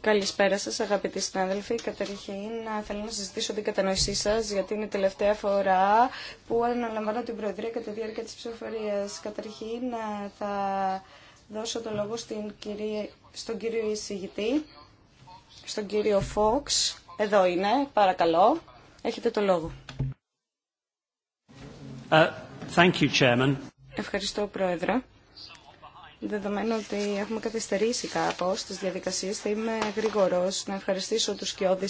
Καλησπέρα σα, αγαπητοί συνάδελφοι. Καταρχήν θέλω να συζητήσω την κατανόησή σα γιατί είναι η τελευταία φορά που αναλαμβάνω την Προεδρία κατά τη διάρκεια τη ψηφοφορίας. Καταρχήν θα δώσω το λόγο στον κύριο εισηγητή, στον κύριο Φόξ. Εδώ είναι, παρακαλώ. Έχετε το λόγο. Uh, thank you, Ευχαριστώ Πρόεδρε. Δεδομένου ότι έχουμε καθυστερήσει κάπω τις διαδικασίες, θα είμαι γρήγορο να ευχαριστήσω του κοιόδη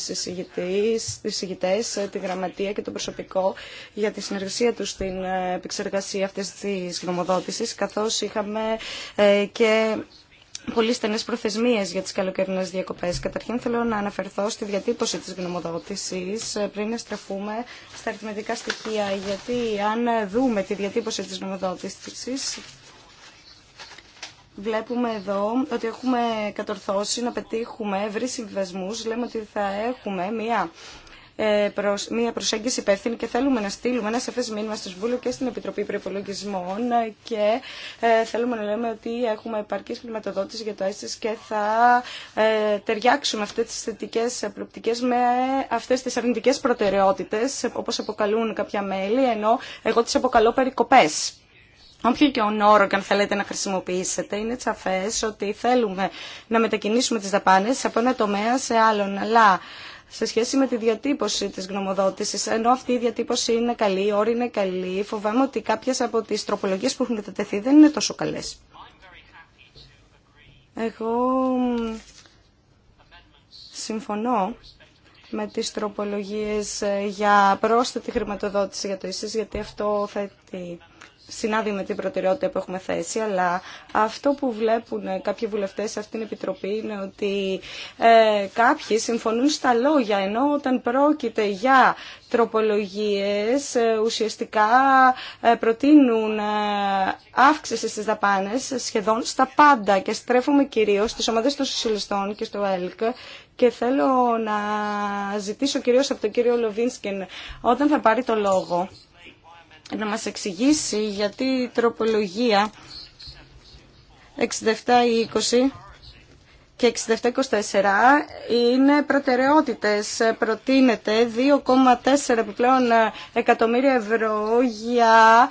εισηγητέ, τη γραμματεία και το προσωπικό για τη συνεργασία του στην επεξεργασία αυτή τη γνωμοδότηση, καθώ είχαμε ε, και πολύ στενέ προθεσμίε για τι καλοκαιρινέ διακοπέ. Καταρχήν θέλω να αναφερθώ στη διατύπωση τη γνωμοδότηση ε, πριν να στραφούμε στα αριθμητικά στοιχεία. Γιατί αν δούμε τη διατύπωση τη γνωμοδότηση, Βλέπουμε εδώ ότι έχουμε κατορθώσει να πετύχουμε ευρύ συμβιβασμού. Λέμε ότι θα έχουμε μία ε, μια προσέγγιση υπεύθυνη και θέλουμε να στείλουμε ένα σαφές μήνυμα στο Συμβούλιο και στην Επιτροπή Προπολογισμών και ε, θέλουμε να λέμε ότι έχουμε επαρκή χρηματοδότηση για το ΕΣΤΙΣ και θα ε, ταιριάξουμε αυτές τις θετικέ προοπτικές με αυτές τις αρνητικές προτεραιότητες όπως αποκαλούν κάποια μέλη, ενώ εγώ τις αποκαλώ περικοπές. Όποιο και ο και αν θέλετε να χρησιμοποιήσετε, είναι σαφέ ότι θέλουμε να μετακινήσουμε τις δαπάνες από ένα τομέα σε άλλον. Αλλά σε σχέση με τη διατύπωση της γνωμοδότησης, ενώ αυτή η διατύπωση είναι καλή, η όρη είναι καλή, φοβάμαι ότι κάποιες από τις τροπολογίες που έχουν κατατεθεί δεν είναι τόσο καλές. Εγώ συμφωνώ με τις τροπολογίες για πρόσθετη χρηματοδότηση για το ΙΣΙΣ, γιατί αυτό θέτει συνάδει με την προτεραιότητα που έχουμε θέσει, αλλά αυτό που βλέπουν κάποιοι βουλευτέ σε αυτήν την Επιτροπή είναι ότι ε, κάποιοι συμφωνούν στα λόγια, ενώ όταν πρόκειται για τροπολογίες ε, ουσιαστικά ε, προτείνουν αύξηση στις δαπάνες σχεδόν στα πάντα και στρέφουμε κυρίως στις ομάδες των συλλεστών και στο ΕΛΚ και θέλω να ζητήσω κυρίως από τον κύριο Λοβίνσκεν όταν θα πάρει το λόγο να μας εξηγήσει γιατί η τροπολογία 67-20 και 67-24 είναι προτεραιότητες. Προτείνεται 2,4 επιπλέον εκατομμύρια ευρώ για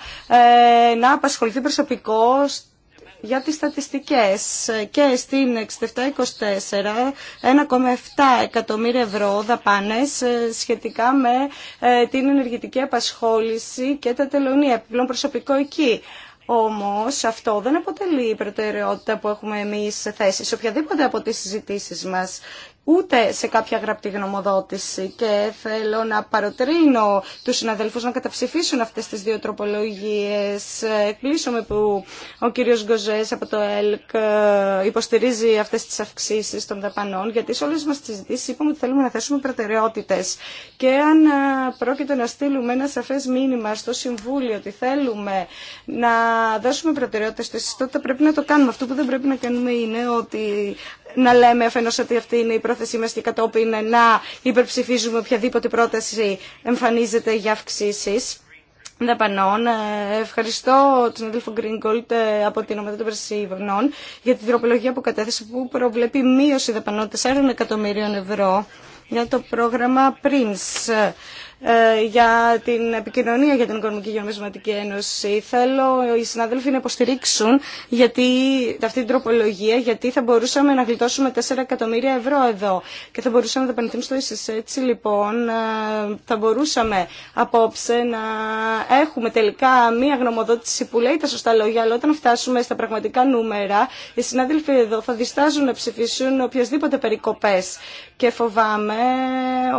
ε, να απασχοληθεί προσωπικό για τις στατιστικές και στην 6724 1,7 εκατομμύρια ευρώ δαπάνες ε, σχετικά με ε, την ενεργητική απασχόληση και τα τελωνία επιπλέον προσωπικό εκεί. Όμως αυτό δεν αποτελεί η προτεραιότητα που έχουμε εμείς θέσει σε οποιαδήποτε από τις συζητήσεις μας ούτε σε κάποια γραπτή γνωμοδότηση. Και θέλω να παροτρύνω τους συναδελφούς να καταψηφίσουν αυτές τις δύο τροπολογίες. με που ο κύριος Γκοζές από το ΕΛΚ ε, υποστηρίζει αυτές τις αυξήσεις των δαπανών, γιατί σε όλες μας τις συζητήσεις είπαμε ότι θέλουμε να θέσουμε προτεραιότητες. Και αν ε, πρόκειται να στείλουμε ένα σαφές μήνυμα στο Συμβούλιο ότι θέλουμε να δώσουμε προτεραιότητες στο τότε πρέπει να το κάνουμε. Αυτό που δεν πρέπει να κάνουμε είναι ότι να λέμε αφενός ότι αυτή είναι η προ διάθεσή μας και κατόπιν να υπερψηφίζουμε οποιαδήποτε πρόταση εμφανίζεται για αυξήσεις. Δαπανών. Ε, ευχαριστώ τον αδελφό Γκρίνγκολτ ε, από την ομάδα των Περσιβνών για την τροπολογία που κατέθεσε που προβλέπει μείωση δαπανών 4 εκατομμυρίων ευρώ για το πρόγραμμα PRINCE ε, για την επικοινωνία για την Οικονομική και Ένωση. Θέλω οι συναδέλφοι να υποστηρίξουν γιατί, αυτή την τροπολογία, γιατί θα μπορούσαμε να γλιτώσουμε 4 εκατομμύρια ευρώ εδώ και θα μπορούσαμε να τα στο ίσως. Έτσι λοιπόν ε, θα μπορούσαμε απόψε να έχουμε τελικά μία γνωμοδότηση που λέει τα σωστά λόγια, αλλά όταν φτάσουμε στα πραγματικά νούμερα, οι συνάδελφοι εδώ θα διστάζουν να ψηφίσουν οποιασδήποτε περικοπές. Και φοβάμαι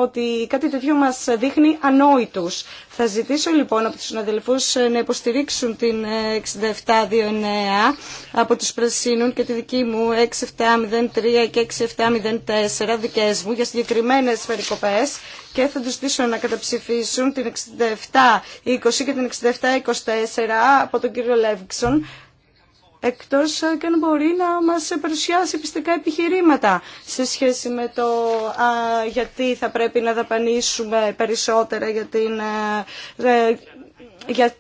ότι κάτι τέτοιο μας δείχνει κάνει ανόητους. Θα ζητήσω λοιπόν από τους συναδελφούς ε, να υποστηρίξουν την 6729 ε, από τους Πρασίνων και τη δική μου 6703 και 6704 δικές μου για συγκεκριμένες περικοπές και θα τους ζητήσω να καταψηφίσουν την 6720 και την 6724 από τον κύριο Λέβιξον εκτός ε, και αν μπορεί να μας παρουσιάσει πιστικά επιχειρήματα σε σχέση με το γιατί θα πρέπει να δαπανίσουμε περισσότερα για την... Ε, ε, για,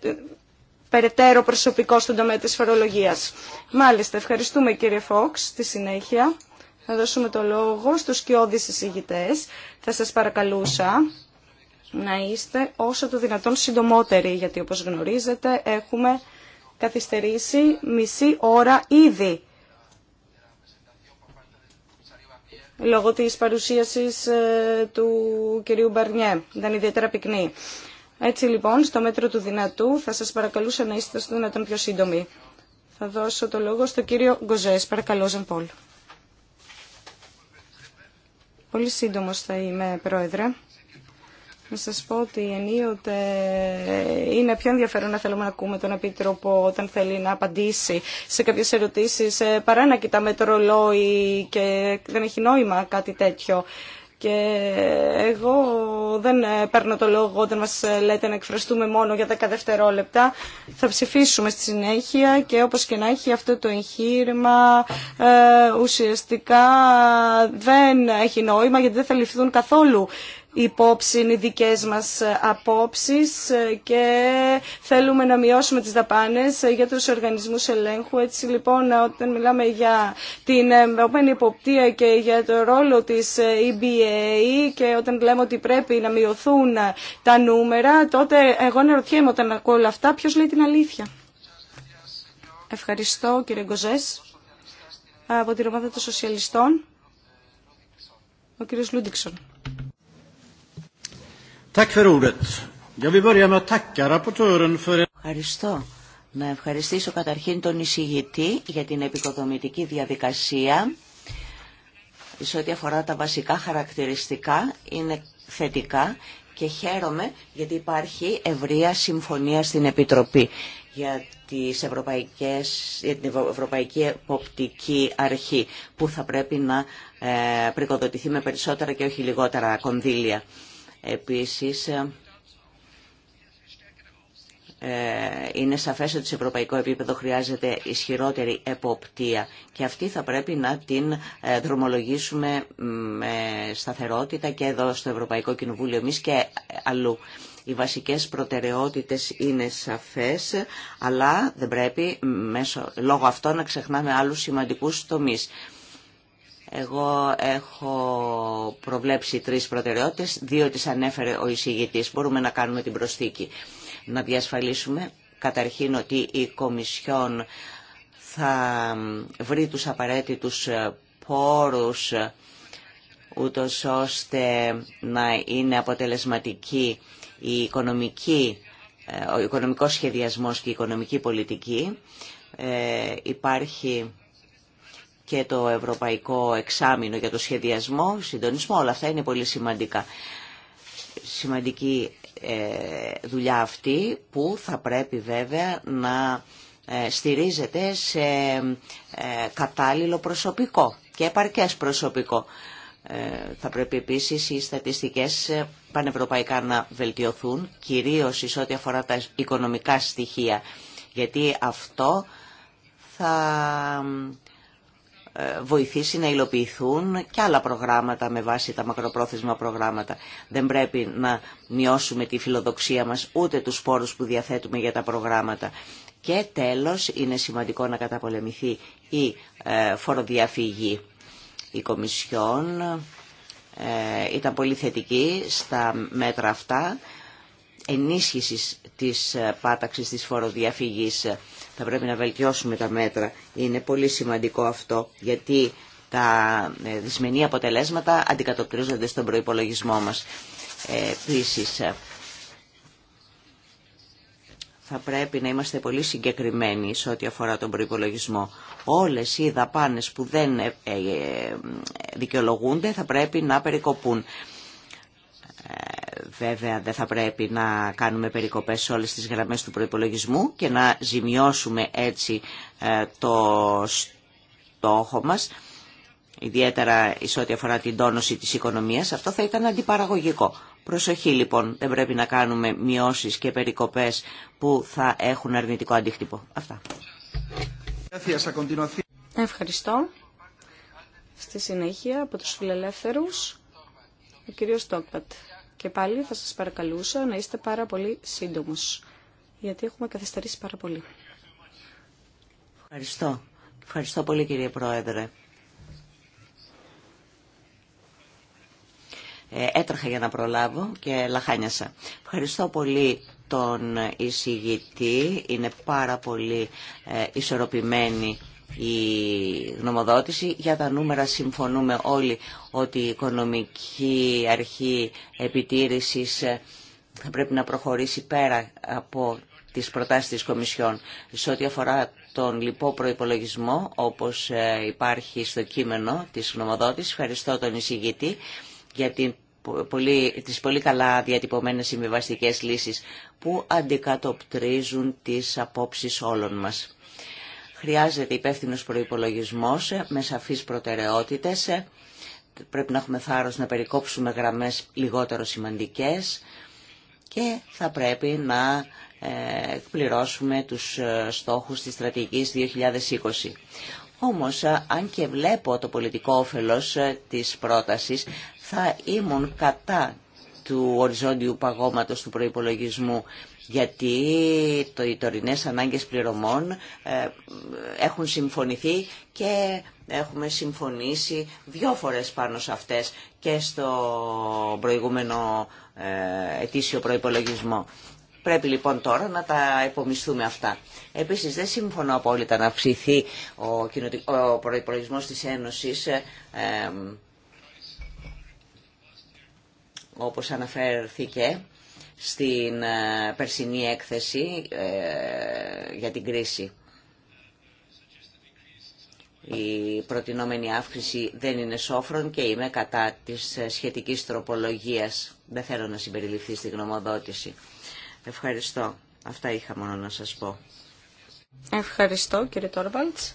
περαιτέρω προσωπικό στον τομέα της φορολογίας. Μάλιστα, ευχαριστούμε κύριε Φόξ, στη συνέχεια. Θα δώσουμε το λόγο στους σκιώδεις εισηγητές. Θα σας παρακαλούσα να είστε όσο το δυνατόν συντομότεροι, γιατί όπως γνωρίζετε έχουμε καθυστερήσει μισή ώρα ήδη. Λόγω της παρουσίασης ε, του κυρίου Μπαρνιέ. Ήταν ιδιαίτερα πυκνή. Έτσι λοιπόν, στο μέτρο του δυνατού, θα σας παρακαλούσα να είστε στο δυνατόν πιο σύντομοι. Θα δώσω το λόγο στον κύριο Γκοζές. Παρακαλώ, Ζαν Πολύ σύντομος θα είμαι, Πρόεδρε. Να σα πω ότι ενίοτε ε, είναι πιο ενδιαφέρον να θέλουμε να ακούμε τον Επίτροπο όταν θέλει να απαντήσει σε κάποιες ερωτήσεις ε, παρά να κοιτάμε το ρολόι και δεν έχει νόημα κάτι τέτοιο. Και εγώ δεν ε, παίρνω το λόγο όταν μας λέτε να εκφραστούμε μόνο για 10 δευτερόλεπτα. Θα ψηφίσουμε στη συνέχεια και όπως και να έχει αυτό το εγχείρημα ουσιαστικά δεν έχει νόημα γιατί δεν θα ληφθούν καθόλου υπόψη οι δικές μας ε, απόψεις ε, και θέλουμε να μειώσουμε τις δαπάνες ε, για τους οργανισμούς ελέγχου. Έτσι λοιπόν όταν μιλάμε για την επόμενη υποπτία και για το ρόλο της EBA και όταν λέμε ότι πρέπει να μειωθούν τα νούμερα τότε εγώ αναρωτιέμαι όταν ακούω όλα αυτά ποιος λέει την αλήθεια. Ευχαριστώ κύριε Γκοζές από την ομάδα των Σοσιαλιστών, ο κύριος Λούντιξον. Ευχαριστώ. Να ευχαριστήσω καταρχήν τον εισηγητή για την επικοδομητική διαδικασία. Σε ό,τι αφορά τα βασικά χαρακτηριστικά είναι θετικά και χαίρομαι γιατί υπάρχει ευρεία συμφωνία στην Επιτροπή για, τις την Ευρωπαϊκή Εποπτική Αρχή που θα πρέπει να ε, με περισσότερα και όχι λιγότερα κονδύλια. Επίσης, ε, είναι σαφές ότι σε ευρωπαϊκό επίπεδο χρειάζεται ισχυρότερη εποπτεία και αυτή θα πρέπει να την ε, δρομολογήσουμε με σταθερότητα και εδώ στο Ευρωπαϊκό Κοινοβούλιο εμείς και αλλού. Οι βασικές προτεραιότητες είναι σαφές, αλλά δεν πρέπει μέσω, λόγω αυτό να ξεχνάμε άλλους σημαντικούς τομείς. Εγώ έχω προβλέψει τρεις προτεραιότητες, δύο τις ανέφερε ο εισηγητής. Μπορούμε να κάνουμε την προσθήκη. Να διασφαλίσουμε καταρχήν ότι η Κομισιόν θα βρει τους απαραίτητους πόρους ούτως ώστε να είναι αποτελεσματική η οικονομική, ε, ο οικονομικός σχεδιασμός και η οικονομική πολιτική. Ε, υπάρχει και το Ευρωπαϊκό Εξάμεινο για το σχεδιασμό, συντονισμό, όλα αυτά είναι πολύ σημαντικά. Σημαντική ε, δουλειά αυτή που θα πρέπει βέβαια να ε, στηρίζεται σε ε, κατάλληλο προσωπικό και επαρκές προσωπικό. Θα πρέπει επίσης οι στατιστικές πανευρωπαϊκά να βελτιωθούν, κυρίως εις ό,τι αφορά τα οικονομικά στοιχεία, γιατί αυτό θα ε, βοηθήσει να υλοποιηθούν και άλλα προγράμματα με βάση τα μακροπρόθεσμα προγράμματα. Δεν πρέπει να μειώσουμε τη φιλοδοξία μας ούτε τους πόρους που διαθέτουμε για τα προγράμματα. Και τέλος είναι σημαντικό να καταπολεμηθεί η ε, φοροδιαφυγή. Η Κομισιόν ε, ήταν πολύ θετική στα μέτρα αυτά ενίσχυσης της πάταξης της φοροδιαφυγής θα πρέπει να βελτιώσουμε τα μέτρα. Είναι πολύ σημαντικό αυτό, γιατί τα ε, δυσμενή αποτελέσματα αντικατοπτρίζονται στον προϋπολογισμό μας. Ε, ε, θα πρέπει να είμαστε πολύ συγκεκριμένοι σε ό,τι αφορά τον προϋπολογισμό. Όλες οι δαπάνες που δεν ε, δικαιολογούνται θα πρέπει να περικοπούν βέβαια δεν θα πρέπει να κάνουμε περικοπές σε όλες τις γραμμές του προϋπολογισμού και να ζημιώσουμε έτσι ε, το στόχο μας, ιδιαίτερα σε ό,τι αφορά την τόνωση της οικονομίας. Αυτό θα ήταν αντιπαραγωγικό. Προσοχή λοιπόν, δεν πρέπει να κάνουμε μειώσεις και περικοπές που θα έχουν αρνητικό αντίκτυπο. Αυτά. Ευχαριστώ. Στη συνέχεια από τους φιλελεύθερους, ο κύριος και πάλι θα σας παρακαλούσα να είστε πάρα πολύ σύντομος, γιατί έχουμε καθυστερήσει πάρα πολύ. Ευχαριστώ. Ευχαριστώ πολύ κύριε Πρόεδρε. Ε, έτρεχα για να προλάβω και λαχάνιασα. Ευχαριστώ πολύ τον εισηγητή. Είναι πάρα πολύ ε, ισορροπημένη η γνωμοδότηση. Για τα νούμερα συμφωνούμε όλοι ότι η οικονομική αρχή επιτήρησης ε, θα πρέπει να προχωρήσει πέρα από τις προτάσεις της Κομισιόν. Σε ό,τι αφορά τον λοιπό προϋπολογισμό, όπως ε, υπάρχει στο κείμενο της γνωμοδότησης, ευχαριστώ τον εισηγητή για την πολύ, τις πολύ καλά διατυπωμένες συμβιβαστικές λύσεις που αντικατοπτρίζουν τις απόψεις όλων μας. Χρειάζεται υπεύθυνο προπολογισμό με σαφεί προτεραιότητε, Πρέπει να έχουμε θάρρος να περικόψουμε γραμμές λιγότερο σημαντικές και θα πρέπει να ε, εκπληρώσουμε τους ε, στόχους της στρατηγικής 2020. Όμως, ε, αν και βλέπω το πολιτικό όφελος της πρότασης, θα ήμουν κατά του οριζόντιου παγώματος του προϋπολογισμού γιατί το, οι τωρινέ ανάγκες πληρωμών ε, έχουν συμφωνηθεί και έχουμε συμφωνήσει δυο φορές πάνω σε αυτές και στο προηγούμενο ε, ετήσιο προϋπολογισμό. Πρέπει λοιπόν τώρα να τα υπομισθούμε αυτά. Επίσης δεν συμφωνώ απόλυτα να αυξηθεί ο, ο προϋπολογισμός της Ένωσης ε, όπως αναφέρθηκε στην ε, περσινή έκθεση ε, για την κρίση. Η προτινόμενη αύξηση δεν είναι σόφρον και είμαι κατά της ε, σχετικής τροπολογίας. Δεν θέλω να συμπεριληφθεί στη γνωμοδότηση. Ευχαριστώ. Αυτά είχα μόνο να σας πω. Ευχαριστώ κύριε Τόρβαλτς.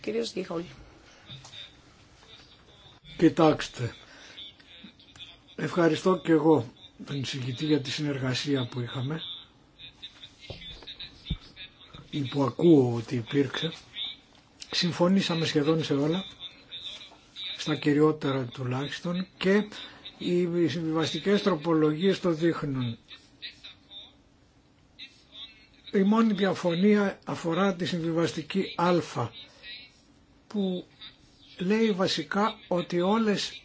Κύριος Διχόλ. Κοιτάξτε. Ευχαριστώ και εγώ τον εισηγητή για τη συνεργασία που είχαμε ή που ακούω ότι υπήρξε. Συμφωνήσαμε σχεδόν σε όλα, στα κυριότερα τουλάχιστον και οι συμβιβαστικές τροπολογίες το δείχνουν. Η μόνη διαφωνία αφορά τη συμβιβαστική α που λέει βασικά ότι όλες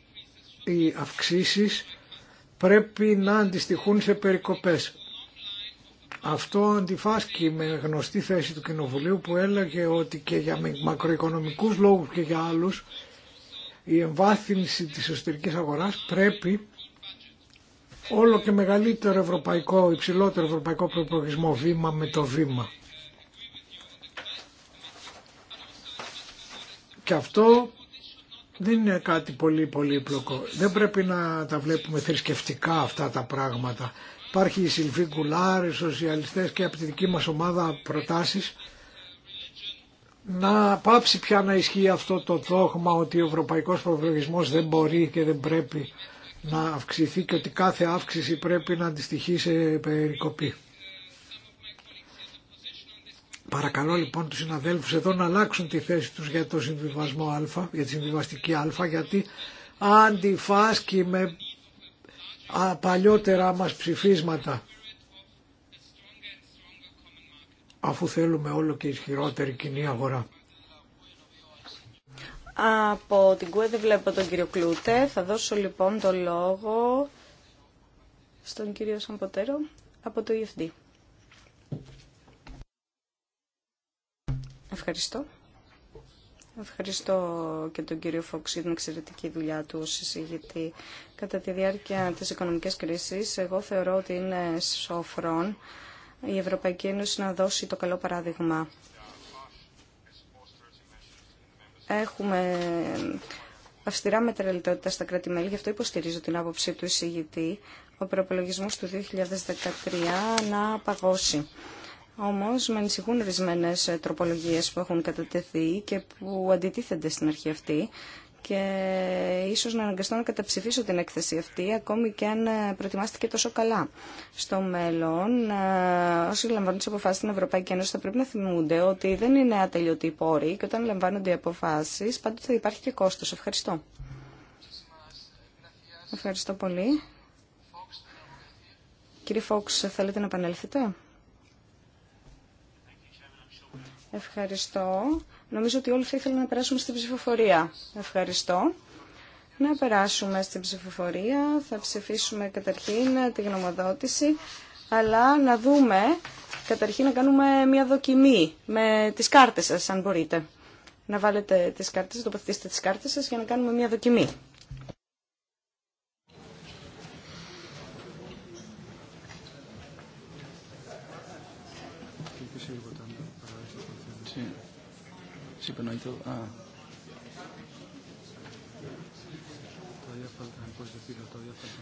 οι αυξήσεις πρέπει να αντιστοιχούν σε περικοπές. Αυτό αντιφάσκει με γνωστή θέση του Κοινοβουλίου που έλεγε ότι και για μακροοικονομικούς λόγους και για άλλους η εμβάθυνση της εσωτερικής αγοράς πρέπει όλο και μεγαλύτερο ευρωπαϊκό, υψηλότερο ευρωπαϊκό προπολογισμό βήμα με το βήμα. Και αυτό δεν είναι κάτι πολύ πολύ πολύπλοκο. Δεν πρέπει να τα βλέπουμε θρησκευτικά αυτά τα πράγματα. Υπάρχει η Σιλβί Κουλάρ, οι σοσιαλιστές και από τη δική μας ομάδα προτάσεις να πάψει πια να ισχύει αυτό το δόγμα ότι ο ευρωπαϊκός προβλογισμός δεν μπορεί και δεν πρέπει να αυξηθεί και ότι κάθε αύξηση πρέπει να αντιστοιχεί σε περικοπή. Παρακαλώ λοιπόν τους συναδέλφους εδώ να αλλάξουν τη θέση τους για το συμβιβασμό α, για τη συμβιβαστική α, γιατί αντιφάσκει με παλιότερα μας ψηφίσματα αφού θέλουμε όλο και ισχυρότερη κοινή αγορά. Από την ΚΟΕ δεν βλέπω τον κύριο Κλούτε. Θα δώσω λοιπόν το λόγο στον κύριο Σαμποτέρο από το EFD. Ευχαριστώ. Ευχαριστώ και τον κύριο Φόξ για την εξαιρετική δουλειά του ως εισηγητή. Κατά τη διάρκεια της οικονομικής κρίσης, εγώ θεωρώ ότι είναι σοφρόν η Ευρωπαϊκή Ένωση να δώσει το καλό παράδειγμα. Έχουμε αυστηρά μετρελαιτότητα στα κράτη-μέλη, γι' αυτό υποστηρίζω την άποψη του εισηγητή, ο προπολογισμός του 2013 να παγώσει Όμω, με ανησυχούν ορισμένε τροπολογίε που έχουν κατατεθεί και που αντιτίθενται στην αρχή αυτή και ίσως να αναγκαστώ να καταψηφίσω την έκθεση αυτή ακόμη και αν ε, προετοιμάστηκε τόσο καλά. Στο μέλλον, ε, όσοι λαμβάνουν τις αποφάσεις στην Ευρωπαϊκή Ένωση θα πρέπει να θυμούνται ότι δεν είναι ατελειωτοί πόροι και όταν λαμβάνονται οι αποφάσεις πάντοτε θα υπάρχει και κόστος. Ευχαριστώ. Ευχαριστώ πολύ. Κύριε Φόξ, θέλετε να επανέλθετε. Ευχαριστώ. Νομίζω ότι όλοι θα ήθελαν να περάσουμε στην ψηφοφορία. Ευχαριστώ. Να περάσουμε στην ψηφοφορία. Θα ψηφίσουμε καταρχήν τη γνωμοδότηση, αλλά να δούμε καταρχήν να κάνουμε μια δοκιμή με τις κάρτες σας, αν μπορείτε. Να βάλετε τις κάρτες, να τοποθετήσετε τις κάρτες σας για να κάνουμε μια δοκιμή.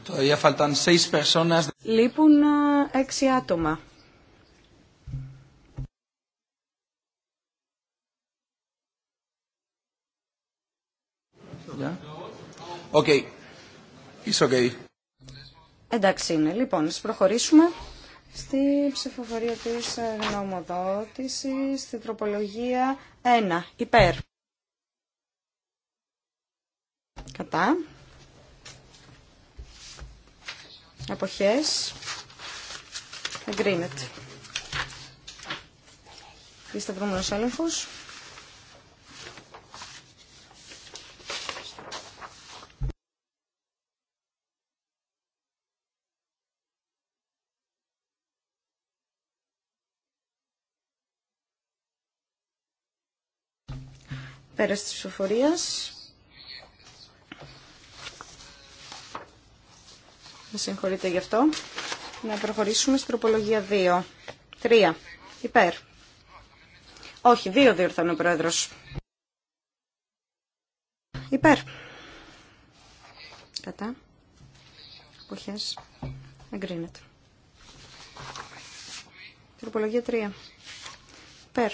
Todavía faltan seis personas. Λείπουν έξι άτομα. Okay. It's okay. Εντάξει είναι. Λοιπόν, ας προχωρήσουμε στη ψηφοφορία της ε, γνωμοδότησης, στην τροπολογία 1, υπέρ. Κατά. Αποχές. Εγκρίνεται. Είστε προηγούμενος έλεγχος. Πέρας της ψηφοφορίας. Με συγχωρείτε γι' αυτό. Να προχωρήσουμε στην τροπολογία 2. 3. Υπέρ. Όχι, 2 διορθώνει ο Πρόεδρος. Υπέρ. Κατά. Αποχές. Εγκρίνεται. Τροπολογία 3. Υπέρ.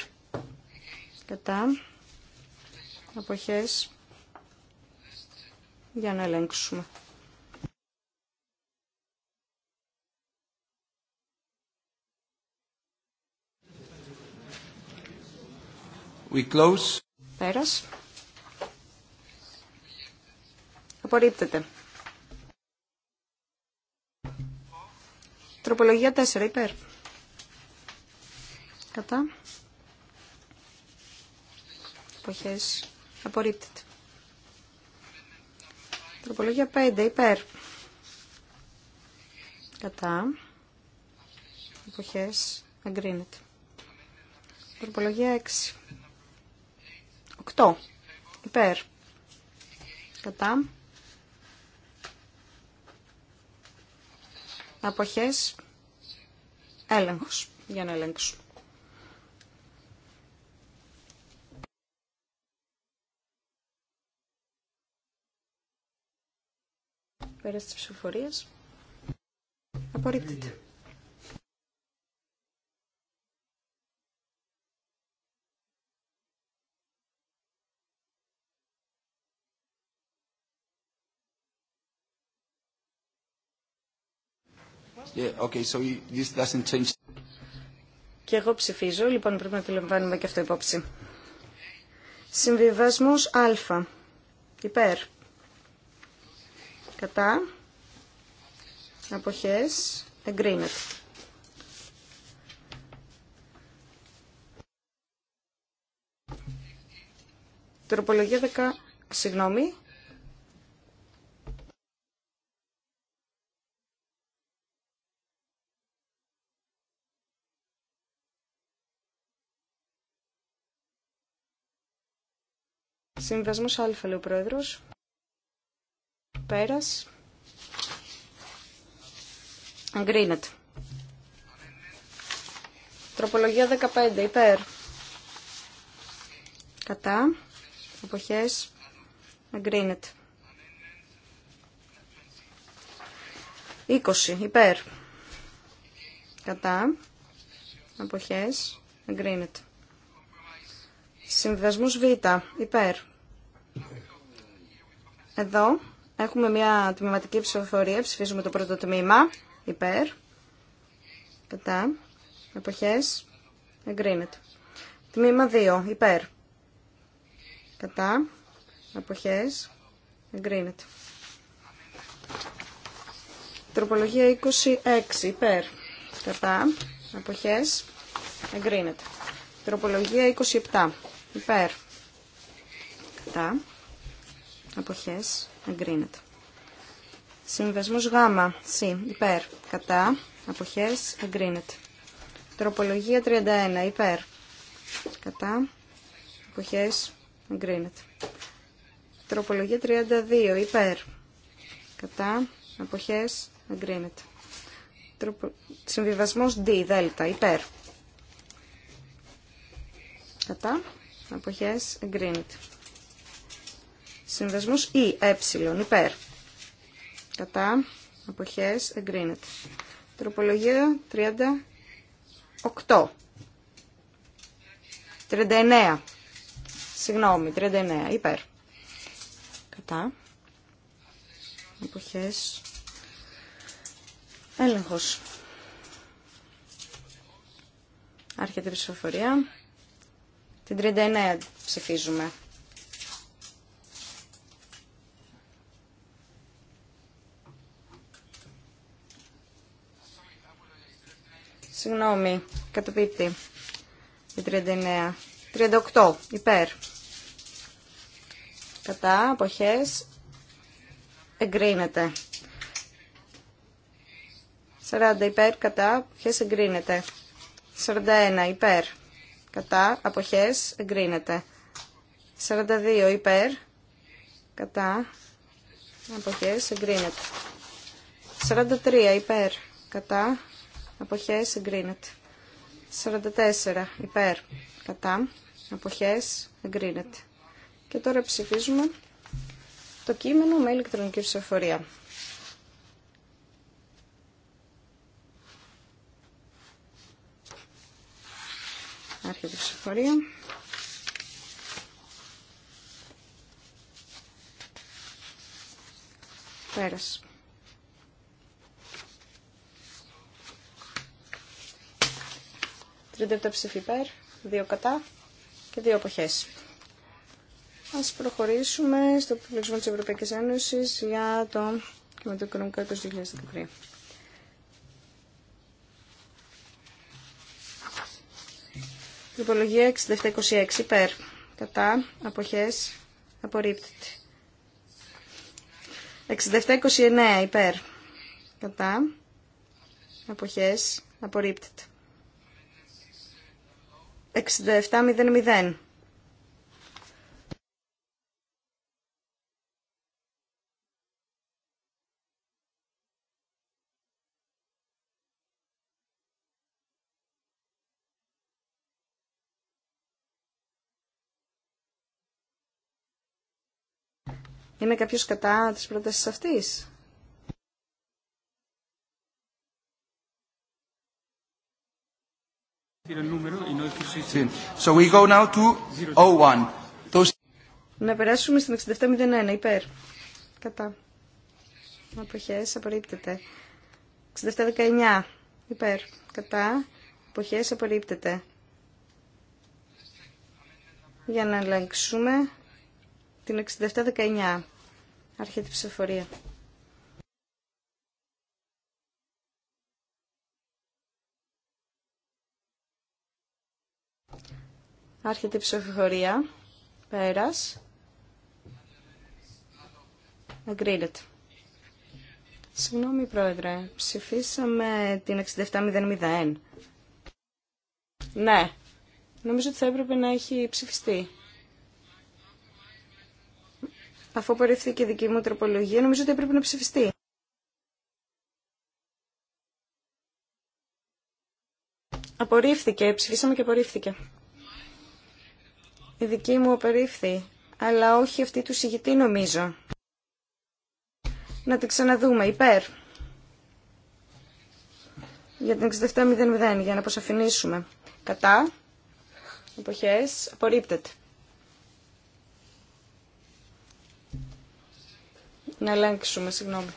Κατά αποχές για να ελέγξουμε. We close. Πέρας. Απορρίπτεται. Τροπολογία 4, υπέρ. Κατά. Εποχές Απορρίπτεται. Τροπολογία 5. Υπέρ. Κατά. Εποχές. Εγκρίνεται. Τροπολογία 6. 8. Υπέρ. Κατά. Αποχές. Έλεγχος. Για να ελέγξουμε. Πέρα τη ψηφοφορία. Απορρίπτεται. Yeah, okay, so this doesn't change. Και εγώ ψηφίζω, λοιπόν πρέπει να το λαμβάνουμε και αυτό υπόψη. Συμβιβασμός Α. Υπέρ κατά αποχές εγκρίνεται. Τροπολογία 10, συγγνώμη. Συμβασμός Α, λέει ο Πρόεδρος. Πέρας. Εγκρίνεται. Τροπολογία 15. Υπέρ. Κατά. Αποχές. Εγκρίνεται. 20. Υπέρ. Κατά. Αποχές. Εγκρίνεται. Συμβιβασμούς Β. Υπέρ. Εδώ Έχουμε μια τμηματική ψηφοφορία. Ψηφίζουμε το πρώτο τμήμα. Υπέρ. Κατά. Εποχές. Εγκρίνεται. Τμήμα 2. Υπέρ. Κατά. Εποχές. Εγκρίνεται. Τροπολογία 26. Υπέρ. Κατά. Εποχές. Εγκρίνεται. Τροπολογία 27. Υπέρ. Κατά αποχές εγκρίνεται. Συμβεσμός Γ, Σ, υπέρ, κατά, αποχές εγκρίνεται. Τροπολογία 31, υπέρ, κατά, αποχές εγκρίνεται. Τροπολογία 32, υπέρ, κατά, αποχές εγκρίνεται. Τροπο... Συμβιβασμός D, δέλτα, υπέρ. Κατά, αποχές εγκρίνεται. Συνδεσμός Ή, ε, υπέρ. Κατά, αποχές, εγκρίνεται. Τροπολογία 38. 39. Συγγνώμη, 39. Υπέρ. Κατά. Εποχές. Έλεγχος. Άρχεται η ψηφοφορία. Την 39 ψηφίζουμε. Συγγνώμη, κατοπίτη η 39. 38, υπέρ. Κατά, αποχές, εγκρίνεται. 40 υπέρ, κατά, αποχές, εγκρίνεται. 41 υπέρ, κατά, αποχές, εγκρίνεται. 42 υπέρ, κατά, αποχές, εγκρίνεται. 43 υπέρ, κατά, αποχές εγκρίνεται. 44 υπέρ κατά αποχές εγκρίνεται. Και τώρα ψηφίζουμε το κείμενο με ηλεκτρονική ψηφοφορία. Άρχεται η ψηφοφορία. Πέρασε. 37 ψήφοι υπέρ, 2 κατά και 2 αποχές. Ας προχωρήσουμε στο επιλογισμό της Ευρωπαϊκής Ένωσης για το κοινωνικό έτος 2013. Υπολογία 6726 υπέρ. Κατά, αποχές, απορρίπτεται. 6729 υπέρ. Κατά, αποχές, απορρίπτεται. Εκδόθησαν ή δεν μηδέν; Είμαι κάποιος κατά της πρότασης αυτής. So we go now to 01. Να περάσουμε στην 6701, υπέρ. Κατά. Αποχές, απορρίπτεται. 6719, υπέρ. Κατά. Αποχές, απορρίπτεται. Για να ελέγξουμε την 6719. Αρχή τη ψηφοφορία. Άρχεται η ψηφοφορία. Πέρας. Agreed. Συγγνώμη, Πρόεδρε. Ψηφίσαμε την 67.001. Ναι. Νομίζω ότι θα έπρεπε να έχει ψηφιστεί. Αφού απορρίφθηκε η δική μου τροπολογία, νομίζω ότι έπρεπε να ψηφιστεί. Απορρίφθηκε. Ψηφίσαμε και απορρίφθηκε η δική μου απερίφθη, αλλά όχι αυτή του συγητή νομίζω. Να την ξαναδούμε, υπέρ. Για την 67.00, για να αποσαφηνίσουμε. Κατά, εποχές, απορρίπτεται. Να ελέγξουμε, συγγνώμη.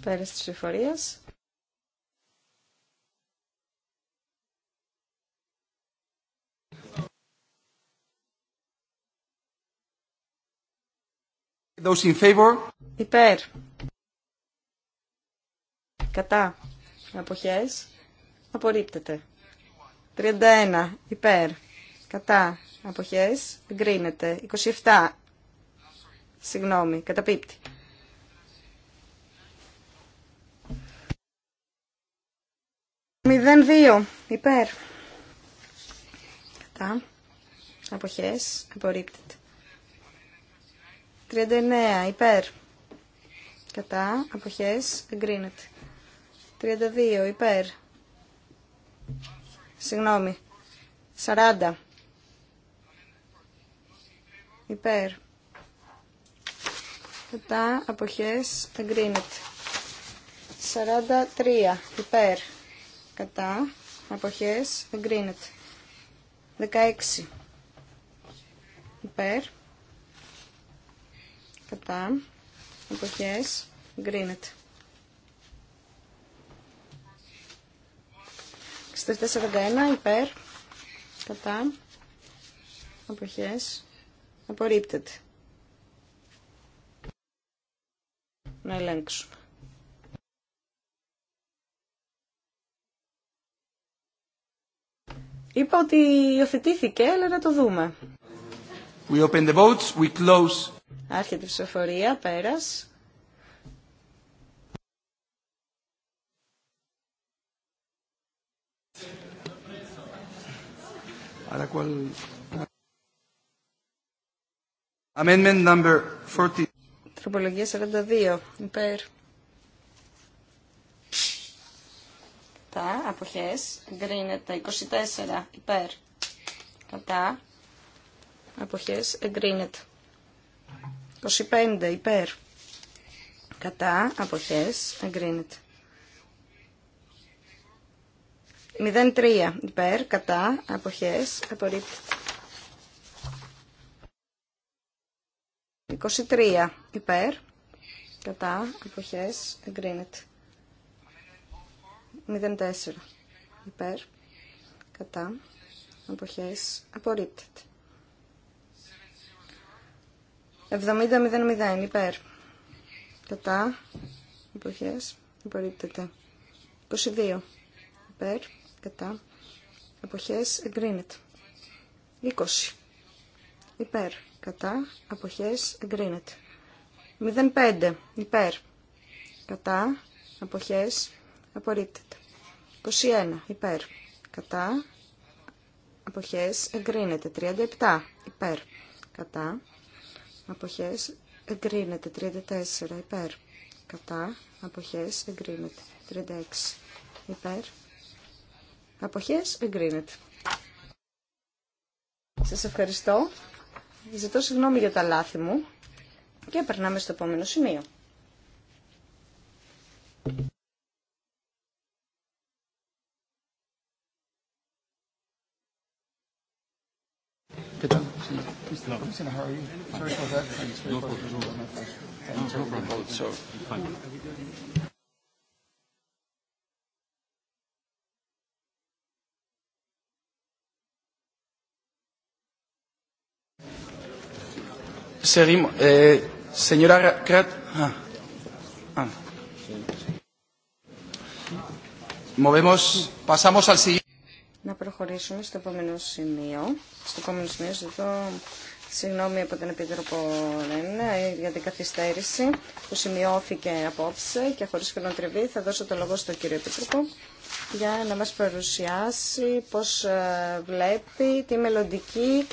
πέρας τη ψηφορία. Those in favor. Υπέρ. Κατά. Αποχές. Απορρίπτεται. 31. Υπέρ. Κατά. Αποχές. Εγκρίνεται. 27. Συγγνώμη. Καταπίπτει. 0-2, υπέρ. Κατά. Αποχές. Απορρίπτεται. 39 υπέρ. Κατά. Αποχές. Εγκρίνεται. 32 υπέρ. Συγγνώμη. 40. Υπέρ. Κατά. Αποχές. Εγκρίνεται. 43 υπέρ κατά, αποχές, εγκρίνεται. 16 υπέρ, κατά, αποχές, εγκρίνεται. 64-41 υπέρ, κατά, εποχές απορρίπτεται. Να ελέγξουμε. Είπα ότι υιοθετήθηκε, αλλά να το δούμε. We open the votes, we close. Άρχεται η ψηφοφορία, πέρας. Άρα cual... Amendment number 40. Τροπολογία 42, υπέρ. κατά, αποχές, εγκρίνεται 24 υπέρ, κατά, αποχές, εγκρίνεται 25 υπέρ, κατά, αποχές, εγκρίνεται 03 υπέρ, κατά, αποχές, απορρίπτεται 23 υπέρ, κατά, αποχές, εγκρίνεται 04 υπέρ κατά αποχές 7000. υπέρ κατά αποχές απορρίπτεται 22 υπέρ κατά αποχές εγκρίνεται 20 υπέρ κατά αποχές εγκρίνεται 05 υπέρ κατά αποχές απορρίπτεται 21 υπέρ. Κατά. Αποχές εγκρίνεται. 37 υπέρ. Κατά. Αποχές εγκρίνεται. 34 υπέρ. Κατά. Αποχές εγκρίνεται. 36 υπέρ. Αποχές εγκρίνεται. Σας ευχαριστώ. Ζητώ συγγνώμη για τα λάθη μου και περνάμε στο επόμενο σημείο. Good señora Krat. Ah. Movemos. Pasamos al siguiente να προχωρήσουμε στο επόμενο σημείο. Στο επόμενο σημείο ζητώ συγγνώμη από τον Επίτροπο Λένε για την καθυστέρηση που σημειώθηκε απόψε και χωρίς χρονοτριβή θα δώσω το λόγο στον κύριο Επίτροπο για να μας παρουσιάσει πώς ε, βλέπει τη μελλοντική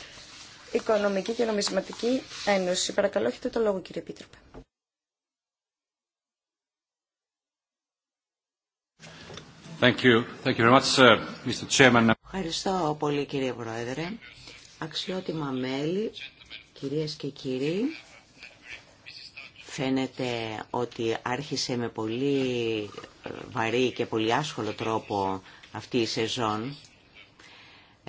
οικονομική και νομισματική ένωση. Παρακαλώ έχετε το λόγο κύριε Επίτροπε. Uh, Ευχαριστώ πολύ κύριε Πρόεδρε. Αξιότιμα μέλη, κυρίες και κύριοι, φαίνεται ότι άρχισε με πολύ ε, βαρύ και πολύ άσχολο τρόπο αυτή η σεζόν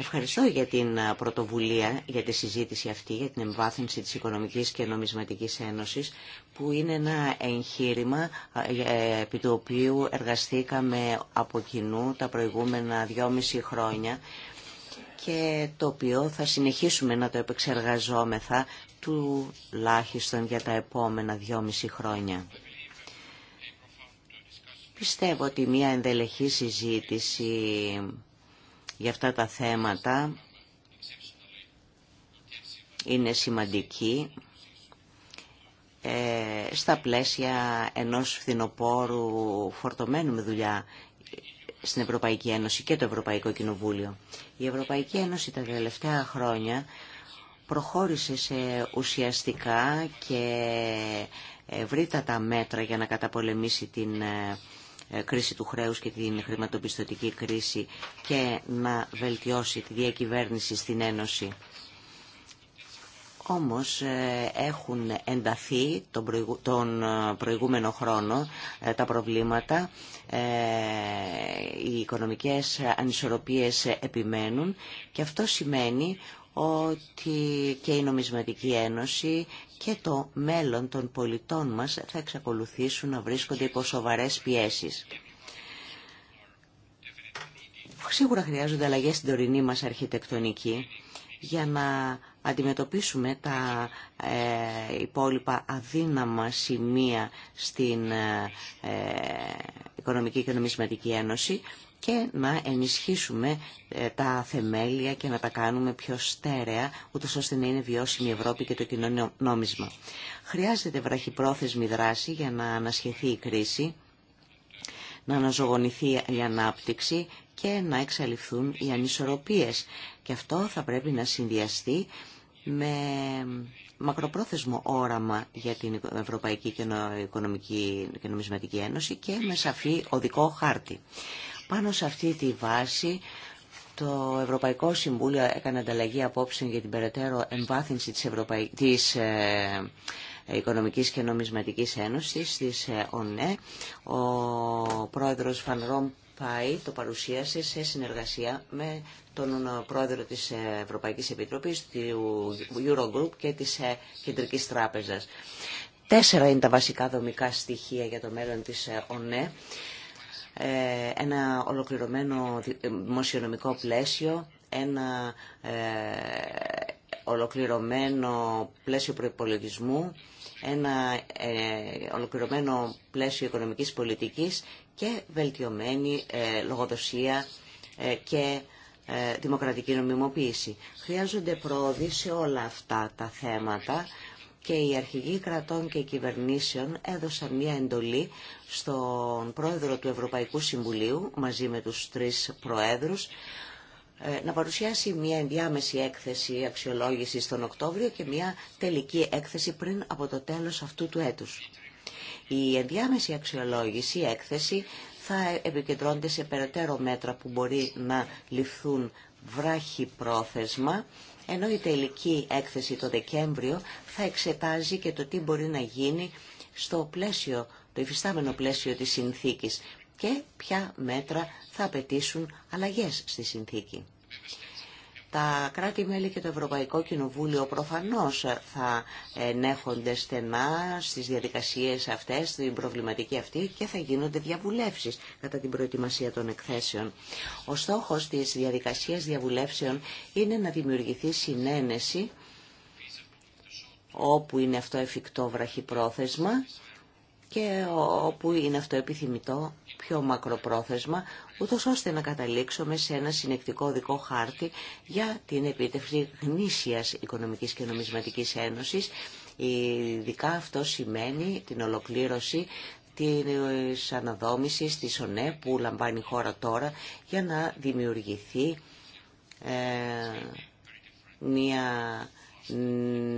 Ευχαριστώ για την ε, πρωτοβουλία, για τη συζήτηση αυτή, για την εμβάθυνση της Οικονομικής και Νομισματικής Ένωσης, που είναι ένα εγχείρημα ε, ε, επί του οποίου εργαστήκαμε από κοινού τα προηγούμενα δυόμιση χρόνια και το οποίο θα συνεχίσουμε να το επεξεργαζόμεθα τουλάχιστον για τα επόμενα δυόμιση χρόνια. Πιστεύω ότι μια ενδελεχή συζήτηση για αυτά τα θέματα είναι σημαντική ε, στα πλαίσια ενός φθινοπόρου φορτωμένου με δουλειά στην Ευρωπαϊκή Ένωση και το Ευρωπαϊκό Κοινοβούλιο. Η Ευρωπαϊκή Ένωση τα τελευταία χρόνια προχώρησε σε ουσιαστικά και ευρύτατα μέτρα για να καταπολεμήσει την ε, ε, κρίση του χρέους και την χρηματοπιστωτική κρίση και να βελτιώσει τη διακυβέρνηση στην Ένωση. Όμως ε, έχουν ενταθεί τον ε, προηγούμενο χρόνο τα προβλήματα, οι οικονομικές ανισορροπίες επιμένουν και αυτό σημαίνει ότι και η Νομισματική Ένωση και το μέλλον των πολιτών μας θα εξακολουθήσουν να βρίσκονται υπό σοβαρές πιέσεις. Σίγουρα χρειάζονται αλλαγές στην τωρινή μας αρχιτεκτονική για να αντιμετωπίσουμε τα ε, υπόλοιπα αδύναμα σημεία στην ε, ε Οικονομική και Νομισματική Ένωση και να ενισχύσουμε ε, τα θεμέλια και να τα κάνουμε πιο στέρεα, ούτως ώστε να είναι βιώσιμη η Ευρώπη και το κοινό νόμισμα. Χρειάζεται βραχυπρόθεσμη δράση για να ανασχεθεί η κρίση, να αναζωογονηθεί η ανάπτυξη και να εξαλειφθούν οι ανισορροπίες. Και αυτό θα πρέπει να συνδυαστεί με μακροπρόθεσμο όραμα για την Ευρωπαϊκή Οικονομική και Νομισματική Ένωση και με σαφή οδικό χάρτη. Πάνω σε αυτή τη βάση το Ευρωπαϊκό Συμβούλιο έκανε ανταλλαγή απόψεων για την περαιτέρω εμβάθυνση της, Ευρωπαϊ... Ε, και Νομισματικής Ένωσης, της ε, ΟΝΕ. Ο πρόεδρος Φαν Ρομπάι το παρουσίασε σε συνεργασία με τον πρόεδρο της Ευρωπαϊκής Επιτροπής, του Eurogroup και της ε, Κεντρικής Τράπεζας. Τέσσερα είναι τα βασικά δομικά στοιχεία για το μέλλον τη ΟΝΕ. Ε, ένα ολοκληρωμένο ε, δημοσιονομικό πλαίσιο, ένα ε, ολοκληρωμένο πλαίσιο προϋπολογισμού, ένα ολοκληρωμένο πλαίσιο οικονομικής πολιτικής και βελτιωμένη λογοδοσία και δημοκρατική νομιμοποίηση. Χρειάζονται πρόοδοι σε όλα αυτά τα θέματα και οι αρχηγοί κρατών και κυβερνήσεων έδωσαν μια εντολή στον πρόεδρο του Ευρωπαϊκού Συμβουλίου μαζί με τους τρεις προέδρους ε, να παρουσιάσει μια ενδιάμεση έκθεση αξιολόγησης τον Οκτώβριο και μια τελική έκθεση πριν από το τέλος αυτού του έτους. Η ενδιάμεση αξιολόγηση, έκθεση, θα επικεντρώνεται σε περαιτέρω μέτρα που μπορεί να ληφθούν βράχη πρόθεσμα ενώ η τελική έκθεση το Δεκέμβριο θα εξετάζει και το τι μπορεί να γίνει στο πλαίσιο, το υφιστάμενο πλαίσιο της συνθήκης και ποια μέτρα θα απαιτήσουν αλλαγές στη συνθήκη. Τα κράτη-μέλη και το Ευρωπαϊκό Κοινοβούλιο προφανώς θα ενέχονται στενά στις διαδικασίες αυτές, στην προβληματική αυτή και θα γίνονται διαβουλεύσεις κατά την προετοιμασία των εκθέσεων. Ο στόχος της διαδικασίας διαβουλεύσεων είναι να δημιουργηθεί συνένεση όπου είναι αυτό εφικτό βραχυπρόθεσμα και όπου είναι αυτό επιθυμητό πιο μακροπρόθεσμα, ούτω ώστε να καταλήξουμε σε ένα συνεκτικό δικό χάρτη για την επίτευξη γνήσιας Οικονομικής και Νομισματικής Ένωσης. Ειδικά αυτό σημαίνει την ολοκλήρωση της αναδόμησης της ΟΝΕ που λαμβάνει η χώρα τώρα για να δημιουργηθεί ε, μια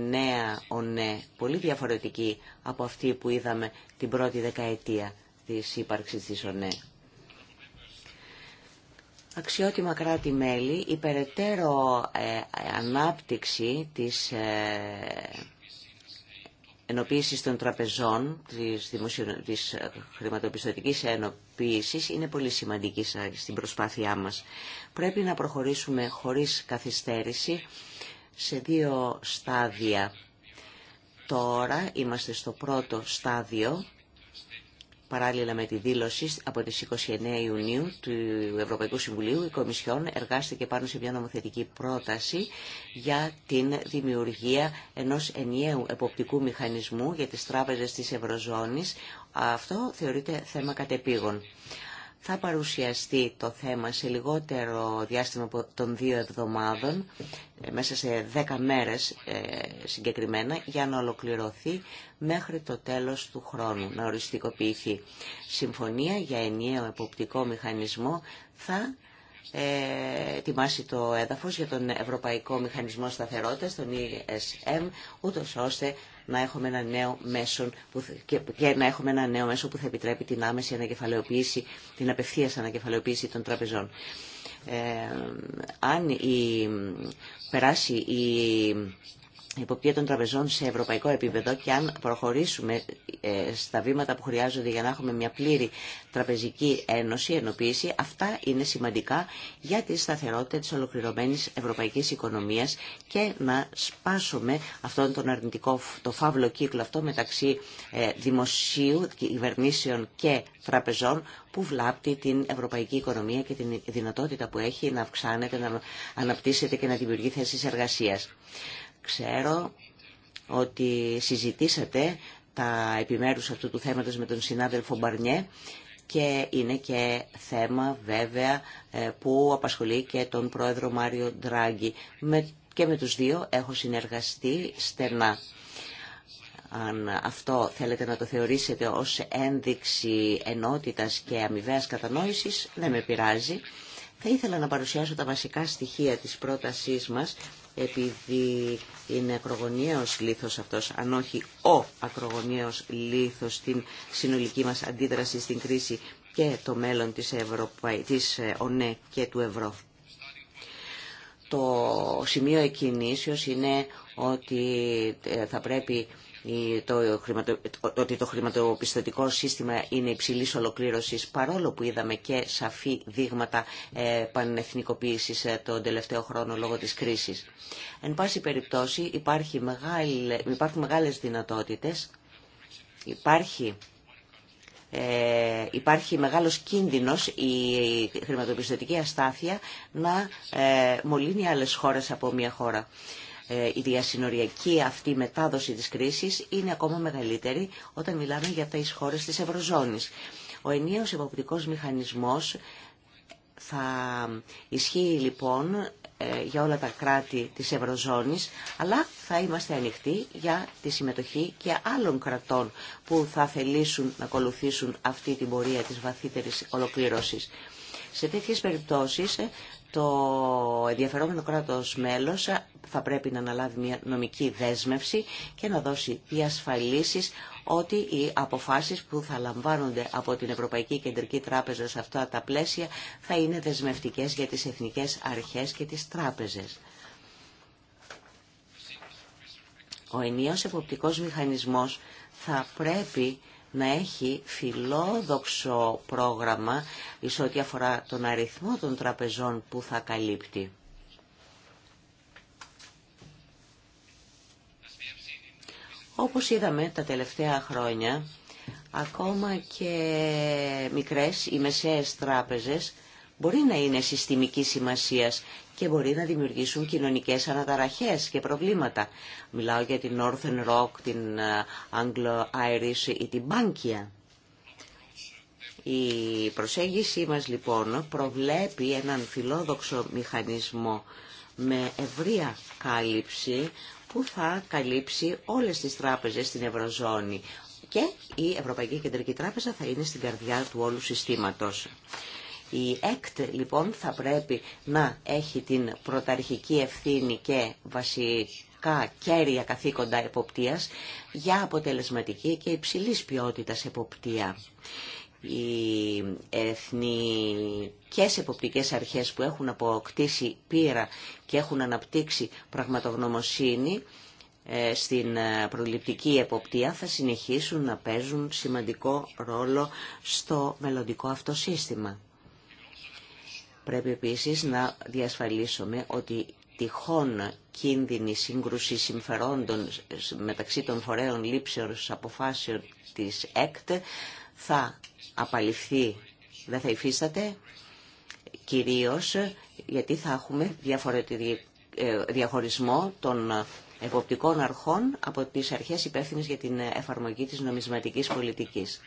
νέα ΟΝΕ πολύ διαφορετική από αυτή που είδαμε την πρώτη δεκαετία της ύπαρξης της ΩΝΕ. Αξιότιμα κράτη-μέλη, η περαιτέρω ε, ανάπτυξη της ε, ενοποίησης των τραπεζών, της, δημοσιο... της χρηματοπιστωτικής ενοποίησης, είναι πολύ σημαντική στην προσπάθειά μας. Πρέπει να προχωρήσουμε χωρίς καθυστέρηση σε δύο στάδια. Τώρα είμαστε στο πρώτο στάδιο Παράλληλα με τη δήλωση από τις 29 Ιουνίου του Ευρωπαϊκού Συμβουλίου, η Κομισιόν εργάστηκε πάνω σε μια νομοθετική πρόταση για την δημιουργία ενός ενιαίου εποπτικού μηχανισμού για τις τράπεζες της Ευρωζώνης. Αυτό θεωρείται θέμα κατεπήγων. Θα παρουσιαστεί το θέμα σε λιγότερο διάστημα των δύο εβδομάδων, ε, μέσα σε δέκα μέρες ε, συγκεκριμένα, για να ολοκληρωθεί μέχρι το τέλος του χρόνου, να οριστικοποιηθεί. Συμφωνία για ενιαίο εποπτικό μηχανισμό θα ε, ετοιμάσει το έδαφος για τον Ευρωπαϊκό Μηχανισμό Σταθερότητας, τον ESM, ούτως ώστε να έχουμε ένα νέο μέσο που, και, να έχουμε ένα νέο μέσο που θα επιτρέπει την άμεση ανακεφαλαιοποίηση, την απευθείας ανακεφαλαιοποίηση των τραπεζών. Ε, αν η, περάσει η υποπτία των τραπεζών σε ευρωπαϊκό επίπεδο και αν προχωρήσουμε ε, στα βήματα που χρειάζονται για να έχουμε μια πλήρη τραπεζική ένωση, ενοποίηση, αυτά είναι σημαντικά για τη σταθερότητα της ολοκληρωμένης ευρωπαϊκής οικονομίας και να σπάσουμε αυτόν τον αρνητικό, το φαύλο κύκλο αυτό μεταξύ ε, δημοσίου, κυβερνήσεων και τραπεζών που βλάπτει την ευρωπαϊκή οικονομία και την δυνατότητα που έχει να αυξάνεται, να αναπτύσσεται και να δημιουργεί θέσεις εργασίας. Ξέρω ότι συζητήσατε τα επιμέρους αυτού του θέματος με τον συνάδελφο Μπαρνιέ και είναι και θέμα βέβαια ε, που απασχολεί και τον πρόεδρο Μάριο Ντράγκη. Και με τους δύο έχω συνεργαστεί στενά. Αν αυτό θέλετε να το θεωρήσετε ως ένδειξη ενότητας και αμοιβαίας κατανόησης, δεν με πειράζει. Θα ήθελα να παρουσιάσω τα βασικά στοιχεία της πρότασής μας επειδή είναι ακρογωνιαίος λίθος αυτός, αν όχι ο ακρογωνιαίος λίθος στην συνολική μας αντίδραση στην κρίση και το μέλλον της, Ευρωπαϊ... της ΟΝΕ ναι και του Ευρώ. Το σημείο εκκινήσεως είναι ότι ε, θα πρέπει ότι το χρηματοπιστωτικό σύστημα είναι υψηλή ολοκλήρωσης παρόλο που είδαμε και σαφή δείγματα ε, πανεθνικοποίησης ε, τον τελευταίο χρόνο λόγω της κρίσης. Εν πάση περιπτώσει υπάρχει μεγάλη, υπάρχουν μεγάλες δυνατότητες, υπάρχει ε, υπάρχει μεγάλος κίνδυνος η χρηματοπιστωτική αστάθεια να ε, μολύνει άλλες χώρες από μια χώρα. Ε, η διασυνοριακή αυτή μετάδοση της κρίσης είναι ακόμα μεγαλύτερη όταν μιλάμε για τις χώρες της Ευρωζώνης. Ο ενιαίος εποπτικός μηχανισμός θα ισχύει λοιπόν ε, για όλα τα κράτη της Ευρωζώνης, αλλά θα είμαστε ανοιχτοί για τη συμμετοχή και άλλων κρατών που θα θελήσουν να ακολουθήσουν αυτή την πορεία της βαθύτερης ολοκλήρωσης. Σε τέτοιες περιπτώσεις το ενδιαφερόμενο κράτος μέλος θα πρέπει να αναλάβει μια νομική δέσμευση και να δώσει διασφαλίσεις ότι οι αποφάσεις που θα λαμβάνονται από την Ευρωπαϊκή Κεντρική Τράπεζα σε αυτά τα πλαίσια θα είναι δεσμευτικές για τις εθνικές αρχές και τις τράπεζες. Ο ενίος εποπτικός μηχανισμός θα πρέπει να έχει φιλόδοξο πρόγραμμα εις ό,τι αφορά τον αριθμό των τραπεζών που θα καλύπτει. Όπως είδαμε τα τελευταία χρόνια, ακόμα και μικρές ή μεσαίες τράπεζες μπορεί να είναι συστημική σημασίας και μπορεί να δημιουργήσουν κοινωνικές αναταραχές και προβλήματα. Μιλάω για την Northern Rock, την ε, Anglo-Irish ή την Bankia. Η προσέγγιση μας λοιπόν προβλέπει έναν φιλόδοξο μηχανισμό με ευρεία κάλυψη που θα καλύψει όλες τις τράπεζες στην Ευρωζώνη και η Ευρωπαϊκή Κεντρική Τράπεζα θα είναι στην καρδιά του όλου συστήματος. Η ΕΚΤ λοιπόν θα πρέπει να έχει την πρωταρχική ευθύνη και βασικά κέρια καθήκοντα εποπτείας για αποτελεσματική και υψηλής ποιότητας εποπτεία οι εθνικές εποπτικές αρχές που έχουν αποκτήσει πείρα και έχουν αναπτύξει πραγματογνωμοσύνη ε, στην ε, προληπτική εποπτεία θα συνεχίσουν να παίζουν σημαντικό ρόλο στο μελλοντικό αυτό Πρέπει επίσης να διασφαλίσουμε ότι τυχόν κίνδυνη σύγκρουση συμφερόντων μεταξύ των φορέων λήψεως αποφάσεων της ΕΚΤ θα απαλληφθεί, δεν θα υφίσταται, κυρίως γιατί θα έχουμε ε, διαχωρισμό των εποπτικών αρχών από τις αρχές υπεύθυνες για την εφαρμογή της νομισματικής πολιτικής.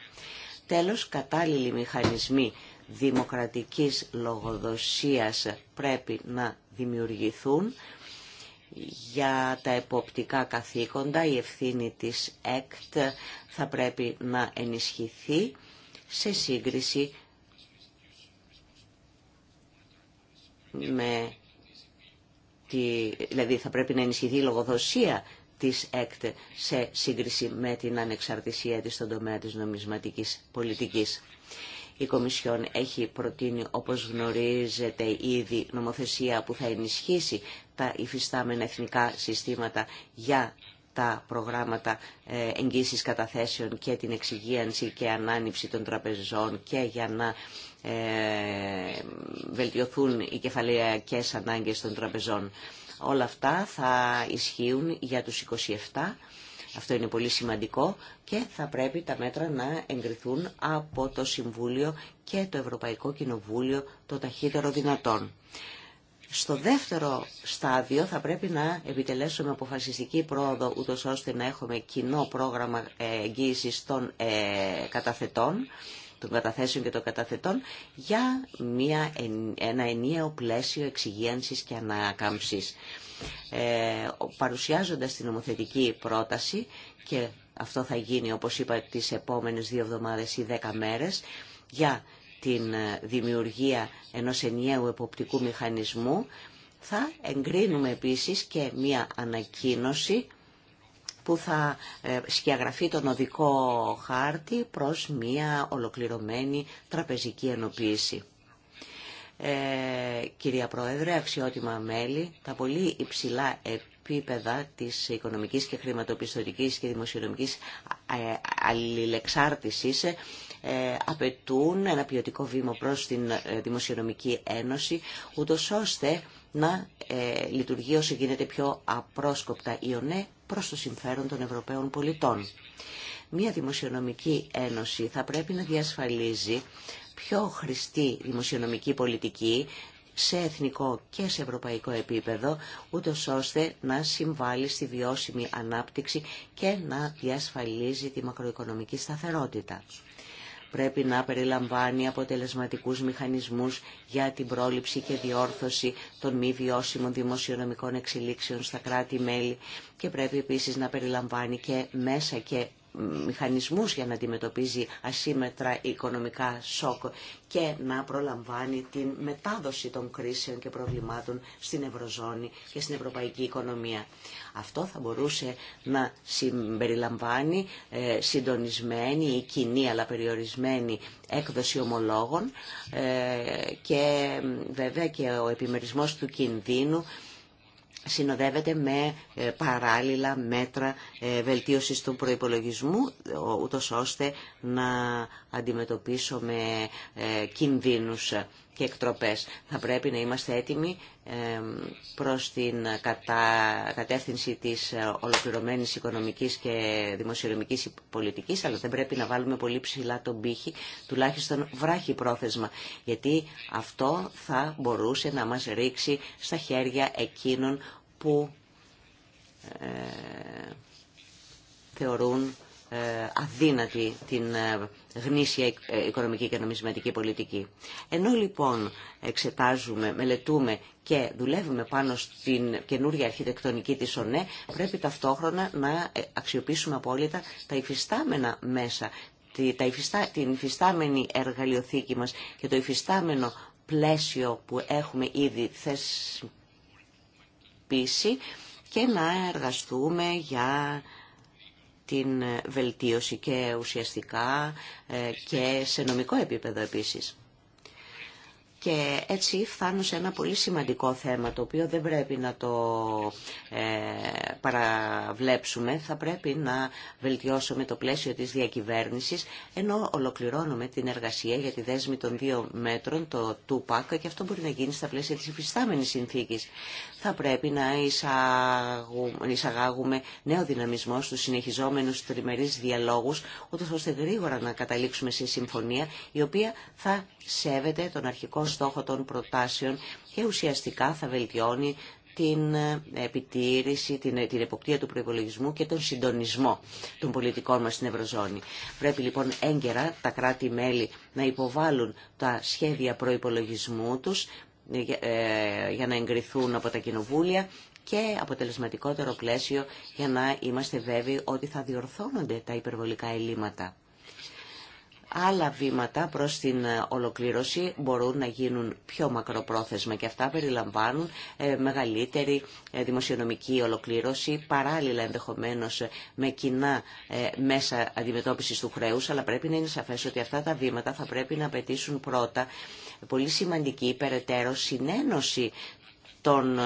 Τέλος, κατάλληλοι μηχανισμοί δημοκρατικής λογοδοσίας πρέπει να δημιουργηθούν για τα εποπτικά καθήκοντα η ευθύνη της ΕΚΤ θα πρέπει να ενισχυθεί σε σύγκριση με τη, δηλαδή θα πρέπει να ενισχυθεί η λογοδοσία της ΕΚΤ σε σύγκριση με την ανεξαρτησία της στον τομέα της νομισματικής πολιτικής. Η Κομισιόν έχει προτείνει, όπως γνωρίζετε ήδη, νομοθεσία που θα ενισχύσει τα υφιστάμενα εθνικά συστήματα για τα προγράμματα ε, εγγύησης καταθέσεων και την εξυγίανση και ανάνυψη των τραπεζών και για να ε, βελτιωθούν οι κεφαλαιακές ανάγκες των τραπεζών. Όλα αυτά θα ισχύουν για τους 27 αυτό είναι πολύ σημαντικό και θα πρέπει τα μέτρα να εγκριθούν από το Συμβούλιο και το Ευρωπαϊκό Κοινοβούλιο το ταχύτερο δυνατόν. Στο δεύτερο στάδιο θα πρέπει να επιτελέσουμε αποφασιστική πρόοδο ούτως ώστε να έχουμε κοινό πρόγραμμα ε, εγγύησης των ε, καταθετών των καταθέσεων και των καταθετών για μια, ένα ενιαίο πλαίσιο εξυγένσης και ανακάμψης. Ε, παρουσιάζοντας την νομοθετική πρόταση και αυτό θα γίνει όπως είπα τις επόμενες δύο εβδομάδες ή δέκα μέρες για την ε, δημιουργία ενός ενιαίου εποπτικού μηχανισμού θα εγκρίνουμε επίσης και μία ανακοίνωση που θα ε, σκιαγραφεί τον οδικό χάρτη προς μια ολοκληρωμένη τραπεζική ενοποίηση. Ε, κυρία Πρόεδρε, αξιότιμα μέλη, τα πολύ υψηλά επίπεδα της οικονομικής και χρηματοπιστωτικής και δημοσιονομικής ε, αλληλεξάρτησης ε, απαιτούν ένα ποιοτικό βήμα προς την Δημοσιονομική Ένωση, ούτως ώστε να ε, λειτουργεί όσο γίνεται πιο απρόσκοπτα η ΟΝΕ προς το συμφέρον των Ευρωπαίων πολιτών. Μία δημοσιονομική ένωση θα πρέπει να διασφαλίζει πιο χρηστή δημοσιονομική πολιτική σε εθνικό και σε ευρωπαϊκό επίπεδο, ούτω ώστε να συμβάλλει στη βιώσιμη ανάπτυξη και να διασφαλίζει τη μακροοικονομική σταθερότητα πρέπει να περιλαμβάνει αποτελεσματικούς μηχανισμούς για την πρόληψη και διόρθωση των μη βιώσιμων δημοσιονομικών εξελίξεων στα κράτη-μέλη και πρέπει επίσης να περιλαμβάνει και μέσα και μηχανισμούς για να αντιμετωπίζει ασύμετρα οικονομικά σοκ και να προλαμβάνει την μετάδοση των κρίσεων και προβλημάτων στην Ευρωζώνη και στην Ευρωπαϊκή οικονομία. Αυτό θα μπορούσε να συμπεριλαμβάνει ε, συντονισμένη ή κοινή αλλά περιορισμένη έκδοση ομολόγων ε, και βέβαια και ο επιμερισμός του κινδύνου συνοδεύεται με ε, παράλληλα μέτρα ε, βελτίωσης του προϋπολογισμού, ούτως ώστε να αντιμετωπίσουμε ε, κινδύνους και εκτροπές. Θα πρέπει να είμαστε έτοιμοι προς την κατεύθυνση της ολοκληρωμένης οικονομικής και δημοσιονομικής πολιτικής, αλλά δεν πρέπει να βάλουμε πολύ ψηλά τον πύχη, τουλάχιστον βράχη πρόθεσμα, γιατί αυτό θα μπορούσε να μας ρίξει στα χέρια εκείνων που ε, θεωρούν ε, αδύνατη την ε, γνήσια ε, οικονομική και νομισματική πολιτική. Ενώ λοιπόν εξετάζουμε, μελετούμε και δουλεύουμε πάνω στην καινούργια αρχιτεκτονική της ΟΝΕ, πρέπει ταυτόχρονα να αξιοποιήσουμε απόλυτα τα υφιστάμενα μέσα, την υφιστάμενη εργαλειοθήκη μας και το υφιστάμενο πλαίσιο που έχουμε ήδη θεσπίσει και να εργαστούμε για την βελτίωση και ουσιαστικά ε, και σε νομικό επίπεδο επίσης. Και έτσι φτάνω σε ένα πολύ σημαντικό θέμα, το οποίο δεν πρέπει να το ε, παραβλέψουμε. Θα πρέπει να βελτιώσουμε το πλαίσιο της διακυβέρνησης, ενώ ολοκληρώνουμε την εργασία για τη δέσμη των δύο μέτρων, το ΤΟΥΠΑΚ, και αυτό μπορεί να γίνει στα πλαίσια της υφιστάμενης συνθήκης. Θα πρέπει να εισαγάγουμε νέο δυναμισμό στους συνεχιζόμενους τριμερείς διαλόγους, ούτως ώστε γρήγορα να καταλήξουμε σε συμφωνία, η οποία θα σέβεται τον αρχικό στόχο των προτάσεων και ουσιαστικά θα βελτιώνει την ε, επιτήρηση, την, ε, την εποπτεία του προϋπολογισμού και τον συντονισμό των πολιτικών μας στην Ευρωζώνη. Πρέπει λοιπόν έγκαιρα τα κράτη-μέλη να υποβάλουν τα σχέδια προϋπολογισμού τους ε, για, για να εγκριθούν από τα κοινοβούλια και αποτελεσματικότερο πλαίσιο για να είμαστε βέβαιοι ότι θα διορθώνονται τα υπερβολικά ελλείμματα. Άλλα βήματα προς την ε, ολοκλήρωση μπορούν να γίνουν πιο μακροπρόθεσμα και αυτά περιλαμβάνουν ε, μεγαλύτερη ε, δημοσιονομική ολοκλήρωση, παράλληλα ενδεχομένως με κοινά μέσα αντιμετώπισης του χρέους, αλλά πρέπει να είναι σαφές ότι αυτά τα βήματα θα πρέπει να απαιτήσουν πρώτα πολύ σημαντική περαιτέρω συνένωση των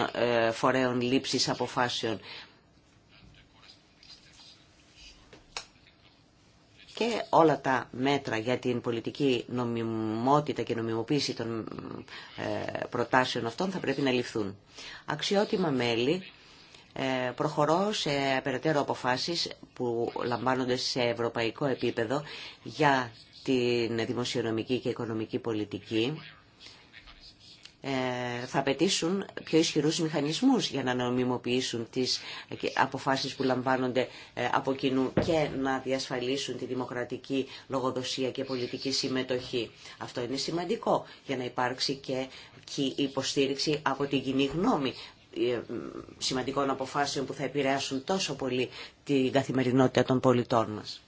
φορέων λήψης αποφάσεων και όλα τα μέτρα για την πολιτική νομιμότητα και νομιμοποίηση των ε, προτάσεων αυτών θα πρέπει να ληφθούν. Αξιότιμα μέλη, ε, προχωρώ σε περαιτέρω αποφάσεις που λαμβάνονται σε ευρωπαϊκό επίπεδο για την δημοσιονομική και οικονομική πολιτική ε, θα απαιτήσουν πιο ισχυρούς μηχανισμούς για να νομιμοποιήσουν τις αποφάσεις που λαμβάνονται ε, από κοινού και να διασφαλίσουν τη δημοκρατική λογοδοσία και πολιτική συμμετοχή. Αυτό είναι σημαντικό για να υπάρξει και η υποστήριξη από την κοινή γνώμη ε, σημαντικών αποφάσεων που θα επηρεάσουν τόσο πολύ την καθημερινότητα των πολιτών μας.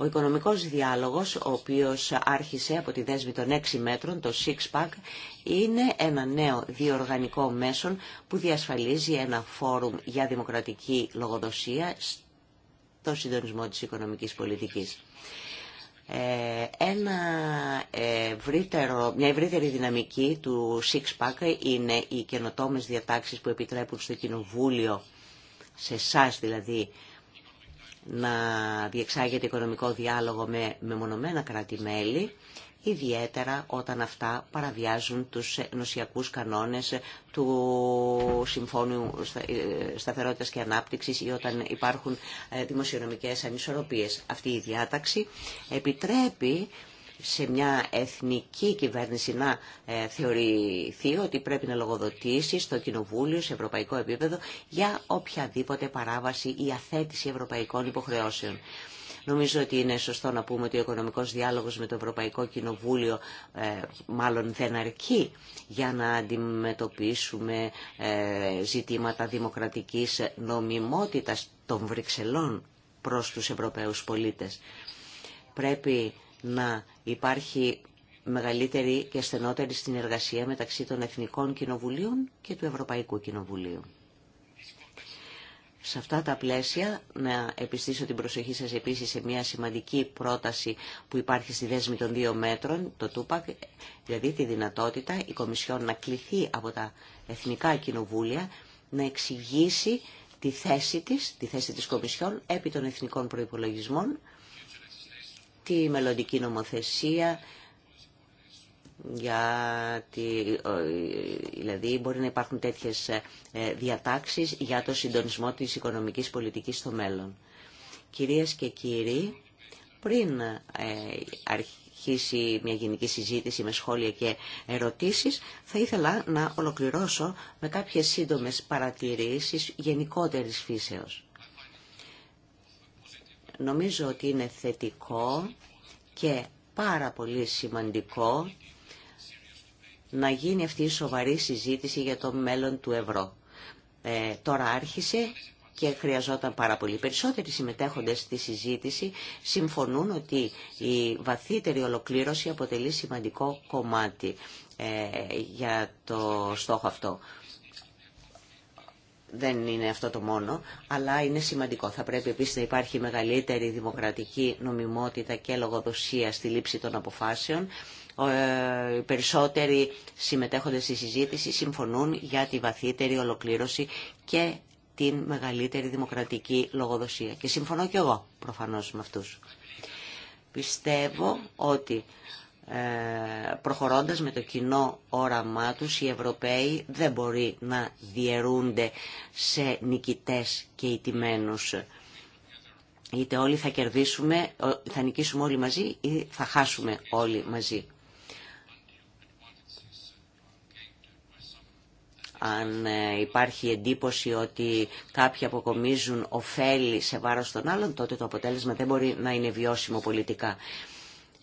Ο οικονομικός διάλογος, ο οποίος άρχισε από τη δέσμη των 6 μέτρων, το Six Pack, είναι ένα νέο διοργανικό μέσον που διασφαλίζει ένα φόρουμ για δημοκρατική λογοδοσία στο συντονισμό της οικονομικής πολιτικής. Ε, ένα μια ευρύτερη δυναμική του Six Pack είναι οι καινοτόμες διατάξεις που επιτρέπουν στο Κοινοβούλιο, σε εσά δηλαδή, να διεξάγεται οικονομικό διάλογο με μεμονωμένα κράτη-μέλη, ιδιαίτερα όταν αυτά παραβιάζουν τους νοσιακούς κανόνες του Συμφώνου ε, Σταθερότητας και Ανάπτυξης ή όταν υπάρχουν ε, δημοσιονομικές ανισορροπίες. Αυτή η διάταξη επιτρέπει σε μια εθνική κυβέρνηση να ε, θεωρηθεί ότι πρέπει να λογοδοτήσει στο Κοινοβούλιο, σε ευρωπαϊκό επίπεδο, για οποιαδήποτε παράβαση ή αθέτηση ευρωπαϊκών υποχρεώσεων. Νομίζω ότι είναι σωστό να πούμε ότι ο οικονομικός διάλογος με το Ευρωπαϊκό Κοινοβούλιο ε, μάλλον δεν αρκεί για να αντιμετωπίσουμε ε, ζητήματα δημοκρατικής νομιμότητας των Βρυξελών προς τους Ευρωπαίους πολίτες. Πρέπει να υπάρχει μεγαλύτερη και στενότερη συνεργασία μεταξύ των Εθνικών Κοινοβουλίων και του Ευρωπαϊκού Κοινοβουλίου. Σε αυτά τα πλαίσια να επιστήσω την προσοχή σας επίσης σε μια σημαντική πρόταση που υπάρχει στη δέσμη των δύο μέτρων, το ΤΟΥΠΑΚ, δηλαδή τη δυνατότητα η Κομισιόν να κληθεί από τα Εθνικά Κοινοβούλια να εξηγήσει τη θέση της, τη θέση της Κομισιόν επί των εθνικών προϋπολογισμών τη μελλοντική νομοθεσία για τη, δηλαδή μπορεί να υπάρχουν τέτοιες ε, διατάξεις για το συντονισμό της οικονομικής πολιτικής στο μέλλον. Κυρίες και κύριοι, πριν ε, αρχίσει μια γενική συζήτηση με σχόλια και ερωτήσεις, θα ήθελα να ολοκληρώσω με κάποιες σύντομες παρατηρήσεις γενικότερης φύσεως. Νομίζω ότι είναι θετικό και πάρα πολύ σημαντικό να γίνει αυτή η σοβαρή συζήτηση για το μέλλον του ευρώ. Ε, τώρα άρχισε και χρειαζόταν πάρα πολύ. Περισσότεροι συμμετέχοντες στη συζήτηση συμφωνούν ότι η βαθύτερη ολοκλήρωση αποτελεί σημαντικό κομμάτι ε, για το στόχο αυτό δεν είναι αυτό το μόνο, αλλά είναι σημαντικό. Θα πρέπει επίσης να υπάρχει μεγαλύτερη δημοκρατική νομιμότητα και λογοδοσία στη λήψη των αποφάσεων. Ε, οι περισσότεροι συμμετέχοντες στη συζήτηση συμφωνούν για τη βαθύτερη ολοκλήρωση και την μεγαλύτερη δημοκρατική λογοδοσία. Και συμφωνώ και εγώ προφανώς με αυτούς. Πιστεύω ότι ε, προχωρώντας με το κοινό όραμά τους οι Ευρωπαίοι δεν μπορεί να διαιρούνται σε νικητές και ιτημένους είτε όλοι θα κερδίσουμε θα νικήσουμε όλοι μαζί ή θα χάσουμε όλοι μαζί αν ε, υπάρχει εντύπωση ότι κάποιοι αποκομίζουν ωφέλη σε βάρος των άλλων τότε το αποτέλεσμα δεν μπορεί να είναι βιώσιμο πολιτικά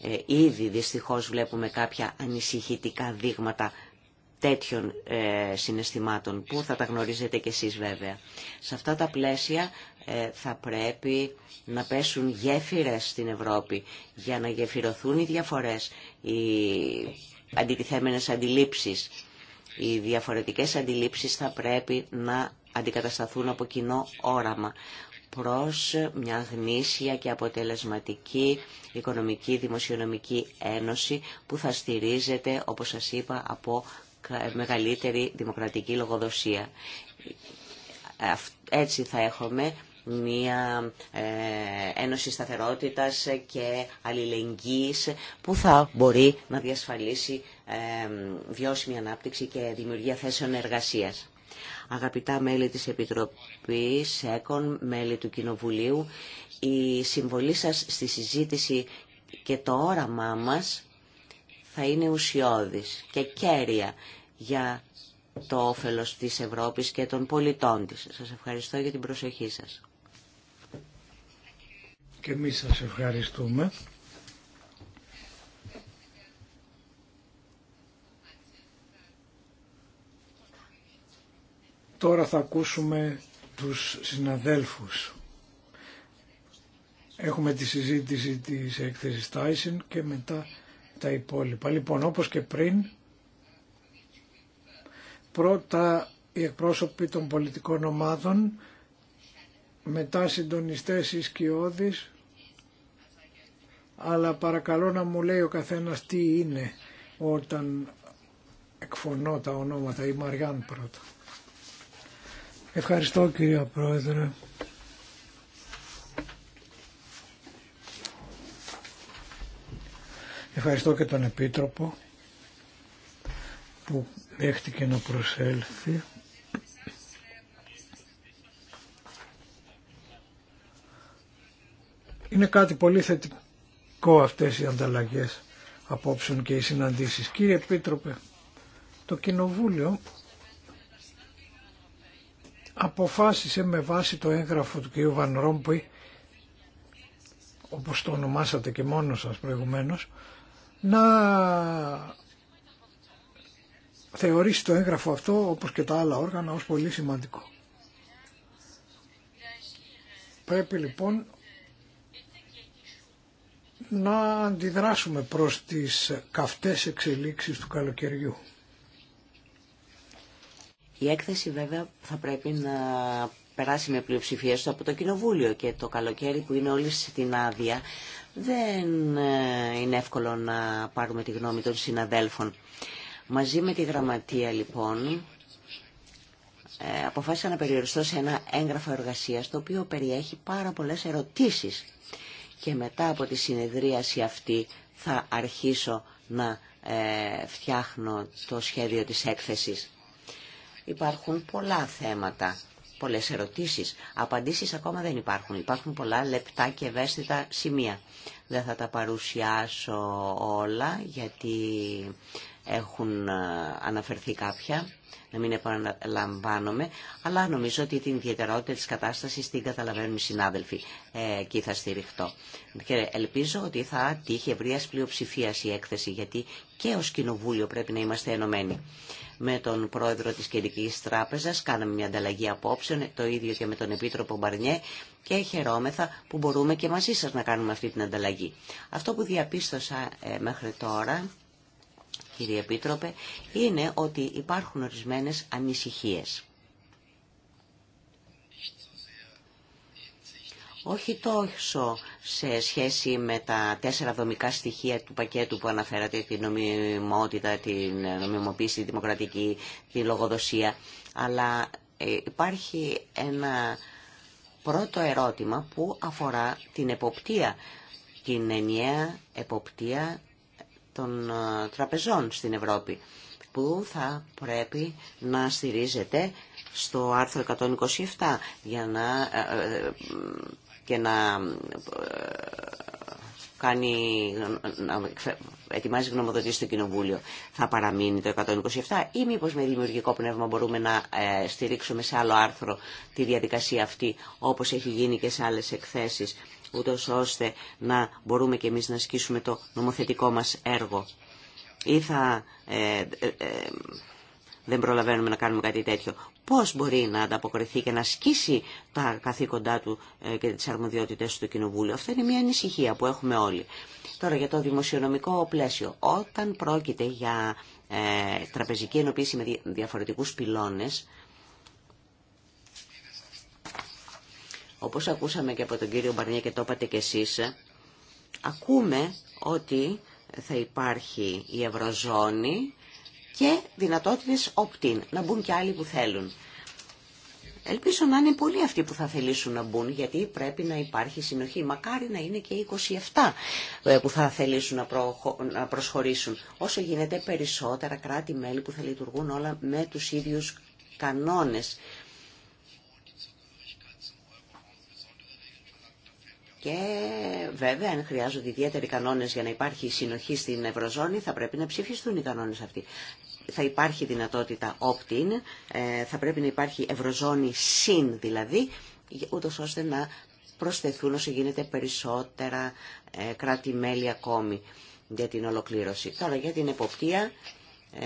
ε, ήδη δυστυχώς βλέπουμε κάποια ανησυχητικά δείγματα τέτοιων ε, συναισθημάτων που θα τα γνωρίζετε κι εσείς βέβαια. Σε αυτά τα πλαίσια ε, θα πρέπει να πέσουν γέφυρες στην Ευρώπη για να γεφυρωθούν οι διαφορές, οι αντιτιθέμενες αντιλήψεις. Οι διαφορετικές αντιλήψεις θα πρέπει να αντικατασταθούν από κοινό όραμα προς μια γνήσια και αποτελεσματική οικονομική δημοσιονομική ένωση που θα στηρίζεται, όπως σας είπα, από μεγαλύτερη δημοκρατική λογοδοσία. Έτσι θα έχουμε μια ε, ένωση σταθερότητας και αλληλεγγύης που θα μπορεί να διασφαλίσει ε, βιώσιμη ανάπτυξη και δημιουργία θέσεων εργασίας. Αγαπητά μέλη της Επιτροπής, ΕΚΟΝ, μέλη του Κοινοβουλίου, η συμβολή σας στη συζήτηση και το όραμά μας θα είναι ουσιώδης και κέρια για το όφελος της Ευρώπης και των πολιτών της. Σας ευχαριστώ για την προσοχή σας. Και εμείς σας ευχαριστούμε. Τώρα θα ακούσουμε τους συναδέλφους. Έχουμε τη συζήτηση της έκθεσης Tyson και μετά τα υπόλοιπα. Λοιπόν, όπως και πριν, πρώτα οι εκπρόσωποι των πολιτικών ομάδων, μετά συντονιστές ή αλλά παρακαλώ να μου λέει ο καθένας τι είναι όταν εκφωνώ τα ονόματα, η Μαριάν πρώτα. Ευχαριστώ κύριε Πρόεδρε. Ευχαριστώ και τον Επίτροπο που δέχτηκε να προσέλθει. Είναι κάτι πολύ θετικό αυτές οι ανταλλαγές απόψεων και οι συναντήσεις. Κύριε Επίτροπε, το Κοινοβούλιο αποφάσισε με βάση το έγγραφο του κ. Βαν Ρόμπουι, όπως το ονομάσατε και μόνος σας προηγουμένως, να θεωρήσει το έγγραφο αυτό, όπως και τα άλλα όργανα, ως πολύ σημαντικό. Πρέπει λοιπόν να αντιδράσουμε προς τις καυτές εξελίξεις του καλοκαιριού. Η έκθεση βέβαια θα πρέπει να περάσει με πλειοψηφία στο από το Κοινοβούλιο και το καλοκαίρι που είναι όλοι στην άδεια δεν ε, είναι εύκολο να πάρουμε τη γνώμη των συναδέλφων. Μαζί με τη γραμματεία λοιπόν ε, αποφάσισα να περιοριστώ σε ένα έγγραφο εργασίας το οποίο περιέχει πάρα πολλές ερωτήσεις και μετά από τη συνεδρίαση αυτή θα αρχίσω να ε, φτιάχνω το σχέδιο της έκθεσης. Υπάρχουν πολλά θέματα, πολλές ερωτήσεις. Απαντήσεις ακόμα δεν υπάρχουν. Υπάρχουν πολλά λεπτά και ευαίσθητα σημεία. Δεν θα τα παρουσιάσω όλα γιατί έχουν αναφερθεί κάποια, να μην επαναλαμβάνομαι, αλλά νομίζω ότι την ιδιαιτερότητα της κατάστασης την καταλαβαίνουν οι συνάδελφοι. Ε, εκεί θα στηριχτώ. Και ελπίζω ότι θα τύχει ευρεία πλειοψηφία η έκθεση, γιατί και ως Κοινοβούλιο πρέπει να είμαστε ενωμένοι. Με τον πρόεδρο της Κεντρικής Τράπεζας κάναμε μια ανταλλαγή απόψεων, το ίδιο και με τον Επίτροπο Μπαρνιέ και χαιρόμεθα που μπορούμε και μαζί σας να κάνουμε αυτή την ανταλλαγή. Αυτό που διαπίστωσα ε, μέχρι τώρα κύριε Επίτροπε, είναι ότι υπάρχουν ορισμένες ανησυχίες. Όχι τόσο σε σχέση με τα τέσσερα δομικά στοιχεία του πακέτου που αναφέρατε, την νομιμότητα, την νομιμοποίηση, τη δημοκρατική, τη λογοδοσία, αλλά ε, υπάρχει ένα πρώτο ερώτημα που αφορά την εποπτεία, την ενιαία εποπτεία των ε, τραπεζών στην Ευρώπη που θα πρέπει να στηρίζεται στο άρθρο 127 για να, ε, ε, και να κάνει, να ετοιμάζει γνωμοδοτή στο Κοινοβούλιο. Θα παραμείνει το 127 ή μήπως με δημιουργικό πνεύμα μπορούμε να στηρίξουμε σε άλλο άρθρο τη διαδικασία αυτή όπως έχει γίνει και σε άλλες εκθέσεις ούτως ώστε να μπορούμε και εμείς να ασκήσουμε το νομοθετικό μας έργο. Ή θα... Ε, ε, ε, δεν προλαβαίνουμε να κάνουμε κάτι τέτοιο. Πώς μπορεί να ανταποκριθεί και να ασκήσει τα καθήκοντά του και τις αρμοδιότητες του Κοινοβούλου. Αυτό είναι μια ανησυχία που έχουμε όλοι. Τώρα για το δημοσιονομικό πλαίσιο. Όταν πρόκειται για τραπεζική ενοποίηση με διαφορετικούς πυλώνες, Όπως ακούσαμε και από τον κύριο Μπαρνιέ και το είπατε και εσείς, ακούμε ότι θα υπάρχει η Ευρωζώνη και δυνατότητες opt-in, να μπουν και άλλοι που θέλουν. Ελπίζω να είναι πολλοί αυτοί που θα θελήσουν να μπουν, γιατί πρέπει να υπάρχει συνοχή. Μακάρι να είναι και 27 ε, που θα θελήσουν να, να προσχωρήσουν. Όσο γίνεται περισσότερα κράτη-μέλη που θα λειτουργούν όλα με τους ίδιους κανόνες. Και βέβαια, αν χρειάζονται ιδιαίτεροι κανόνες για να υπάρχει συνοχή στην Ευρωζώνη, θα πρέπει να ψηφιστούν οι κανόνες αυτοί. Θα υπάρχει δυνατότητα opt-in, ε, θα πρέπει να υπάρχει Ευρωζώνη συν δηλαδή, ούτω ώστε να προσθεθούν όσο γίνεται περισσότερα ε, κράτη-μέλη ακόμη για την ολοκλήρωση. Τώρα για την εποπτεία, ε,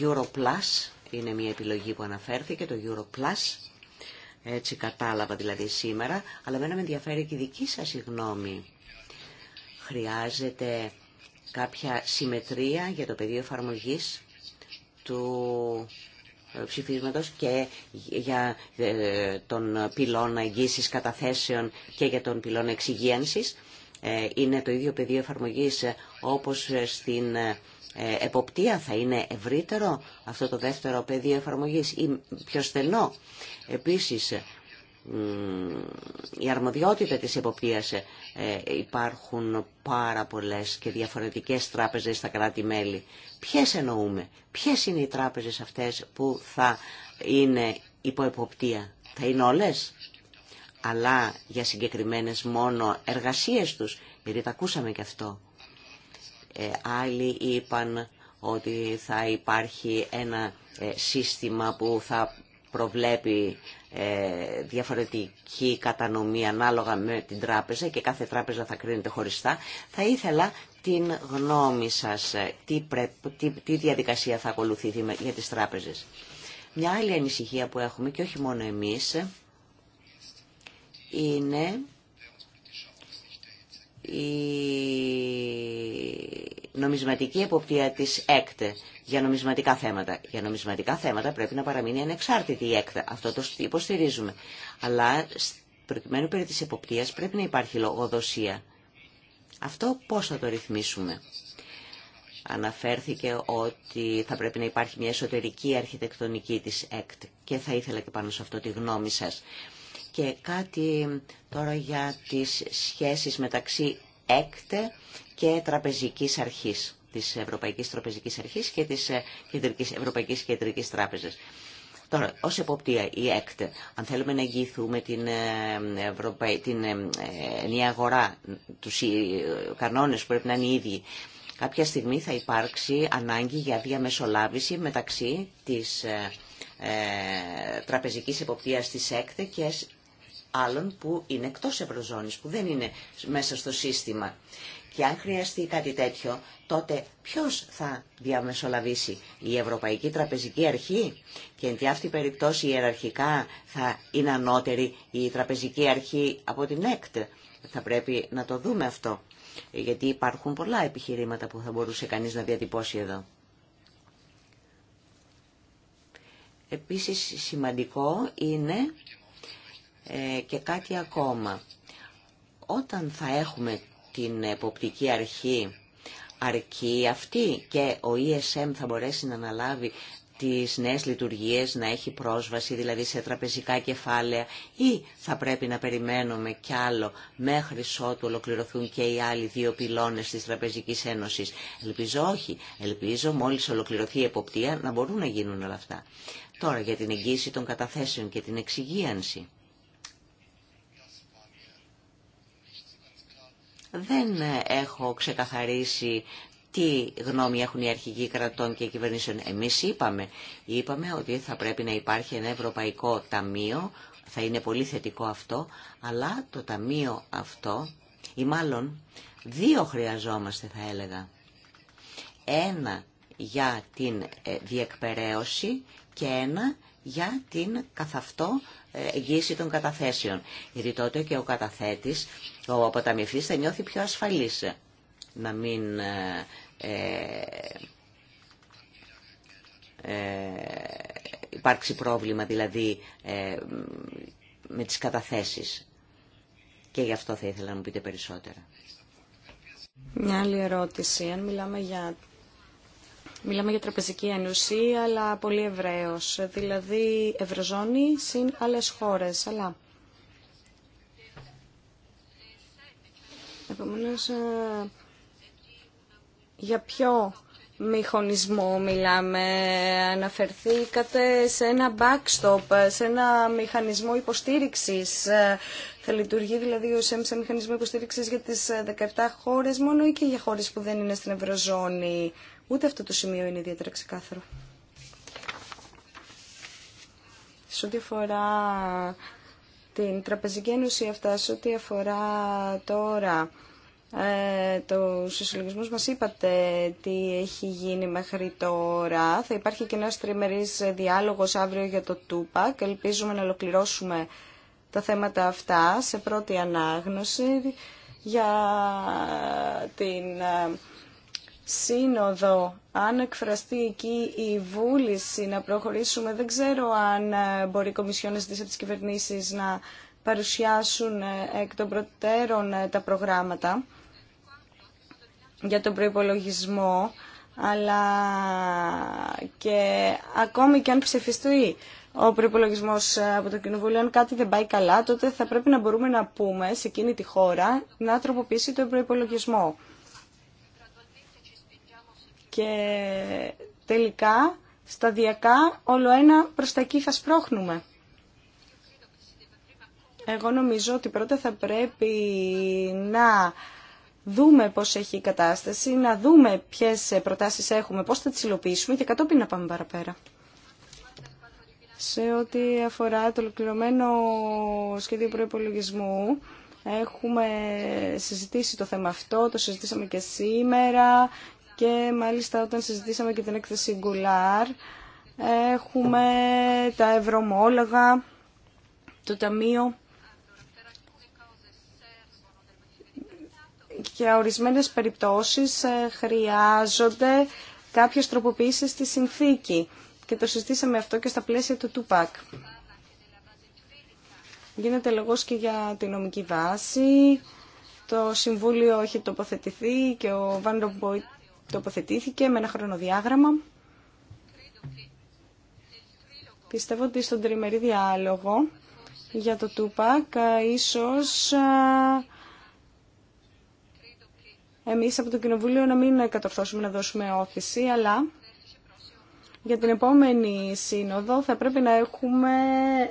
Europlus είναι μια επιλογή που αναφέρθηκε, το Europlus έτσι κατάλαβα δηλαδή σήμερα, αλλά μένα με ενδιαφέρει και η δική σας γνώμη. Χρειάζεται κάποια συμμετρία για το πεδίο εφαρμογή του ε, ψηφίσματος και για ε, τον πυλώνα γήσεις καταθέσεων και για τον πυλώνα εξυγίανσης. Ε, είναι το ίδιο πεδίο εφαρμογής όπως στην ε, εποπτεία θα είναι ευρύτερο αυτό το δεύτερο πεδίο εφαρμογής ή πιο στενό. Επίσης, η αρμοδιότητα της εποπτείας ε, υπάρχουν πάρα πολλές και διαφορετικές τράπεζες στα κράτη-μέλη. Ποιες εννοούμε, ποιες είναι οι τράπεζες αυτές που θα είναι υπό εποπτεία. Θα είναι όλες, αλλά για συγκεκριμένες μόνο εργασίες τους, γιατί τα ακούσαμε και αυτό. Ε, άλλοι είπαν ότι θα υπάρχει ένα ε, σύστημα που θα προβλέπει ε, διαφορετική κατανομή ανάλογα με την τράπεζα και κάθε τράπεζα θα κρίνεται χωριστά. Θα ήθελα την γνώμη σας, τι, τι, διαδικασία θα ακολουθηθεί για τις τράπεζες. Μια άλλη ανησυχία που έχουμε και όχι μόνο εμείς είναι η νομισματική εποπτεία της ΕΚΤ για νομισματικά θέματα. Για νομισματικά θέματα πρέπει να παραμείνει ανεξάρτητη η ΕΚΤ. Αυτό το υποστηρίζουμε. Αλλά προκειμένου περί της εποπτείας πρέπει να υπάρχει λογοδοσία. Αυτό πώς θα το ρυθμίσουμε. Αναφέρθηκε ότι θα πρέπει να υπάρχει μια εσωτερική αρχιτεκτονική της ΕΚΤ και θα ήθελα και πάνω σε αυτό τη γνώμη σας. Και κάτι τώρα για τις σχέσεις μεταξύ ΕΚΤΕ και Τραπεζικής Αρχής, της Ευρωπαϊκής Τραπεζικής Αρχής και της ε, Κεντρικής, Ευρωπαϊκής Κεντρικής Τράπεζας. Τώρα, ως εποπτεία η ΕΚΤ, αν θέλουμε να εγγυηθούμε την, ε, την ε, ενιαία αγορά, τους κανόνες που πρέπει να είναι οι ίδιοι, κάποια στιγμή θα υπάρξει ανάγκη για διαμεσολάβηση μεταξύ της ε, τραπεζικής εποπτείας της ΕΚΤ και άλλων που είναι εκτός ευρωζώνης, που δεν είναι μέσα στο σύστημα. Και αν χρειαστεί κάτι τέτοιο, τότε ποιος θα διαμεσολαβήσει, η Ευρωπαϊκή Τραπεζική Αρχή και εν τη αυτή περιπτώσει ιεραρχικά θα είναι ανώτερη η Τραπεζική Αρχή από την ΕΚΤ. Θα πρέπει να το δούμε αυτό, γιατί υπάρχουν πολλά επιχειρήματα που θα μπορούσε κανείς να διατυπώσει εδώ. Επίσης σημαντικό είναι ε, και κάτι ακόμα. Όταν θα έχουμε την εποπτική αρχή, αρκεί αυτή και ο ESM θα μπορέσει να αναλάβει τις νέες λειτουργίες, να έχει πρόσβαση δηλαδή σε τραπεζικά κεφάλαια ή θα πρέπει να περιμένουμε κι άλλο μέχρι ότου ολοκληρωθούν και οι άλλοι δύο πυλώνες της Τραπεζικής Ένωσης. Ελπίζω όχι. Ελπίζω μόλις ολοκληρωθεί η εποπτεία να μπορούν να γίνουν όλα αυτά. Τώρα για την εγγύηση των καταθέσεων και την εξυγίανση. Δεν έχω ξεκαθαρίσει τι γνώμη έχουν οι αρχηγοί κρατών και κυβερνήσεων. Εμείς είπαμε, είπαμε ότι θα πρέπει να υπάρχει ένα ευρωπαϊκό ταμείο, θα είναι πολύ θετικό αυτό, αλλά το ταμείο αυτό, ή μάλλον δύο χρειαζόμαστε θα έλεγα. Ένα για την ε, διεκπεραίωση και ένα για την καθαυτό εγγύηση των καταθέσεων. Γιατί τότε και ο καταθέτης, ο αποταμιευτής θα νιώθει πιο ασφαλής να μην ε, ε, ε υπάρξει πρόβλημα δηλαδή ε, με τις καταθέσεις. Και γι' αυτό θα ήθελα να μου πείτε περισσότερα. Μια άλλη ερώτηση. Αν μιλάμε για Μιλάμε για τραπεζική ένωση, αλλά πολύ ευρέω. Δηλαδή, ευρωζώνη συν άλλε χώρε. Αλλά. Επομένω, ε, για ποιο μηχανισμό μιλάμε. Αναφερθήκατε σε ένα backstop, σε ένα μηχανισμό υποστήριξης. Ε, θα λειτουργεί δηλαδή ο ΣΕΜ σε μηχανισμό υποστήριξης για τις 17 ε, χώρες μόνο ή και για χώρες που δεν είναι στην Ευρωζώνη. Ούτε αυτό το σημείο είναι ιδιαίτερα ξεκάθαρο. Σε ό,τι αφορά την Τραπεζική Ένωση αυτά, σε ό,τι αφορά τώρα ε, το μας είπατε τι έχει γίνει μέχρι τώρα. Θα υπάρχει και ένας τριμερής διάλογος αύριο για το και Ελπίζουμε να ολοκληρώσουμε τα θέματα αυτά σε πρώτη ανάγνωση για την ε, σύνοδο, αν εκφραστεί εκεί η βούληση να προχωρήσουμε, δεν ξέρω αν ε, μπορεί οι κομισιόνες της τις κυβερνήσεις να παρουσιάσουν ε, εκ των προτέρων ε, τα προγράμματα για τον προϋπολογισμό, αλλά και ακόμη και αν ψηφιστεί ο προπολογισμό από το Κοινοβούλιο, αν κάτι δεν πάει καλά, τότε θα πρέπει να μπορούμε να πούμε σε εκείνη τη χώρα να τροποποιήσει τον προπολογισμό. Και τελικά, σταδιακά, όλο ένα προς τα εκεί θα σπρώχνουμε. Εγώ νομίζω ότι πρώτα θα πρέπει να δούμε πώς έχει η κατάσταση, να δούμε ποιες προτάσεις έχουμε, πώς θα τις υλοποιήσουμε και κατόπιν να πάμε παραπέρα. Σε ό,τι αφορά το ολοκληρωμένο σχέδιο προϋπολογισμού, έχουμε συζητήσει το θέμα αυτό, το συζητήσαμε και σήμερα και μάλιστα όταν συζητήσαμε και την έκθεση Γκουλάρ έχουμε τα ευρωμόλογα, το Ταμείο και ορισμένες περιπτώσεις ε, χρειάζονται κάποιες τροποποιήσεις στη συνθήκη και το συζητήσαμε αυτό και στα πλαίσια του ΤΟΥΠΑΚ. Γίνεται λόγος και για τη νομική βάση. Το Συμβούλιο έχει τοποθετηθεί και ο Βαν τοποθετήθηκε με ένα χρονοδιάγραμμα. Πιστεύω ότι στον τριμερή διάλογο για το Τούπακ ίσως εμείς από το Κοινοβούλιο να μην κατορθώσουμε να δώσουμε όθηση, αλλά για την επόμενη σύνοδο θα πρέπει να έχουμε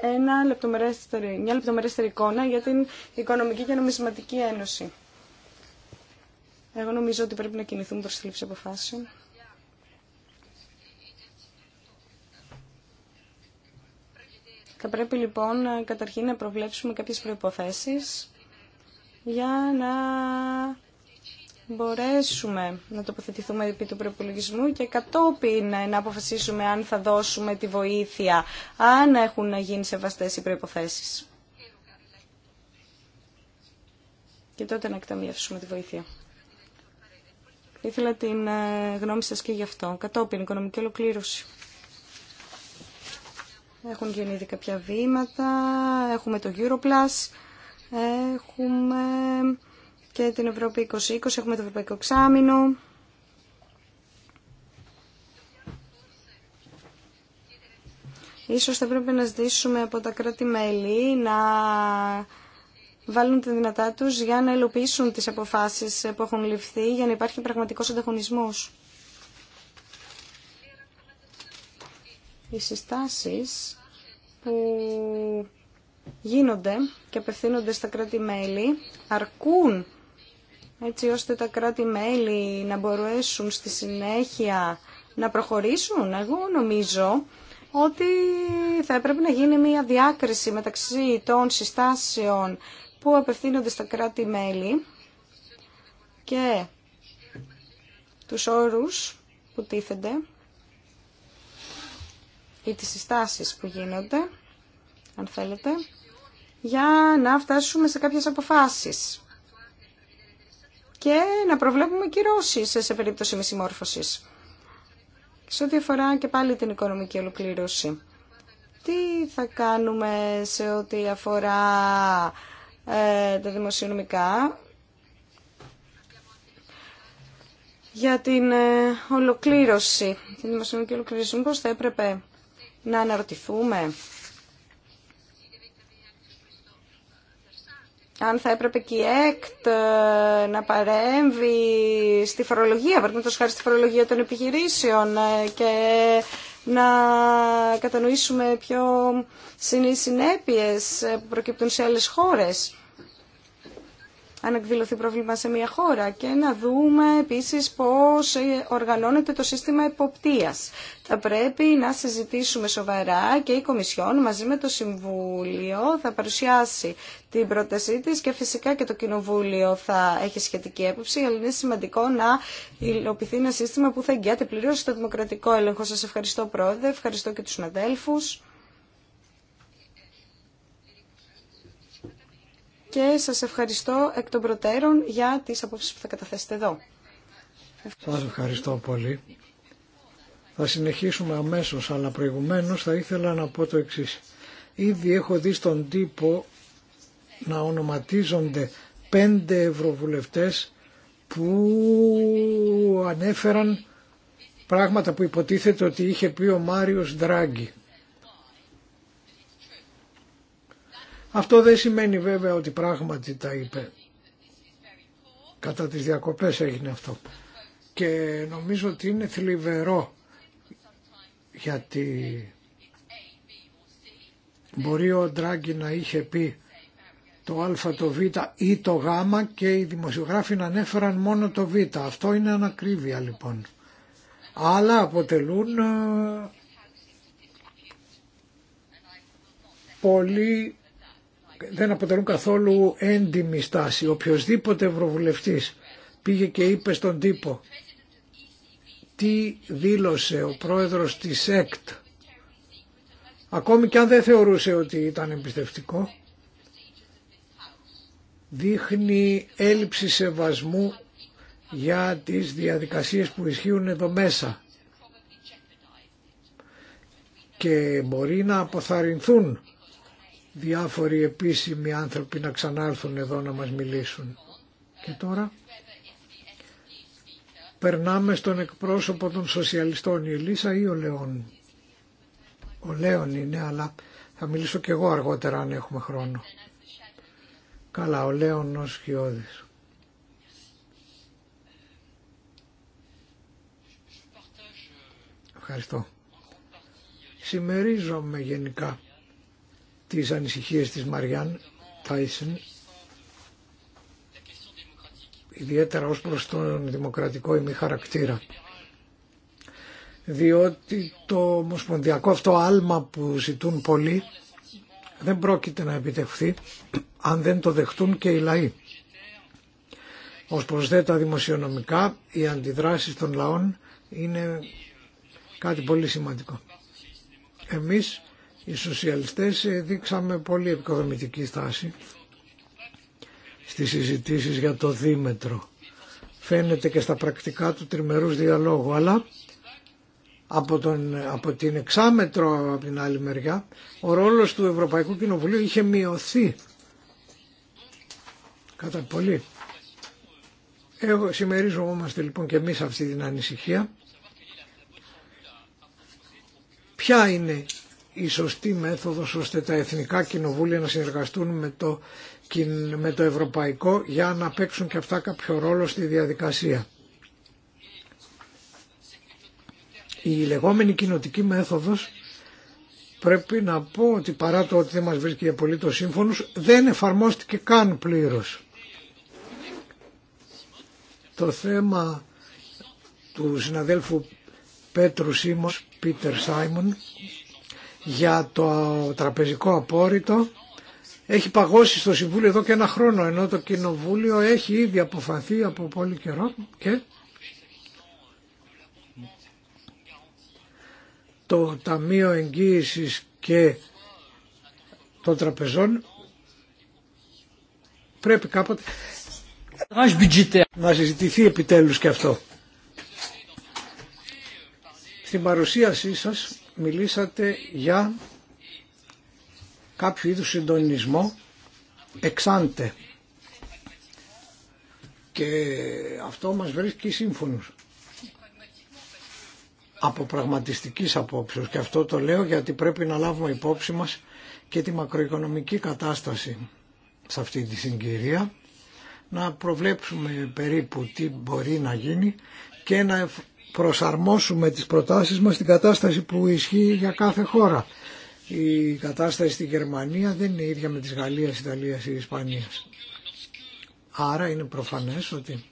ένα λεπτομερέστερη, μια λεπτομερέστερη εικόνα για την Οικονομική και Νομισματική Ένωση. Εγώ νομίζω ότι πρέπει να κινηθούμε προς τη λήψη αποφάσεων. Θα πρέπει λοιπόν καταρχήν να προβλέψουμε κάποιες προϋποθέσεις για να μπορέσουμε να τοποθετηθούμε επί του προπολογισμού και κατόπιν να αποφασίσουμε αν θα δώσουμε τη βοήθεια, αν έχουν γίνει σεβαστές οι προϋποθέσεις. Και τότε να εκταμιεύσουμε τη βοήθεια. Ήθελα την ε, γνώμη σας και γι' αυτό. Κατόπιν, οικονομική ολοκλήρωση. Έχουν γίνει ήδη κάποια βήματα, έχουμε το Europlus, έχουμε και την Ευρώπη 2020, έχουμε το Ευρωπαϊκό Ξάμινο. Ίσως θα πρέπει να ζητήσουμε από τα κράτη-μέλη να βάλουν τη δυνατά τους για να υλοποιήσουν τις αποφάσεις που έχουν ληφθεί για να υπάρχει πραγματικός ανταγωνισμός. Οι συστάσεις που γίνονται και απευθύνονται στα κράτη-μέλη αρκούν έτσι ώστε τα κράτη-μέλη να μπορέσουν στη συνέχεια να προχωρήσουν. Εγώ νομίζω ότι θα έπρεπε να γίνει μια διάκριση μεταξύ των συστάσεων που απευθύνονται στα κράτη-μέλη και τους όρους που τίθενται ή τις συστάσεις που γίνονται, αν θέλετε, για να φτάσουμε σε κάποιες αποφάσεις και να προβλέπουμε κυρώσεις σε περίπτωση μη συμμόρφωσης. Σε ό,τι αφορά και πάλι την οικονομική ολοκλήρωση. Τι θα κάνουμε σε ό,τι αφορά ε, τα δημοσιονομικά για την ε, ολοκλήρωση, την δημοσιονομική ολοκλήρωση. πως θα έπρεπε να αναρωτηθούμε αν θα έπρεπε και η ΕΚΤ ε, να παρέμβει στη φορολογία, παραδείγματος χάρη στη φορολογία των επιχειρήσεων και να κατανοήσουμε πιο συνείς συνέπειες που προκύπτουν σε άλλες χώρες αν εκδηλωθεί πρόβλημα σε μια χώρα και να δούμε επίσης πώς ε, οργανώνεται το σύστημα εποπτείας. Θα πρέπει να συζητήσουμε σοβαρά και η Κομισιόν μαζί με το Συμβούλιο θα παρουσιάσει την πρότασή τη και φυσικά και το Κοινοβούλιο θα έχει σχετική έποψη, αλλά είναι σημαντικό να υλοποιηθεί ένα σύστημα που θα εγγυάται πλήρω στο δημοκρατικό έλεγχο. Σας ευχαριστώ Πρόεδρε, ευχαριστώ και τους συναδέλφους. και σας ευχαριστώ εκ των προτέρων για τις απόψεις που θα καταθέσετε εδώ. Σας ευχαριστώ πολύ. Θα συνεχίσουμε αμέσως, αλλά προηγουμένως θα ήθελα να πω το εξής. Ήδη έχω δει στον τύπο να ονοματίζονται πέντε ευρωβουλευτές που ανέφεραν πράγματα που υποτίθεται ότι είχε πει ο Μάριος Δράγκη. Αυτό δεν σημαίνει βέβαια ότι πράγματι τα είπε. Κατά τις διακοπές έγινε αυτό. Και νομίζω ότι είναι θλιβερό γιατί μπορεί ο Ντράγκη να είχε πει το α, το β ή το γ και οι δημοσιογράφοι να ανέφεραν μόνο το β. Αυτό είναι ανακρίβεια λοιπόν. Αλλά αποτελούν ε, πολύ δεν αποτελούν καθόλου έντιμη στάση. Οποιοδήποτε ευρωβουλευτής πήγε και είπε στον τύπο τι δήλωσε ο πρόεδρος της ΕΚΤ ακόμη και αν δεν θεωρούσε ότι ήταν εμπιστευτικό δείχνει έλλειψη σεβασμού για τις διαδικασίες που ισχύουν εδώ μέσα και μπορεί να αποθαρρυνθούν διάφοροι επίσημοι άνθρωποι να ξανάρθουν εδώ να μας μιλήσουν. Και τώρα περνάμε στον εκπρόσωπο των σοσιαλιστών, η Ελίσσα ή ο Λέων Ο Λέων είναι, αλλά θα μιλήσω και εγώ αργότερα αν έχουμε χρόνο. Καλά, ο Λέων ως χιώδης. Ευχαριστώ. Συμμερίζομαι γενικά τις ανησυχίες της Μαριάν Τάισεν ιδιαίτερα ως προς τον δημοκρατικό ή χαρακτήρα διότι το ομοσπονδιακό αυτό άλμα που ζητούν πολλοί δεν πρόκειται να επιτευχθεί αν δεν το δεχτούν και οι λαοί. Ως προς δε τα δημοσιονομικά, οι αντιδράσεις των λαών είναι κάτι πολύ σημαντικό. Εμείς οι σοσιαλιστές δείξαμε πολύ επικοδομητική στάση στις συζητήσεις για το δίμετρο. Φαίνεται και στα πρακτικά του τριμερούς διαλόγου, αλλά από, τον, από την εξάμετρο από την άλλη μεριά ο ρόλος του Ευρωπαϊκού Κοινοβουλίου είχε μειωθεί κατά πολύ. Εγώ συμμερίζομαστε λοιπόν και εμείς αυτή την ανησυχία. Ποια είναι η σωστή μέθοδος ώστε τα εθνικά κοινοβούλια να συνεργαστούν με το, με ευρωπαϊκό για να παίξουν και αυτά κάποιο ρόλο στη διαδικασία. Η λεγόμενη κοινοτική μέθοδος πρέπει να πω ότι παρά το ότι δεν μας βρίσκει για πολύ το σύμφωνος δεν εφαρμόστηκε καν πλήρως. Το θέμα του συναδέλφου Πέτρου Σίμος, Πίτερ Σάιμον, για το τραπεζικό απόρριτο έχει παγώσει στο Συμβούλιο εδώ και ένα χρόνο ενώ το Κοινοβούλιο έχει ήδη αποφαθεί από πολύ καιρό και το Ταμείο Εγγύησης και των Τραπεζών πρέπει κάποτε να συζητηθεί επιτέλους και αυτό. Στην παρουσίασή σας μιλήσατε για κάποιο είδους συντονισμό εξάντε και αυτό μας βρίσκει σύμφωνος από πραγματιστικής απόψεως και αυτό το λέω γιατί πρέπει να λάβουμε υπόψη μας και τη μακροοικονομική κατάσταση σε αυτή τη συγκυρία να προβλέψουμε περίπου τι μπορεί να γίνει και να προσαρμόσουμε τις προτάσεις μας στην κατάσταση που ισχύει για κάθε χώρα. Η κατάσταση στη Γερμανία δεν είναι ίδια με της Γαλλίας, Ιταλίας ή Ισπανίας. Άρα είναι προφανές ότι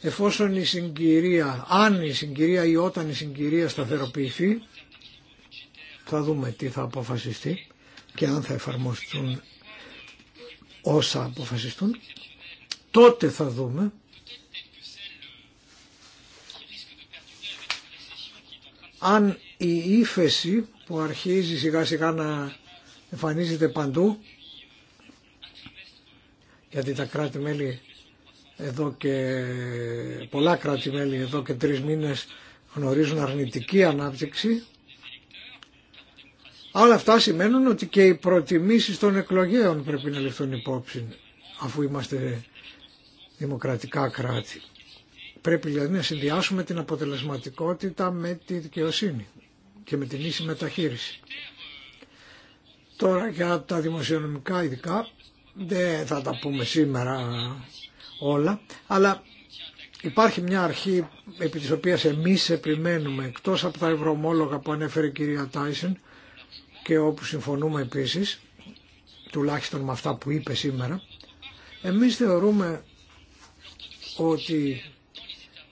εφόσον η συγκυρία, αν η συγκυρία ή όταν η συγκυρία σταθεροποιηθεί, θα δούμε τι θα αποφασιστεί και αν θα εφαρμοστούν όσα αποφασιστούν, τότε θα δούμε αν η ύφεση που αρχίζει σιγά σιγά να εμφανίζεται παντού γιατί τα κράτη-μέλη εδώ και πολλά κράτη-μέλη εδώ και τρεις μήνες γνωρίζουν αρνητική ανάπτυξη όλα αυτά σημαίνουν ότι και οι προτιμήσεις των εκλογέων πρέπει να ληφθούν υπόψη αφού είμαστε δημοκρατικά κράτη. Πρέπει δηλαδή να συνδυάσουμε την αποτελεσματικότητα με τη δικαιοσύνη και με την ίση μεταχείριση. Τώρα για τα δημοσιονομικά ειδικά δεν θα τα πούμε σήμερα όλα, αλλά υπάρχει μια αρχή επί της οποίας εμείς επιμένουμε εκτός από τα ευρωομόλογα που ανέφερε η κυρία Τάισεν και όπου συμφωνούμε επίσης, τουλάχιστον με αυτά που είπε σήμερα, εμείς θεωρούμε ότι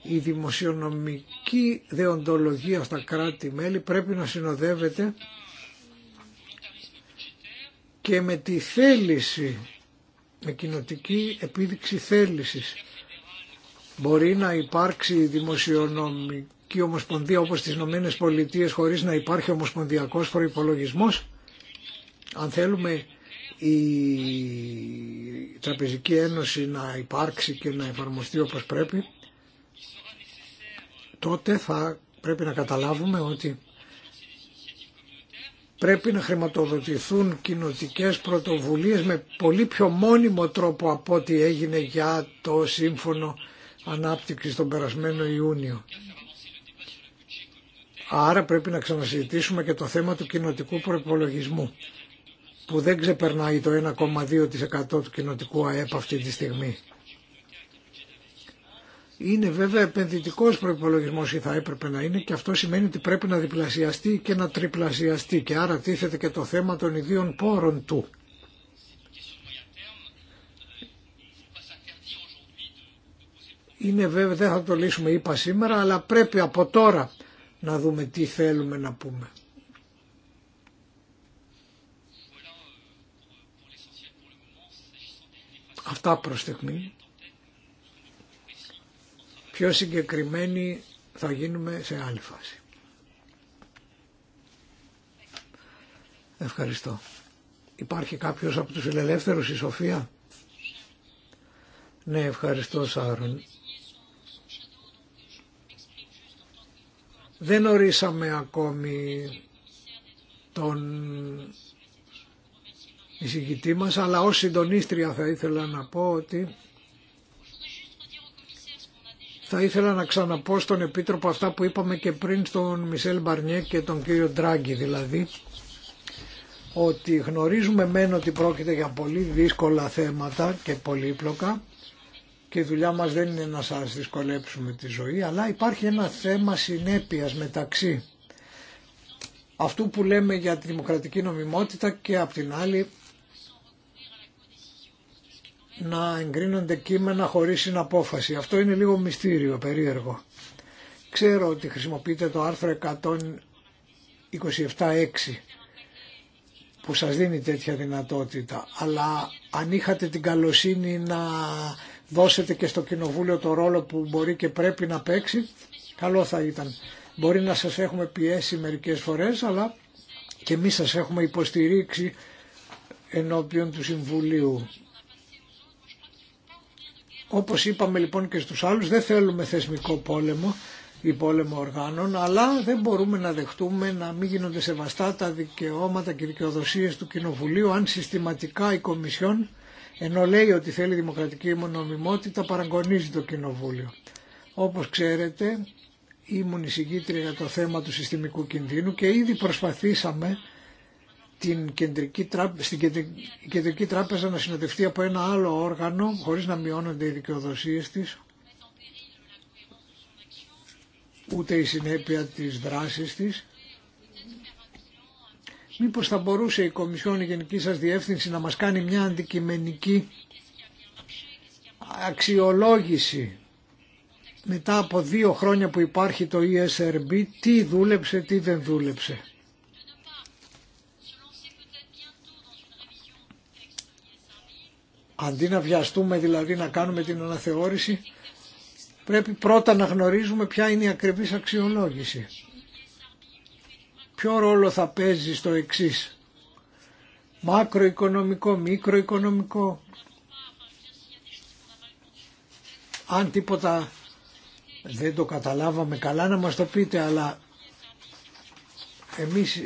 η δημοσιονομική δεοντολογία στα κράτη-μέλη πρέπει να συνοδεύεται και με τη θέληση, με κοινοτική επίδειξη θέλησης. Μπορεί να υπάρξει δημοσιονομική ομοσπονδία όπως στις Ηνωμένες Πολιτείες χωρίς να υπάρχει ομοσπονδιακός προϋπολογισμός. Αν θέλουμε η Τραπεζική Ένωση να υπάρξει και να εφαρμοστεί όπως πρέπει, τότε θα πρέπει να καταλάβουμε ότι πρέπει να χρηματοδοτηθούν κοινοτικέ πρωτοβουλίες με πολύ πιο μόνιμο τρόπο από ό,τι έγινε για το Σύμφωνο Ανάπτυξης τον περασμένο Ιούνιο. Άρα πρέπει να ξανασυζητήσουμε και το θέμα του κοινοτικού προπολογισμού που δεν ξεπερνάει το 1,2% του κοινοτικού ΑΕΠ αυτή τη στιγμή. Είναι βέβαια επενδυτικό προπολογισμό ή θα έπρεπε να είναι και αυτό σημαίνει ότι πρέπει να διπλασιαστεί και να τριπλασιαστεί και άρα τίθεται και το θέμα των ιδίων πόρων του. Είναι βέβαια, δεν θα το λύσουμε είπα σήμερα, αλλά πρέπει από τώρα να δούμε τι θέλουμε να πούμε. Αυτά προς στιγμή. Πιο συγκεκριμένοι θα γίνουμε σε άλλη φάση. Ευχαριστώ. Υπάρχει κάποιος από τους ελεύθερους η Σοφία. Ναι, ευχαριστώ Σάρων. Δεν ορίσαμε ακόμη τον εισηγητή μας, αλλά ως συντονίστρια θα ήθελα να πω ότι θα ήθελα να ξαναπώ στον Επίτροπο αυτά που είπαμε και πριν στον Μισελ Μπαρνιέ και τον κύριο Ντράγκη δηλαδή ότι γνωρίζουμε μεν ότι πρόκειται για πολύ δύσκολα θέματα και πολύπλοκα και η δουλειά μας δεν είναι να σας δυσκολέψουμε τη ζωή αλλά υπάρχει ένα θέμα συνέπειας μεταξύ αυτού που λέμε για τη δημοκρατική νομιμότητα και απ' την άλλη να εγκρίνονται κείμενα χωρίς συναπόφαση. Αυτό είναι λίγο μυστήριο, περίεργο. Ξέρω ότι χρησιμοποιείτε το άρθρο 127.6 που σας δίνει τέτοια δυνατότητα, αλλά αν είχατε την καλοσύνη να δώσετε και στο Κοινοβούλιο το ρόλο που μπορεί και πρέπει να παίξει, καλό θα ήταν. Μπορεί να σας έχουμε πιέσει μερικές φορές, αλλά και εμείς σας έχουμε υποστηρίξει ενώπιον του Συμβουλίου. Όπως είπαμε λοιπόν και στους άλλους, δεν θέλουμε θεσμικό πόλεμο ή πόλεμο οργάνων, αλλά δεν μπορούμε να δεχτούμε να μην γίνονται σεβαστά τα δικαιώματα και δικαιοδοσίες του Κοινοβουλίου αν συστηματικά η Κομισιόν, ενώ λέει ότι θέλει δημοκρατική μονομιμότητα, παραγωνίζει το Κοινοβούλιο. Όπως ξέρετε, ήμουν εισηγήτρια για το θέμα του συστημικού κινδύνου και ήδη προσπαθήσαμε την κεντρική τράπεζα, στην κεντρική τράπεζα να συνοδευτεί από ένα άλλο όργανο χωρίς να μειώνονται οι δικαιοδοσίες της ούτε η συνέπεια της δράσης της. Μήπως θα μπορούσε η Κομισιόν η Γενική σας Διεύθυνση να μας κάνει μια αντικειμενική αξιολόγηση μετά από δύο χρόνια που υπάρχει το ESRB, τι δούλεψε, τι δεν δούλεψε. Αντί να βιαστούμε δηλαδή να κάνουμε την αναθεώρηση, πρέπει πρώτα να γνωρίζουμε ποια είναι η ακριβής αξιολόγηση. Ποιο ρόλο θα παίζει στο εξής. Μακροοικονομικό, μικροοικονομικό. Αν τίποτα δεν το καταλάβαμε καλά να μας το πείτε, αλλά εμείς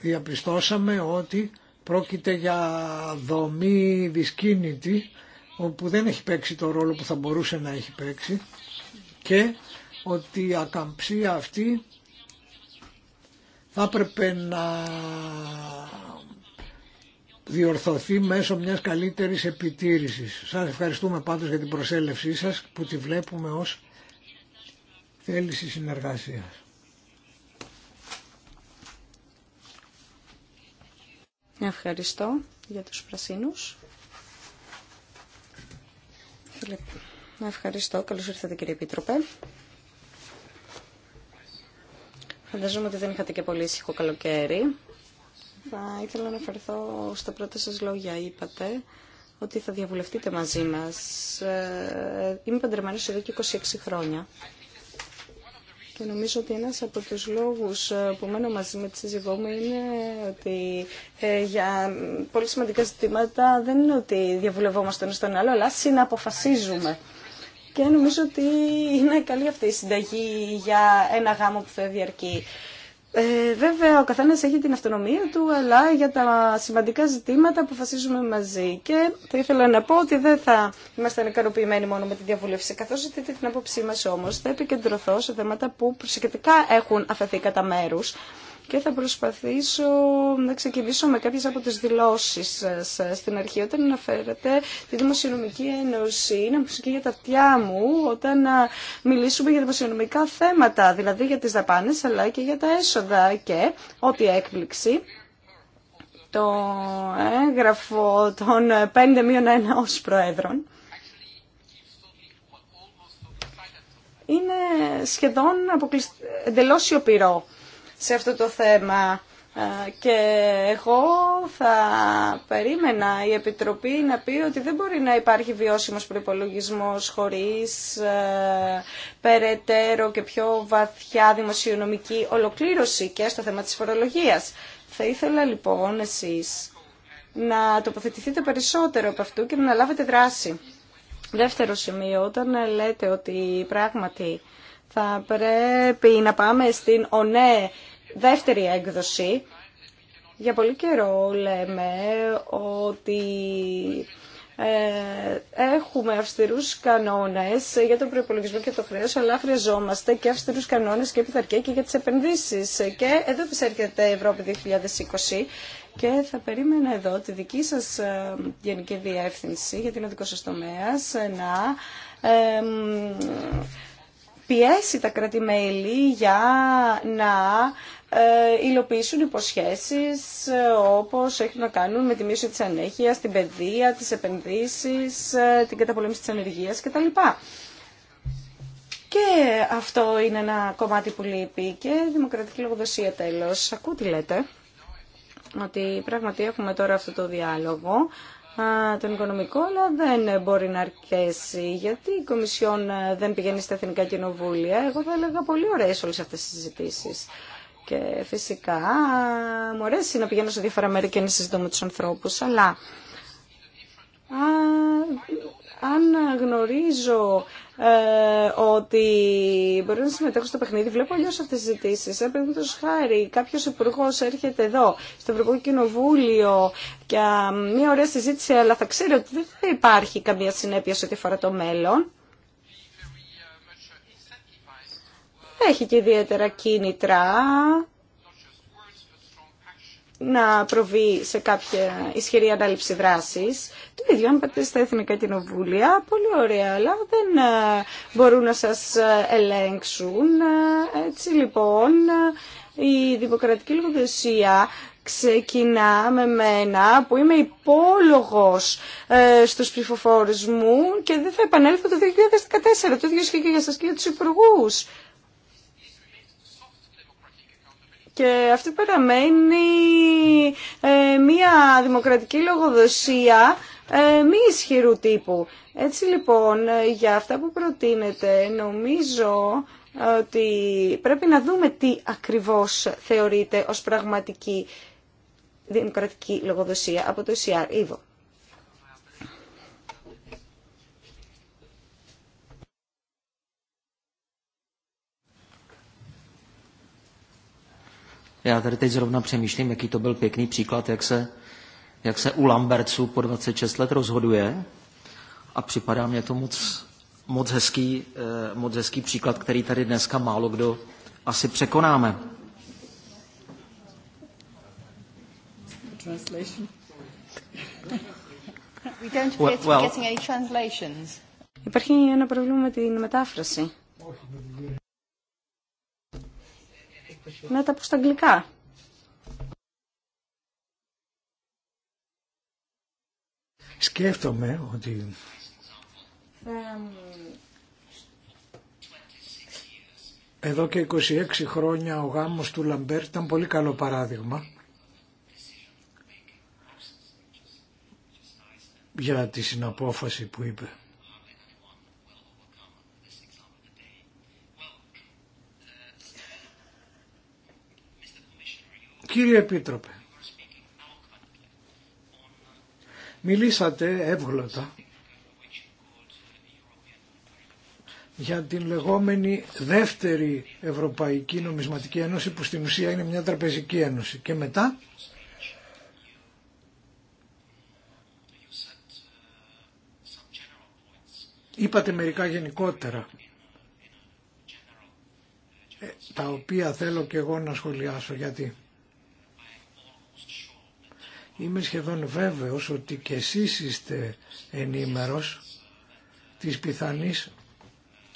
διαπιστώσαμε ότι Πρόκειται για δομή δυσκίνητη όπου δεν έχει παίξει το ρόλο που θα μπορούσε να έχει παίξει και ότι η ακαμψία αυτή θα έπρεπε να διορθωθεί μέσω μιας καλύτερης επιτήρησης. Σας ευχαριστούμε πάντως για την προσέλευσή σας που τη βλέπουμε ως θέληση συνεργασίας. Ευχαριστώ για τους πρασίνους. Ευχαριστώ. Καλώς ήρθατε κύριε Επίτροπε. Φανταζόμαι ότι δεν είχατε και πολύ ήσυχο καλοκαίρι. Θα ήθελα να αναφερθώ στα πρώτα σας λόγια. Είπατε ότι θα διαβουλευτείτε μαζί μας. Ε, είμαι παντρεμένος εδώ και 26 χρόνια και νομίζω ότι ένας από τους λόγους ε, που μένω μαζί με τη σύζυγό μου είναι ότι ε, για πολύ σημαντικά ζητήματα δεν είναι ότι διαβουλευόμαστε ένα στον άλλο, αλλά συναποφασίζουμε. Και νομίζω ότι είναι καλή αυτή η συνταγή για ένα γάμο που θα διαρκεί ε, βέβαια, ο καθένα έχει την αυτονομία του, αλλά για τα σημαντικά ζητήματα αποφασίζουμε μαζί. Και θα ήθελα να πω ότι δεν θα είμαστε ικανοποιημένοι μόνο με τη διαβούλευση. Καθώ ζητείτε την άποψή μα όμω, θα επικεντρωθώ σε θέματα που προσεκτικά έχουν αφαιθεί κατά μέρου και θα προσπαθήσω να ξεκινήσω με κάποιες από τις δηλώσεις σας στην αρχή. Όταν αναφέρατε τη Δημοσιονομική Ένωση, είναι μουσική για τα αυτιά μου όταν μιλήσουμε για δημοσιονομικά θέματα, δηλαδή για τις δαπάνες αλλά και για τα έσοδα και ό,τι έκπληξη το έγγραφο των 5 1 ως Προέδρων είναι σχεδόν αποκλεισ... εντελώς σιωπηρό σε αυτό το θέμα. Ε, και εγώ θα περίμενα η Επιτροπή να πει ότι δεν μπορεί να υπάρχει βιώσιμος προϋπολογισμός χωρίς ε, περαιτέρω και πιο βαθιά δημοσιονομική ολοκλήρωση και στο θέμα της φορολογίας. Θα ήθελα λοιπόν εσείς να τοποθετηθείτε περισσότερο από αυτού και να λάβετε δράση. Δεύτερο σημείο, όταν λέτε ότι πράγματι θα πρέπει να πάμε στην ΟΝΕ δεύτερη έκδοση. Για πολύ καιρό λέμε ότι ε, έχουμε αυστηρούς κανόνες για τον προπολογισμό και το χρέος, αλλά χρειαζόμαστε και αυστηρούς κανόνες και επιθαρκία και για τις επενδύσεις. Και εδώ επισέρχεται η Ευρώπη 2020 και θα περίμενα εδώ τη δική σας ε, Γενική Διεύθυνση για την οδικό σας τομέας να πιέσει τα κρατη για να ε, υλοποιήσουν υποσχέσεις ε, όπως έχουν να κάνουν με τη μείωση της ανέχειας, την παιδεία, τις επενδύσεις, ε, την καταπολέμηση της ανεργίας κτλ. Και αυτό είναι ένα κομμάτι που λείπει και δημοκρατική λογοδοσία τέλος. Ακούω τι λέτε, ότι πραγματικά έχουμε τώρα αυτό το διάλογο, τον οικονομικό, αλλά δεν μπορεί να αρκέσει, γιατί η Κομισιόν δεν πηγαίνει στα Εθνικά Κοινοβούλια. Εγώ θα έλεγα πολύ ωραίες όλες αυτές τις συζητήσεις. Και φυσικά μου αρέσει να πηγαίνω σε διάφορα μέρη και να συζητώ με του ανθρώπους, αλλά α, αν γνωρίζω ε, ότι μπορεί να συμμετέχω στο παιχνίδι. Βλέπω αλλιώ αυτέ τι συζητήσει. Ε, Παραδείγματο χάρη, κάποιο υπουργό έρχεται εδώ, στο Ευρωπαϊκό Κοινοβούλιο, για μια ωραία συζήτηση, αλλά θα ξέρει ότι δεν θα υπάρχει καμία συνέπεια σε ό,τι αφορά το μέλλον. έχει και ιδιαίτερα κίνητρα να προβεί σε κάποια ισχυρή ανάληψη δράση. Το ίδιο αν πατήσετε στα εθνικά κοινοβούλια, πολύ ωραία, αλλά δεν ε, μπορούν να σας ε, ελέγξουν. Ε, έτσι λοιπόν, η δημοκρατική λογοδοσία ξεκινά με μένα που είμαι υπόλογος ε, στους ψηφοφόρους μου και δεν θα επανέλθω το 2014. Το ίδιο για σας και για τους υπουργούς. Και αυτή παραμένει ε, μια δημοκρατική λογοδοσία ε, μη ισχυρού τύπου. Έτσι λοιπόν, ε, για αυτά που προτείνετε, νομίζω ότι πρέπει να δούμε τι ακριβώς θεωρείται ως πραγματική δημοκρατική λογοδοσία από το ΕΣΥΑΡ. E Já tady teď zrovna přemýšlím, jaký to byl pěkný příklad, jak se, jak se u Lambertsu po 26 let rozhoduje a připadá mě to moc, moc, hezký, moc hezký příklad, který tady dneska málo kdo asi překonáme. We don't Υπάρχει ένα πρόβλημα με την μετάφραση να τα πω στα αγγλικά. Σκέφτομαι ότι εδώ και 26 χρόνια ο γάμος του Λαμπέρ ήταν πολύ καλό παράδειγμα για τη συναπόφαση που είπε. Κύριε Επίτροπε, μιλήσατε εύγλωτα για την λεγόμενη δεύτερη Ευρωπαϊκή Νομισματική Ένωση που στην ουσία είναι μια τραπεζική ένωση. Και μετά είπατε μερικά γενικότερα ε, τα οποία θέλω και εγώ να σχολιάσω γιατί Είμαι σχεδόν βέβαιος ότι και εσείς είστε ενήμερος της πιθανής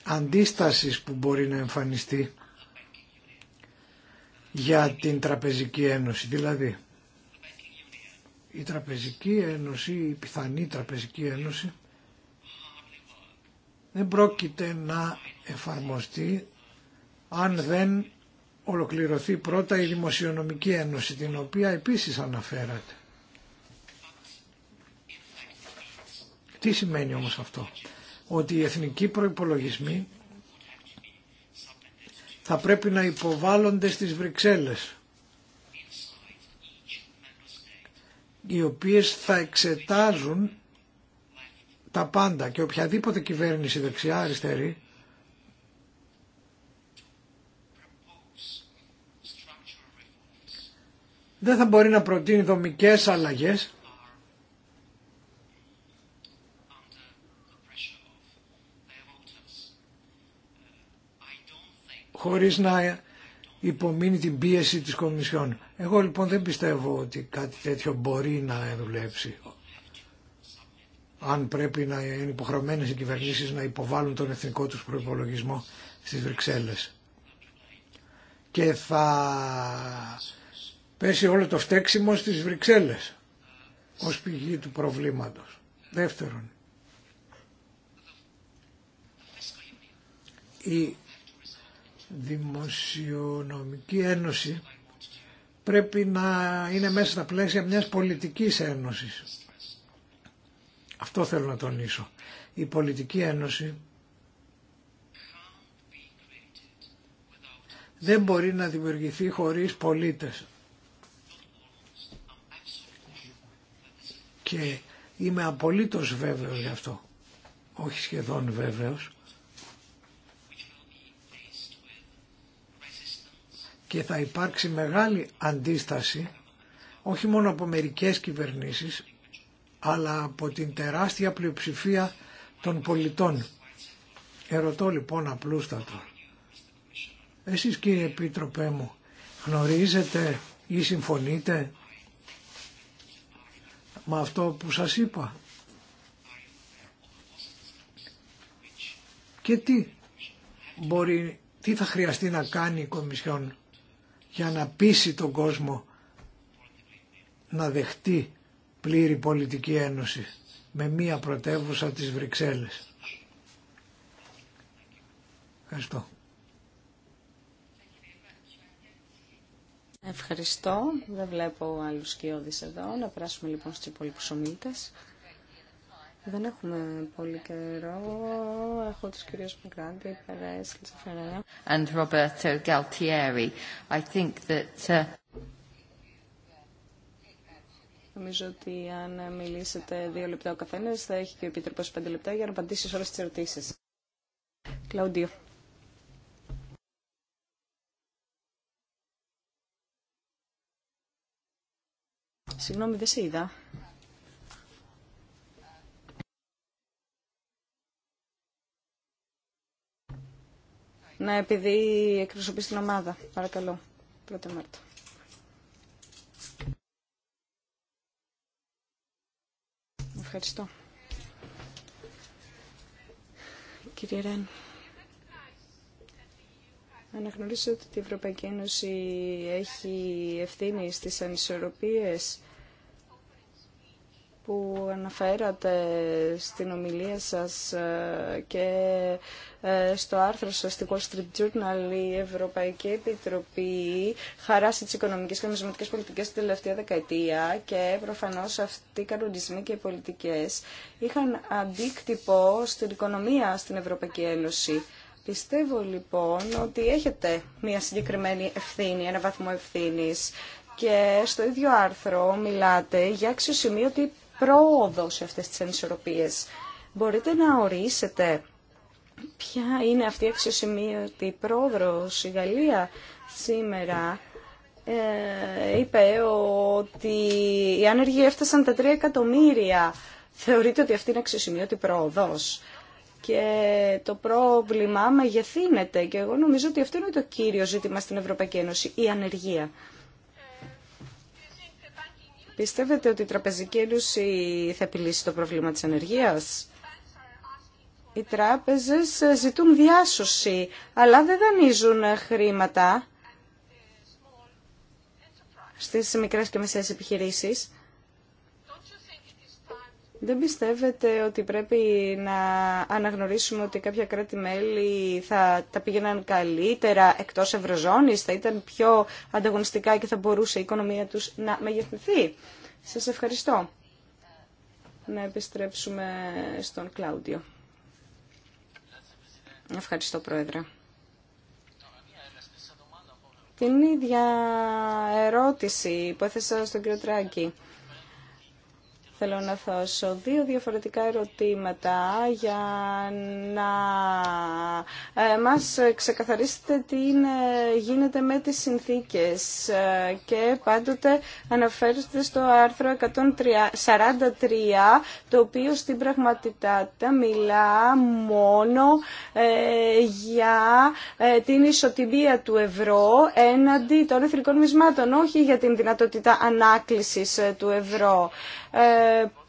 αντίστασης που μπορεί να εμφανιστεί για την Τραπεζική Ένωση. Δηλαδή, η Τραπεζική Ένωση, η πιθανή Τραπεζική Ένωση, δεν πρόκειται να εφαρμοστεί αν δεν ολοκληρωθεί πρώτα η Δημοσιονομική Ένωση, την οποία επίσης αναφέρατε. Τι σημαίνει όμως αυτό. Ότι οι εθνικοί προϋπολογισμοί θα πρέπει να υποβάλλονται στις Βρυξέλλες οι οποίες θα εξετάζουν τα πάντα και οποιαδήποτε κυβέρνηση δεξιά αριστερή δεν θα μπορεί να προτείνει δομικές αλλαγές χωρίς να υπομείνει την πίεση της Κομισιόν. Εγώ λοιπόν δεν πιστεύω ότι κάτι τέτοιο μπορεί να δουλέψει. Αν πρέπει να είναι υποχρεωμένες οι κυβερνήσεις να υποβάλουν τον εθνικό τους προϋπολογισμό στις Βρυξέλλες. Και θα πέσει όλο το φταίξιμο στις Βρυξέλλες ως πηγή του προβλήματος. Δεύτερον, η Δημοσιονομική Ένωση πρέπει να είναι μέσα στα πλαίσια μιας πολιτικής ένωσης. Αυτό θέλω να τονίσω. Η πολιτική ένωση δεν μπορεί να δημιουργηθεί χωρίς πολίτες. Και είμαι απολύτως βέβαιος γι' αυτό. Όχι σχεδόν βέβαιος και θα υπάρξει μεγάλη αντίσταση όχι μόνο από μερικές κυβερνήσεις αλλά από την τεράστια πλειοψηφία των πολιτών. Ερωτώ λοιπόν απλούστατα. Εσείς κύριε Επίτροπέ μου γνωρίζετε ή συμφωνείτε με αυτό που σας είπα. Και τι μπορεί, τι θα χρειαστεί να κάνει η Κομισιόν για να πείσει τον κόσμο να δεχτεί πλήρη πολιτική ένωση με μία πρωτεύουσα της Βρυξέλλες. Ευχαριστώ. Ευχαριστώ. Δεν βλέπω άλλους κοιόδης εδώ. Να περάσουμε λοιπόν στους υπόλοιπους δεν έχουμε πολύ καιρό. Έχω τους κυρίους Μαγκράντη, Περές, Λισαφερέα. Uh, Νομίζω ότι αν μιλήσετε δύο λεπτά ο καθένας θα έχει και ο Επίτροπος πέντε λεπτά για να απαντήσει σε όλες τις ερωτήσεις. Κλαουντίο. Συγγνώμη, δεν σε είδα. να επειδή εκπροσωπεί την ομάδα. Παρακαλώ. Πρώτα Μάρτα. Ευχαριστώ. Κύριε Ρέν. Αναγνωρίζω ότι η Ευρωπαϊκή Ένωση έχει ευθύνη στις ανισορροπίες που αναφέρατε στην ομιλία σας ε, και ε, στο άρθρο σας στη Wall Street Journal η Ευρωπαϊκή Επιτροπή χαράσει τις οικονομικές και νομισματικές πολιτικές την τελευταία δεκαετία και προφανώς αυτοί οι κανονισμοί και οι πολιτικές είχαν αντίκτυπο στην οικονομία στην Ευρωπαϊκή Ένωση. Πιστεύω λοιπόν ότι έχετε μια συγκεκριμένη ευθύνη, ένα βαθμό ευθύνης και στο ίδιο άρθρο μιλάτε για αξιοσημείωτη πρόοδο σε αυτές τις ανισορροπίες. Μπορείτε να ορίσετε ποια είναι αυτή η αξιοσημείωτη πρόοδος η Γαλλία σήμερα ε, είπε ότι οι άνεργοι έφτασαν τα 3 εκατομμύρια. Θεωρείτε ότι αυτή είναι αξιοσημείωτη πρόοδος. Και το πρόβλημα μεγεθύνεται και εγώ νομίζω ότι αυτό είναι το κύριο ζήτημα στην Ευρωπαϊκή Ένωση, η ανεργία. Πιστεύετε ότι η Τραπεζική Ένωση θα επιλύσει το πρόβλημα της ανεργίας? Οι τράπεζες ζητούν διάσωση, αλλά δεν δανείζουν χρήματα στις μικρές και μεσαίες επιχειρήσεις. Δεν πιστεύετε ότι πρέπει να αναγνωρίσουμε ότι κάποια κράτη-μέλη θα τα πήγαιναν καλύτερα εκτός Ευρωζώνης, θα ήταν πιο ανταγωνιστικά και θα μπορούσε η οικονομία τους να μεγεθυνθεί. Σας ευχαριστώ. Να επιστρέψουμε στον Κλάουδιο. Ευχαριστώ, Πρόεδρε. Την ίδια ερώτηση που έθεσα στον κύριο Τράγκη θέλω να θέσω δύο διαφορετικά ερωτήματα για να ε, μας ξεκαθαρίσετε τι γίνεται με τις συνθήκες ε, και πάντοτε αναφέρεστε στο άρθρο 143 το οποίο στην πραγματικότητα μιλά μόνο ε, για την ισοτιμία του ευρώ έναντι των εθνικών μισμάτων, όχι για την δυνατότητα ανάκλησης του ευρώ.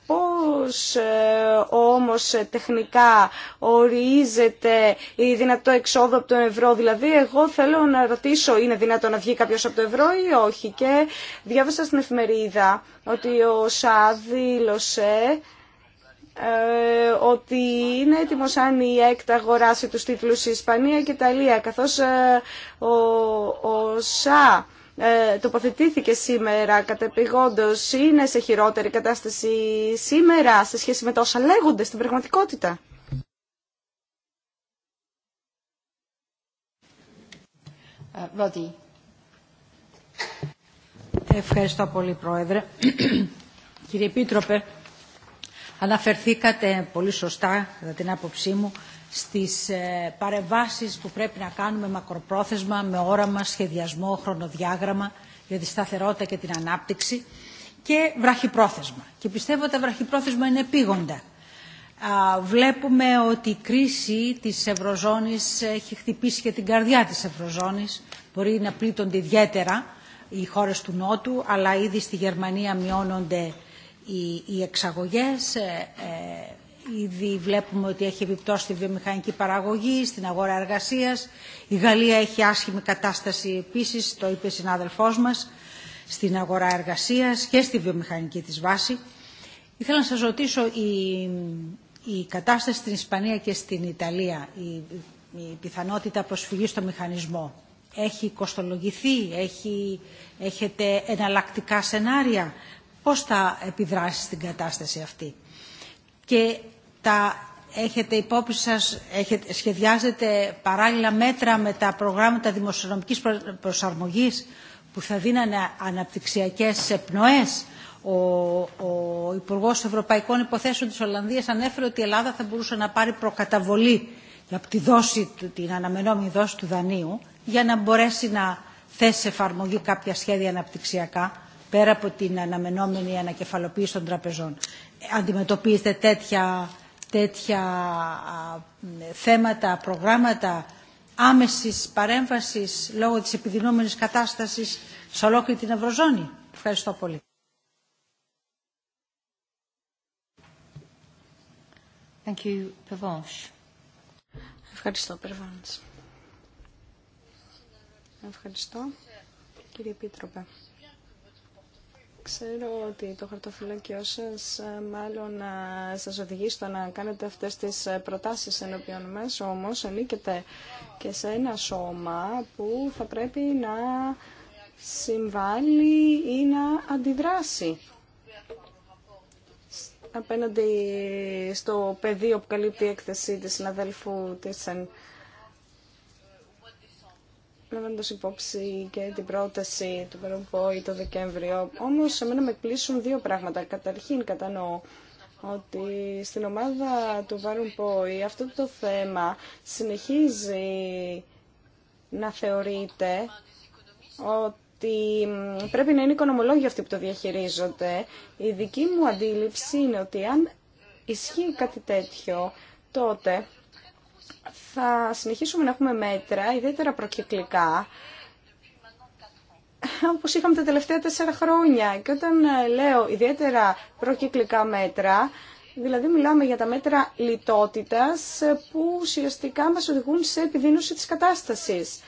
Πώς ε, όμως ε, τεχνικά ορίζεται η δυνατό εξόδο από το ευρώ, δηλαδή εγώ θέλω να ρωτήσω είναι δυνατό να βγει κάποιος από το ευρώ ή όχι και διάβασα στην εφημερίδα ότι ο ΣΑ δήλωσε ε, ότι είναι έτοιμο αν η ΕΚΤ αγοράσει τους τίτλους Ισπανία και η Ιταλία καθώς ο, ο ΣΑ ε, τοποθετήθηκε σήμερα κατεπηγόντως είναι σε χειρότερη κατάσταση σήμερα σε σχέση με τα όσα λέγονται στην πραγματικότητα. Ε, Ευχαριστώ πολύ, Πρόεδρε. Κύριε Επίτροπε, αναφερθήκατε πολύ σωστά, κατά την άποψή μου, στις ε, παρεμβάσεις που πρέπει να κάνουμε μακροπρόθεσμα, με όραμα, σχεδιασμό, χρονοδιάγραμμα για τη σταθερότητα και την ανάπτυξη και βραχυπρόθεσμα. Και πιστεύω ότι τα βραχυπρόθεσμα είναι επίγοντα. Βλέπουμε ότι η κρίση της Ευρωζώνης έχει χτυπήσει και την καρδιά της Ευρωζώνης. Μπορεί να πλήττονται ιδιαίτερα οι χώρες του Νότου, αλλά ήδη στη Γερμανία μειώνονται οι εξαγωγές, ε, ε, Ήδη βλέπουμε ότι έχει επιπτώσει τη βιομηχανική παραγωγή, στην αγορά εργασίας. Η Γαλλία έχει άσχημη κατάσταση επίσης, το είπε συνάδελφό μα, στην αγορά εργασίας και στη βιομηχανική της βάση. Ήθελα να σα ρωτήσω, η, η κατάσταση στην Ισπανία και στην Ιταλία, η, πιθανότητα προσφυγής στο μηχανισμό, έχει κοστολογηθεί, έχει, έχετε εναλλακτικά σενάρια, πώς θα επιδράσει στην κατάσταση αυτή. Και τα έχετε υπόψη σχεδιάζετε παράλληλα μέτρα με τα προγράμματα δημοσιονομικής προσαρμογής που θα δίνανε αναπτυξιακές επνοές. Ο, ο Υπουργό Ευρωπαϊκών Υποθέσεων της Ολλανδίας ανέφερε ότι η Ελλάδα θα μπορούσε να πάρει προκαταβολή από την αναμενόμενη δόση του δανείου για να μπορέσει να θέσει σε εφαρμογή κάποια σχέδια αναπτυξιακά πέρα από την αναμενόμενη ανακεφαλοποίηση των τραπεζών. Ε, αντιμετωπίζετε τέτοια τέτοια θέματα, προγράμματα άμεσης παρέμβασης λόγω της επιδεινόμενης κατάστασης σε ολόκληρη την Ευρωζώνη. Ευχαριστώ πολύ. Thank you, Ευχαριστώ, Περβάνης. Ευχαριστώ, κύριε πίτροπε. Ξέρω ότι το χαρτοφυλάκιό σα, ε, μάλλον ε, σας οδηγεί στο να κάνετε αυτές τις ε, προτάσεις ενώπιον μα, όμω ανήκετε και σε ένα σώμα που θα πρέπει να συμβάλλει ή να αντιδράσει απέναντι στο πεδίο που καλύπτει η έκθεση της συναδέλφου Τίσεν λαμβάνοντα υπόψη και την πρόταση του Περοπόη το Δεκέμβριο. Όμω, μένα με εκπλήσουν δύο πράγματα. Καταρχήν, κατανοώ ότι στην ομάδα του Βάρουν Πόη αυτό το θέμα συνεχίζει να θεωρείται ότι πρέπει να είναι οικονομολόγοι αυτοί που το διαχειρίζονται. Η δική μου αντίληψη είναι ότι αν ισχύει κάτι τέτοιο, τότε θα συνεχίσουμε να έχουμε μέτρα, ιδιαίτερα προκυκλικά, όπως είχαμε τα τελευταία τέσσερα χρόνια. Και όταν ε, λέω ιδιαίτερα προκυκλικά μέτρα, δηλαδή μιλάμε για τα μέτρα λιτότητας ε, που ουσιαστικά μας οδηγούν σε επιδείνωση της κατάστασης.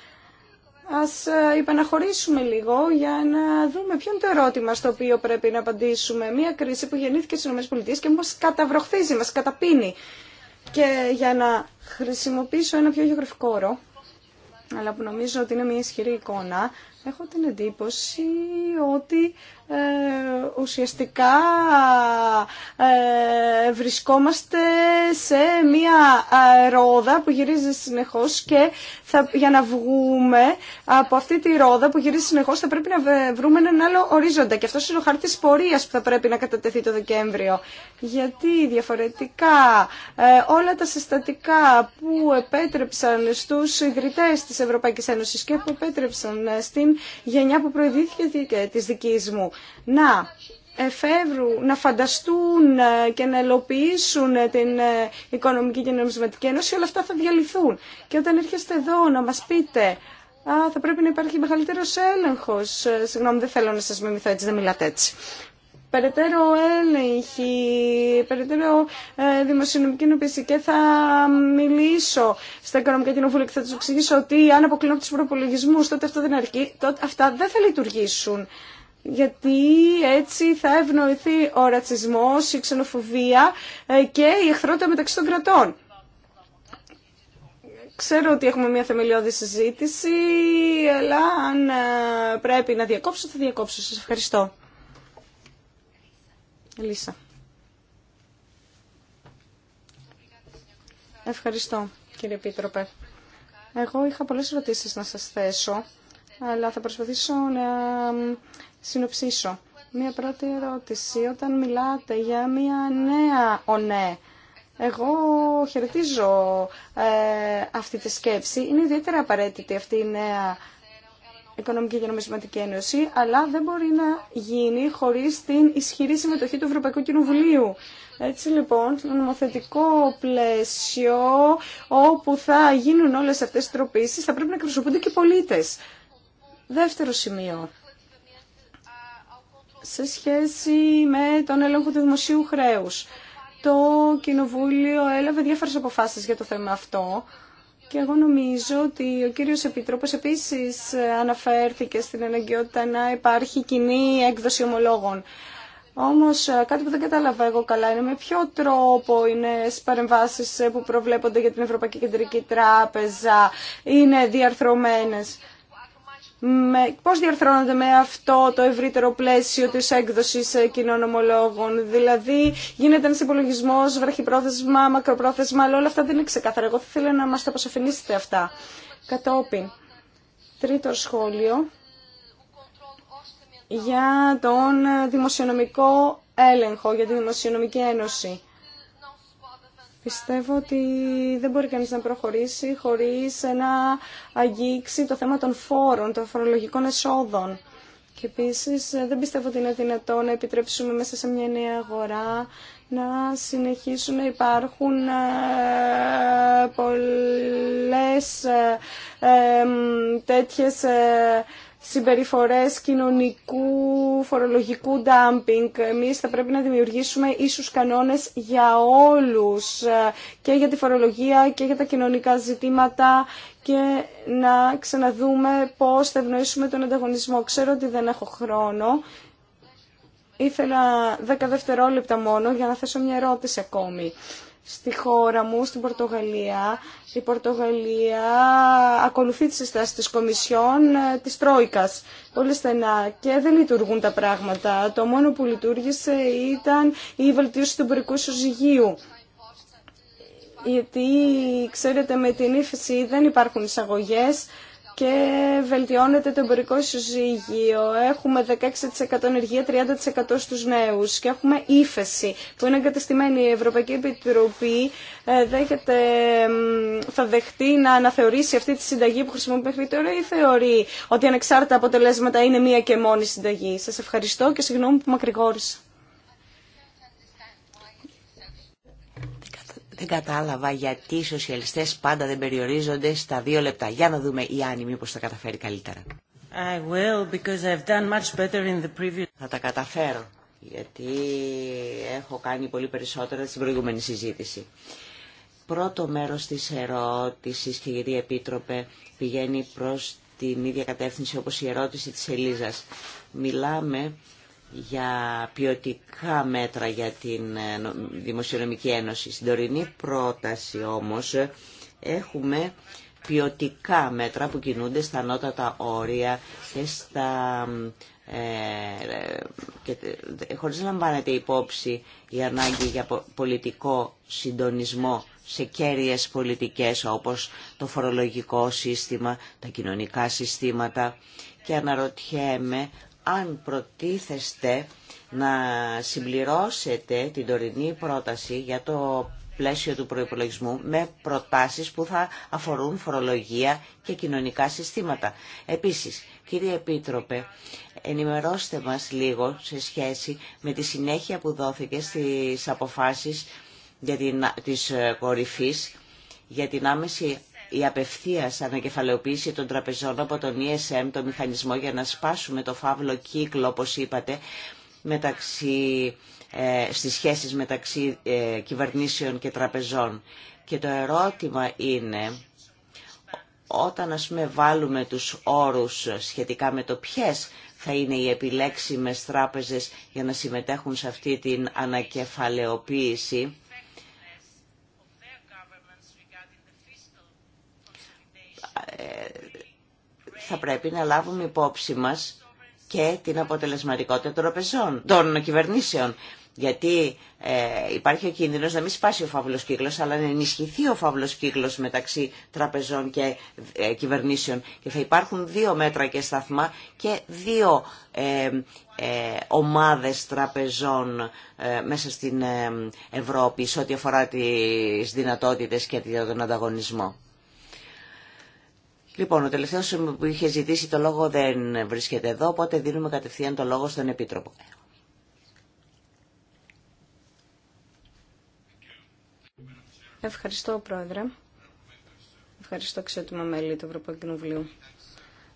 Ας ε, υπαναχωρήσουμε λίγο για να δούμε ποιο είναι το ερώτημα στο οποίο πρέπει να απαντήσουμε. Μία κρίση που γεννήθηκε στις ΗΠΑ και μας καταβροχθίζει, μας καταπίνει. Και για να χρησιμοποιήσω ένα πιο γεωγραφικό όρο, αλλά που νομίζω ότι είναι μια ισχυρή εικόνα, έχω την εντύπωση ότι ε, ουσιαστικά ε, βρισκόμαστε σε μία ε, ρόδα που γυρίζει συνεχώς και θα, για να βγούμε από αυτή τη ρόδα που γυρίζει συνεχώς θα πρέπει να βρούμε έναν άλλο ορίζοντα και αυτός είναι ο χάρτης πορείας που θα πρέπει να κατατεθεί το Δεκέμβριο γιατί διαφορετικά ε, όλα τα συστατικά που επέτρεψαν στους ιδρυτές της Ευρωπαϊκής Ένωσης και που επέτρεψαν ε, στην γενιά που προηγήθηκε της δικής μου. Να εφεύρουν, να φανταστούν ε, και να ελοποιήσουν ε, την ε, Οικονομική και Νομισματική Ένωση, όλα αυτά θα διαλυθούν. Και όταν έρχεστε εδώ να μας πείτε Α, θα πρέπει να υπάρχει μεγαλύτερο έλεγχος Συγγνώμη, δεν θέλω να σας μιμηθώ έτσι, δεν μιλάτε έτσι περαιτέρω έλεγχη, περαιτέρω ε, δημοσιονομική νοπιστή και θα μιλήσω στα οικονομικά κοινοβούλια και θα του εξηγήσω ότι αν αποκλίνω από του προπολογισμού, τότε αυτό δεν αρκεί, τότε αυτά δεν θα λειτουργήσουν. Γιατί έτσι θα ευνοηθεί ο ρατσισμός, η ξενοφοβία ε, και η εχθρότητα μεταξύ των κρατών. Ξέρω ότι έχουμε μια θεμελιώδη συζήτηση, αλλά αν ε, πρέπει να διακόψω, θα διακόψω. Σας ευχαριστώ. Ευχαριστώ, κύριε Πίτροπε. Εγώ είχα πολλές ερωτήσεις να σας θέσω, αλλά θα προσπαθήσω να συνοψίσω. Μία πρώτη ερώτηση. Όταν μιλάτε για μία νέα ονέ, εγώ χαιρετίζω ε, αυτή τη σκέψη. Είναι ιδιαίτερα απαραίτητη αυτή η νέα Οικονομική και Νομισματική Ένωση, αλλά δεν μπορεί να γίνει χωρίς την ισχυρή συμμετοχή του Ευρωπαϊκού Κοινοβουλίου. Έτσι λοιπόν, στο νομοθετικό πλαίσιο όπου θα γίνουν όλες αυτές οι τροπήσει, θα πρέπει να εκπροσωπούνται και οι πολίτες. Δεύτερο σημείο σε σχέση με τον έλεγχο του δημοσίου χρέους. Το Κοινοβούλιο έλαβε διάφορες αποφάσεις για το θέμα αυτό. Και εγώ νομίζω ότι ο κύριος Επιτρόπος επίσης αναφέρθηκε στην αναγκαιότητα να υπάρχει κοινή έκδοση ομολόγων. Όμως κάτι που δεν κατάλαβα εγώ καλά είναι με ποιο τρόπο είναι στις παρεμβάσεις ε, που προβλέπονται για την Ευρωπαϊκή Κεντρική Τράπεζα είναι διαρθρωμένες με, πώς διαρθρώνονται με αυτό το ευρύτερο πλαίσιο της έκδοσης ε, κοινών ομολόγων. Δηλαδή γίνεται ένας υπολογισμό βραχυπρόθεσμα, μακροπρόθεσμα, αλλά όλα αυτά δεν είναι ξεκάθαρα. Εγώ θα ήθελα να μας τα αποσαφηνίσετε αυτά. Κατόπιν, τρίτο σχόλιο για τον δημοσιονομικό έλεγχο, για τη Δημοσιονομική Ένωση. Πιστεύω ότι δεν μπορεί κανείς να προχωρήσει χωρίς να αγγίξει το θέμα των φόρων, των φορολογικών εσόδων. Και επίσης ε, δεν πιστεύω ότι είναι δυνατό να επιτρέψουμε μέσα σε μια νέα αγορά να συνεχίσουν να υπάρχουν ε, πολλές ε, τέτοιες συμπεριφορές κοινωνικού φορολογικού ντάμπινγκ. Εμείς θα πρέπει να δημιουργήσουμε ίσους κανόνες για όλους ε, και για τη φορολογία και για τα κοινωνικά ζητήματα και να ξαναδούμε πώς θα ευνοήσουμε τον ανταγωνισμό. Ξέρω ότι δεν έχω χρόνο. Ήθελα 10 δευτερόλεπτα μόνο για να θέσω μια ερώτηση ακόμη στη χώρα μου, στην Πορτογαλία. Η Πορτογαλία ακολουθεί τις συστάσεις της Κομισιόν ε, της Τρόικας. Πολύ στενά και δεν λειτουργούν τα πράγματα. Το μόνο που λειτουργήσε ήταν η βελτίωση του εμπορικού ισοζυγίου. Γιατί, ξέρετε, με την ύφεση δεν υπάρχουν εισαγωγές, και βελτιώνεται το εμπορικό συζύγιο. Έχουμε 16% ενεργεία, 30% στους νέους και έχουμε ύφεση που είναι εγκατεστημένη. Η Ευρωπαϊκή Επιτροπή ε, δέχεται, θα δεχτεί να αναθεωρήσει αυτή τη συνταγή που χρησιμοποιεί τώρα ή θεωρεί ότι ανεξάρτητα αποτελέσματα είναι μία και μόνη συνταγή. Σας ευχαριστώ και συγγνώμη που μακρηγόρησα. Δεν κατάλαβα γιατί οι σοσιαλιστέ πάντα δεν περιορίζονται στα δύο λεπτά. Για να δούμε η Άννη μήπω θα καταφέρει καλύτερα. I will, I've done much in the previous... Θα τα καταφέρω, γιατί έχω κάνει πολύ περισσότερα στην προηγούμενη συζήτηση. Πρώτο μέρος της ερώτησης, η Επίτροπε, πηγαίνει προς την ίδια κατεύθυνση όπως η ερώτηση της Ελίζας. Μιλάμε για ποιοτικά μέτρα για την ε, Δημοσιονομική Ένωση. Στην τωρινή πρόταση όμως ε, έχουμε ποιοτικά μέτρα που κινούνται στα ανώτατα όρια και στα... Ε, ε και, χωρίς να λαμβάνεται υπόψη η ανάγκη για πολιτικό συντονισμό σε κέρυες πολιτικές όπως το φορολογικό σύστημα, τα κοινωνικά συστήματα και αναρωτιέμαι αν προτίθεστε να συμπληρώσετε την τωρινή πρόταση για το πλαίσιο του προϋπολογισμού με προτάσεις που θα αφορούν φορολογία και κοινωνικά συστήματα. Επίσης, κύριε Επίτροπε, ενημερώστε μας λίγο σε σχέση με τη συνέχεια που δόθηκε στις αποφάσεις για την, της ε, κορυφής για την άμεση η απευθείας ανακεφαλαιοποίηση των τραπεζών από τον ESM, το μηχανισμό για να σπάσουμε το φαύλο κύκλο, όπως είπατε, μεταξύ, ε, στις σχέσεις μεταξύ ε, κυβερνήσεων και τραπεζών. Και το ερώτημα είναι, όταν ας πούμε βάλουμε τους όρους σχετικά με το ποιες θα είναι οι επιλέξιμες τράπεζες για να συμμετέχουν σε αυτή την ανακεφαλαιοποίηση, θα πρέπει να λάβουμε υπόψη μας και την αποτελεσματικότητα των, ροπεζών, των κυβερνήσεων. Γιατί ε, υπάρχει ο κίνδυνος να μην σπάσει ο φαύλος κύκλος, αλλά να ενισχυθεί ο φαύλος κύκλος μεταξύ τραπεζών και ε, κυβερνήσεων. Και θα υπάρχουν δύο μέτρα και σταθμά και δύο ε, ε, ομάδες τραπεζών μέσα στην Ευρώπη σε ό,τι αφορά τις δυνατότητες και τον ανταγωνισμό. Λοιπόν, ο τελευταίο που είχε ζητήσει το λόγο δεν βρίσκεται εδώ, οπότε δίνουμε κατευθείαν το λόγο στον Επίτροπο. Ευχαριστώ, Πρόεδρε. Ευχαριστώ, αξιότιμα μέλη του Ευρωπαϊκού Κοινοβουλίου.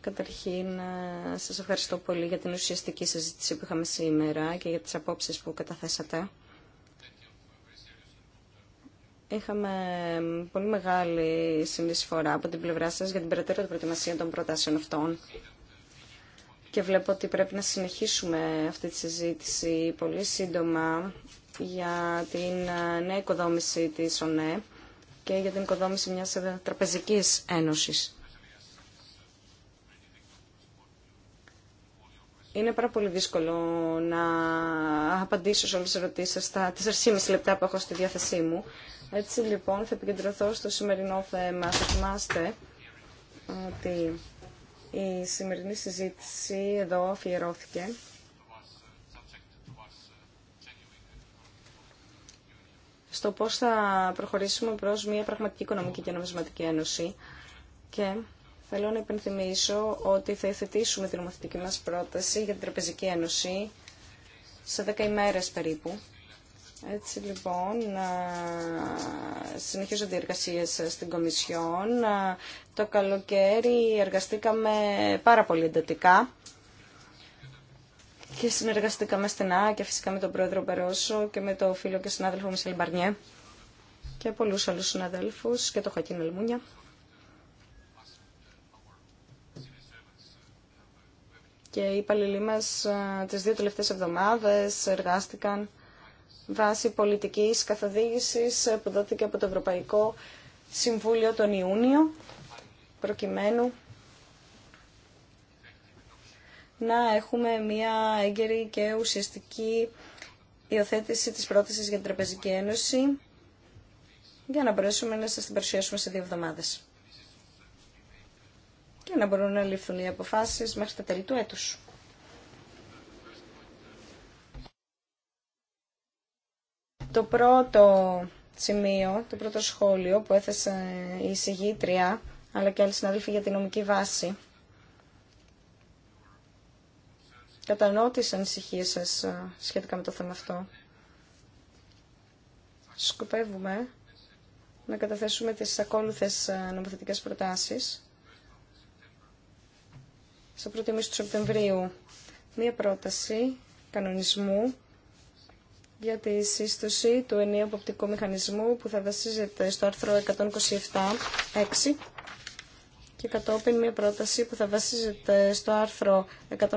Καταρχήν, ε, σας ευχαριστώ πολύ για την ουσιαστική συζήτηση που είχαμε σήμερα και για τις απόψεις που καταθέσατε. Είχαμε πολύ μεγάλη συνεισφορά από την πλευρά σας για την περαιτέρω προετοιμασία των προτάσεων αυτών. Και βλέπω ότι πρέπει να συνεχίσουμε αυτή τη συζήτηση πολύ σύντομα για την ε, νέα οικοδόμηση της ΟΝΕ και για την οικοδόμηση μιας ε, τραπεζικής ένωσης. Είναι πάρα πολύ δύσκολο να απαντήσω σε όλες τις ερωτήσεις στα 4,5 λεπτά που έχω στη διάθεσή μου. Έτσι λοιπόν θα επικεντρωθώ στο σημερινό θέμα. Θα θυμάστε ότι η σημερινή συζήτηση εδώ αφιερώθηκε στο πώς θα προχωρήσουμε προς μια πραγματική οικονομική και νομισματική ένωση και θέλω να υπενθυμίσω ότι θα υθετήσουμε την νομοθετική μας πρόταση για την Τραπεζική Ένωση σε 10 ημέρες περίπου. Έτσι λοιπόν, συνεχίζονται οι στην Κομισιόν. Το καλοκαίρι εργαστήκαμε πάρα πολύ εντατικά και συνεργαστήκαμε στενά και φυσικά με τον πρόεδρο Περόσο και με το φίλο και συνάδελφο Μισελ Μπαρνιέ και πολλού άλλου συναδέλφου και το Χακίν Ελμούνια. Και οι υπαλληλοί μα τι δύο τελευταίε εβδομάδε εργάστηκαν βάση πολιτικής καθοδήγησης που δόθηκε από το Ευρωπαϊκό Συμβούλιο τον Ιούνιο, προκειμένου να έχουμε μια έγκαιρη και ουσιαστική υιοθέτηση της πρότασης για την Τραπεζική Ένωση για να μπορέσουμε να σας την παρουσιάσουμε σε δύο εβδομάδες και να μπορούν να ληφθούν οι αποφάσεις μέχρι τα τέλη του έτους. Το πρώτο σημείο, το πρώτο σχόλιο που έθεσε η εισηγήτρια αλλά και άλλοι συναδέλφοι για την νομική βάση. Κατανοώ τις ανησυχίες σας ε, σχετικά με το θέμα αυτό. Σκοπεύουμε να καταθέσουμε τις ακόλουθες ε, νομοθετικές προτάσεις στο πρώτο μισό του Σεπτεμβρίου. Μία πρόταση κανονισμού για τη σύστοση του ενιαίου αποπτικού μηχανισμού που θα βασίζεται στο άρθρο 127.6 και κατόπιν μια πρόταση που θα βασίζεται στο άρθρο 114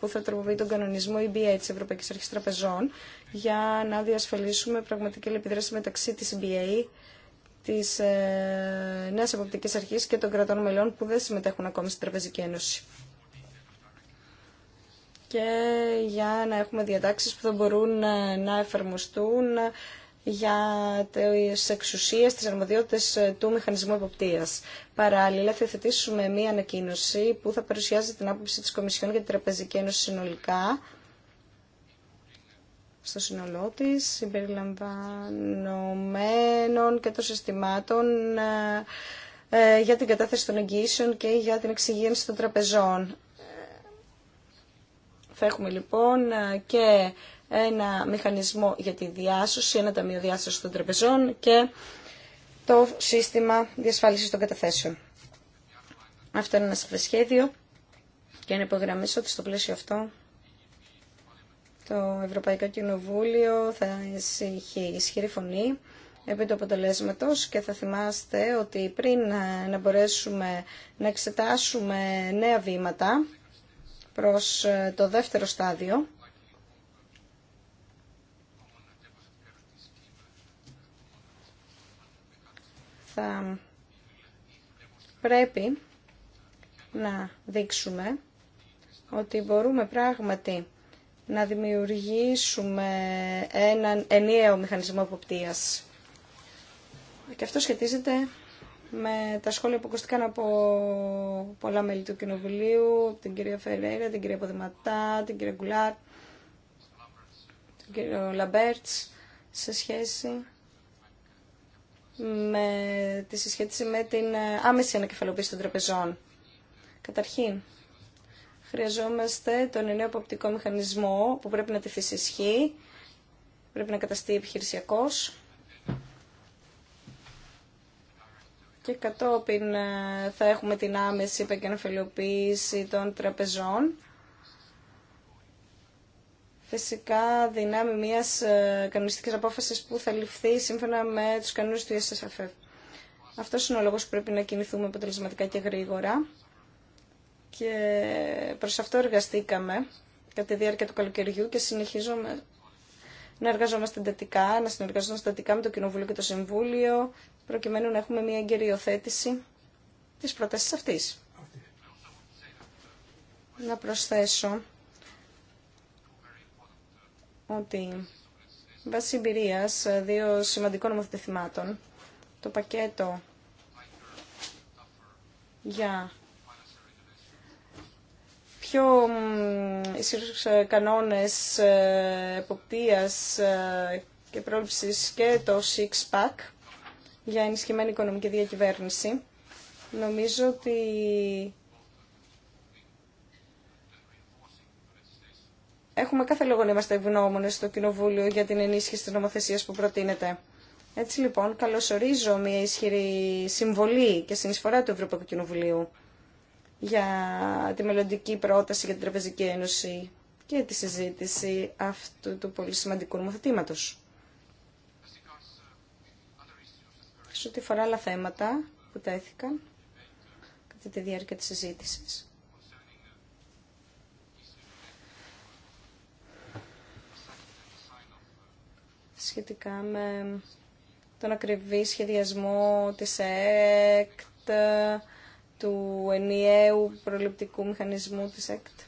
που θα τροποποιεί τον κανονισμό EBA της Ευρωπαϊκής Αρχής Τραπεζών για να διασφαλίσουμε πραγματική λεπιδράση μεταξύ της EBA της ε, νέας εποπτικής αρχής και των κρατών μελών που δεν συμμετέχουν ακόμη στην Τραπεζική Ένωση και για να έχουμε διατάξεις που θα μπορούν ε, να εφαρμοστούν για τις εξουσίες, της αρμοδιότητες ε, του μηχανισμού εποπτείας. Παράλληλα, θα θετήσουμε μία ανακοίνωση που θα παρουσιάζει την άποψη της Κομισιόν για την Τραπεζική Ένωση συνολικά, στο σύνολό τη, συμπεριλαμβανομένων και των συστημάτων ε, για την κατάθεση των εγγύσεων και για την εξυγίανση των τραπεζών. Θα έχουμε λοιπόν και ένα μηχανισμό για τη διάσωση, ένα ταμείο διάσωση των τραπεζών και το σύστημα διασφάλισης των καταθέσεων. Αυτό είναι ένα σχέδιο και να υπογραμμίσω ότι στο πλαίσιο αυτό το Ευρωπαϊκό Κοινοβούλιο θα έχει ισχυρή φωνή επί του αποτελέσματος και θα θυμάστε ότι πριν να μπορέσουμε να εξετάσουμε νέα βήματα προς ε, το δεύτερο στάδιο. Θα πρέπει να δείξουμε ότι μπορούμε πράγματι να δημιουργήσουμε έναν ενιαίο μηχανισμό αποπτίας. Και αυτό σχετίζεται με τα σχόλια που ακούστηκαν από πολλά μέλη του Κοινοβουλίου, την κυρία Φεραίρα, την κυρία Ποδηματά, την κυρία Γκουλάρ, τον κύριο Λαμπερτ σε σχέση με τη συσχέτιση με την ε, άμεση ανακεφαλοποίηση των τραπεζών. Καταρχήν, χρειαζόμαστε τον νέο αποπτικό μηχανισμό που πρέπει να τη σε ισχύ, πρέπει να καταστεί επιχειρησιακός, και κατόπιν ε, θα έχουμε την άμεση επαγγελματιοποίηση των τραπεζών. Φυσικά δυνάμει μιας ε, κανονιστικής απόφασης που θα ληφθεί σύμφωνα με τους κανόνες του SSFF. Αυτός είναι ο λόγος που πρέπει να κινηθούμε αποτελεσματικά και γρήγορα και προς αυτό εργαστήκαμε κατά τη διάρκεια του καλοκαιριού και συνεχίζουμε να εργαζόμαστε εντατικά, να συνεργαζόμαστε εντατικά με το Κοινοβούλιο και το Συμβούλιο, προκειμένου να έχουμε μια εγκαιριοθέτηση της πρότασης αυτής. Να προσθέσω ότι βάσει εμπειρία δύο σημαντικών νομοθετημάτων, το πακέτο για πιο ισχυρούς ε, κανόνες ε, εποπτείας ε, και πρόληψης και το Six Pack για ενισχυμένη οικονομική διακυβέρνηση. Νομίζω ότι έχουμε κάθε λόγο να είμαστε ευγνώμονες στο Κοινοβούλιο για την ενίσχυση της νομοθεσίας που προτείνεται. Έτσι λοιπόν, καλωσορίζω μια ισχυρή συμβολή και συνεισφορά του Ευρωπαϊκού Κοινοβουλίου για τη μελλοντική πρόταση για την Τραπεζική Ένωση και τη συζήτηση αυτού του πολύ σημαντικού νομοθετήματος. Σε ό,τι αφορά άλλα θέματα που τέθηκαν κατά τη διάρκεια της συζήτησης. Σχετικά με τον ακριβή σχεδιασμό της ΕΚΤ, του ενιαίου προληπτικού μηχανισμού της ΕΚΤ.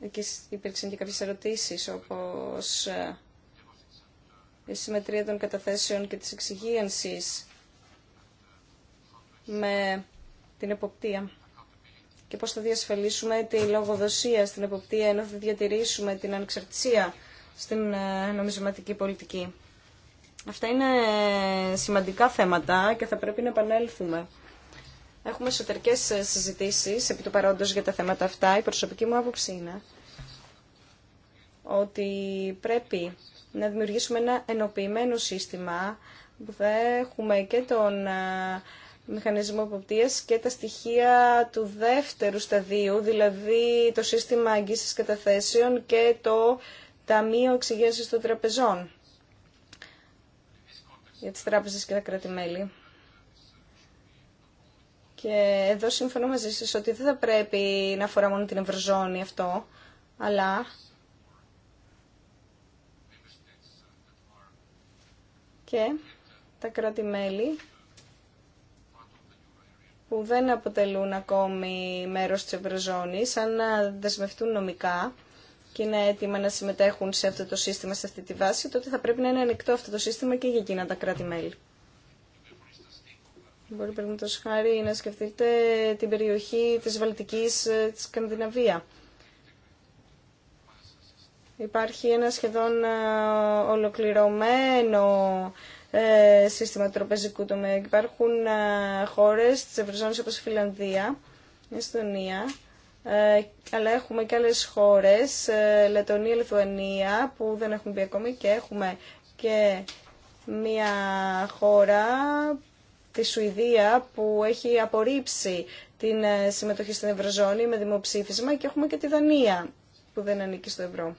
Εκεί υπήρξαν και κάποιες ερωτήσεις, όπως ε, η συμμετρία των καταθέσεων και της εξυγίανσης με την εποπτεία και πώς θα διασφαλίσουμε τη λογοδοσία στην εποπτεία ενώ θα διατηρήσουμε την ανεξαρτησία στην ε, νομισματική πολιτική. Αυτά είναι σημαντικά θέματα και θα πρέπει να επανέλθουμε. Έχουμε εσωτερικέ ε, συζητήσει επί του παρόντο για τα θέματα αυτά. Η προσωπική μου άποψη είναι ότι πρέπει να δημιουργήσουμε ένα ενοποιημένο σύστημα που θα έχουμε και τον ε, μηχανισμό εποπτείας και τα στοιχεία του δεύτερου σταδίου, δηλαδή το σύστημα αγγίσης καταθέσεων και το Ταμείο Εξηγένσης των Τραπεζών για τις τράπεζες και τα κράτη-μέλη. Και εδώ συμφωνώ μαζί σας ότι δεν θα πρέπει να αφορά μόνο την Ευρωζώνη αυτό, αλλά και τα κρατη που δεν αποτελούν ακόμη μέρος της Ευρωζώνης, αν δεσμευτούν νομικά, και είναι έτοιμα να συμμετέχουν σε αυτό το σύστημα, σε αυτή τη βάση, τότε θα πρέπει να είναι ανοιχτό αυτό το σύστημα και για εκείνα τα κράτη-μέλη. Μπορεί παραδείγματο χάρη να σκεφτείτε την περιοχή της Βαλτικής ε, της Σκανδιναβία. Υπάρχει ένα σχεδόν ε, ολοκληρωμένο ε, σύστημα τροπεζικού τομέα. Υπάρχουν χώρες της Ευρωζώνης όπως η Φιλανδία, η Εστονία, ε, αλλά έχουμε και άλλες χώρες, ε, Λετωνία, Λιθουανία, που δεν έχουν πει ακόμη και έχουμε και μια χώρα, τη Σουηδία, που έχει απορρίψει την ε, συμμετοχή στην Ευρωζώνη με δημοψήφισμα και έχουμε και τη Δανία, που δεν ανήκει στο ευρώ.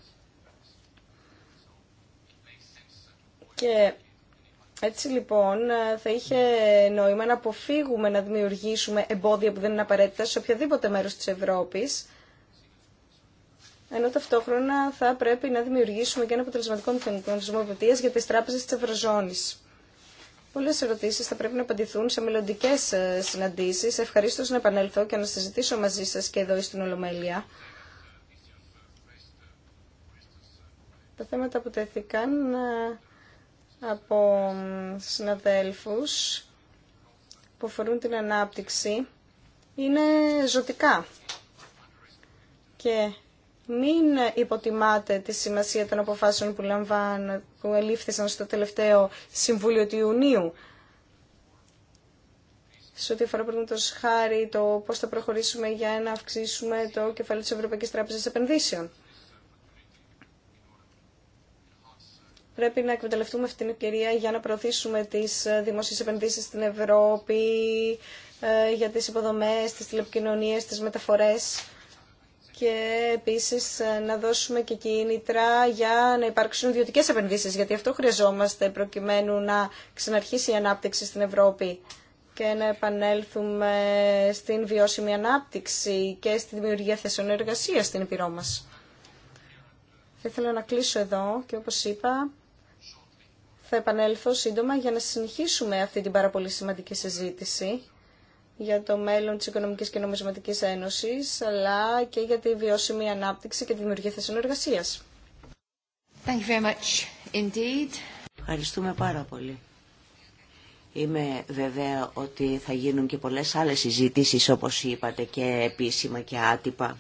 Και έτσι λοιπόν θα είχε νόημα να αποφύγουμε να δημιουργήσουμε εμπόδια που δεν είναι απαραίτητα σε οποιαδήποτε μέρος της Ευρώπης, ενώ ταυτόχρονα θα πρέπει να δημιουργήσουμε και ένα αποτελεσματικό μηχανισμό βοηθείας για τις τράπεζες της Ευρωζώνης. Πολλές ερωτήσεις θα πρέπει να απαντηθούν σε μελλοντικέ ε, συναντήσεις. Ευχαρίστως να επανέλθω και να συζητήσω μαζί σας και εδώ στην Ολομέλεια. Τα θέματα που τέθηκαν ε, από συναδέλφους που αφορούν την ανάπτυξη είναι ζωτικά. Και μην υποτιμάτε τη σημασία των αποφάσεων που, λαμβάν, που ελήφθησαν στο τελευταίο Συμβούλιο του Ιουνίου. Σε ό,τι αφορά το χάρη το πώς θα προχωρήσουμε για να αυξήσουμε το κεφάλαιο της Ευρωπαϊκής Τράπεζας Επενδύσεων. Πρέπει να εκμεταλλευτούμε αυτή την ευκαιρία για να προωθήσουμε τις ε, δημόσιες επενδύσεις στην Ευρώπη, ε, για τις υποδομές, τις τηλεπικοινωνίες, τις μεταφορές και επίσης ε, να δώσουμε και κίνητρα για να υπάρξουν ιδιωτικές επενδύσεις, γιατί αυτό χρειαζόμαστε προκειμένου να ξαναρχίσει η ανάπτυξη στην Ευρώπη και να επανέλθουμε στην βιώσιμη ανάπτυξη και στη δημιουργία θέσεων εργασία στην Επιρώμας. μας. Θα ήθελα να κλείσω εδώ και όπως είπα θα επανέλθω σύντομα για να συνεχίσουμε αυτή την πάρα πολύ σημαντική συζήτηση για το μέλλον της Οικονομικής και Νομισματικής Ένωσης, αλλά και για τη βιώσιμη ανάπτυξη και τη δημιουργία θέσεων εργασίας. Ευχαριστούμε πάρα πολύ. Είμαι βέβαια ότι θα γίνουν και πολλές άλλες συζητήσεις, όπως είπατε, και επίσημα και άτυπα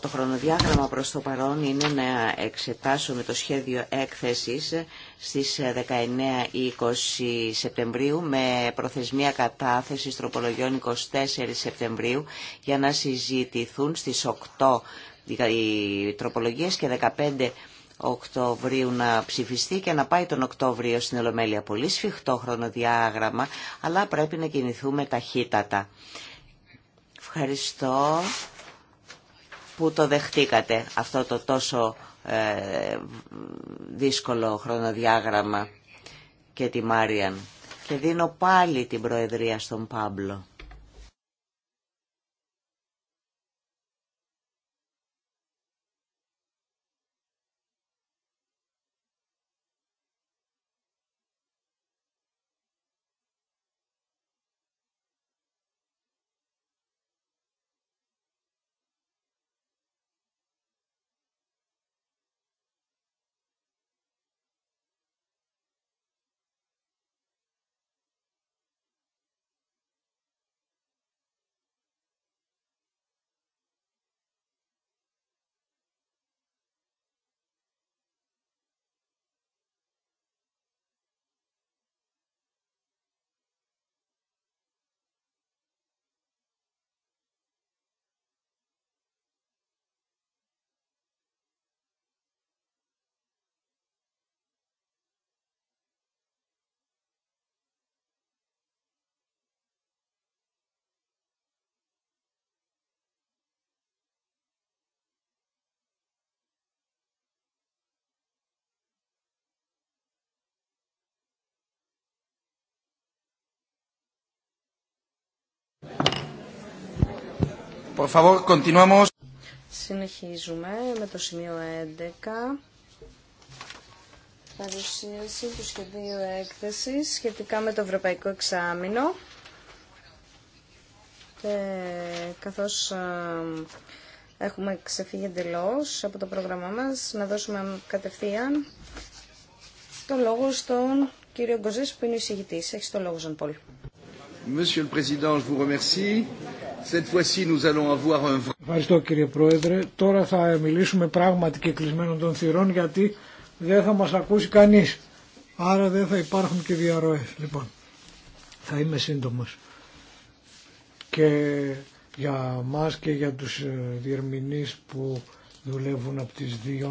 το χρονοδιάγραμμα προς το παρόν είναι να εξετάσουμε το σχέδιο έκθεσης στις 19-20 Σεπτεμβρίου με προθεσμία κατάθεσης τροπολογιών 24 Σεπτεμβρίου για να συζητηθούν στις 8 οι τροπολογίες και 15 Οκτωβρίου να ψηφιστεί και να πάει τον Οκτώβριο στην Ολομέλεια. Πολύ σφιχτό χρονοδιάγραμμα, αλλά πρέπει να κινηθούμε ταχύτατα. Ευχαριστώ που το δεχτήκατε αυτό το τόσο ε, δύσκολο χρονοδιάγραμμα και τη Μάριαν. Και δίνω πάλι την Προεδρία στον Πάμπλο. Por favor, continuamos. Συνεχίζουμε με το σημείο 11. Παρουσίαση του σχεδίου έκθεση σχετικά με το Ευρωπαϊκό Εξάμεινο. Και καθώς έχουμε ξεφύγει εντελώ από το πρόγραμμά μας, να δώσουμε κατευθείαν το λόγο στον κύριο Γκοζές που είναι ο εισηγητής. Έχει το λόγο, Ζανπόλ. Monsieur le Président, je vous remercie. Ευχαριστώ κύριε Πρόεδρε. Τώρα θα μιλήσουμε πράγματι και κλεισμένων των θυρών γιατί δεν θα μας ακούσει κανείς. Άρα δεν θα υπάρχουν και διαρροές. Λοιπόν, θα είμαι σύντομος. Και για μας και για τους ε, διερμηνείς που δουλεύουν από τις 2.30.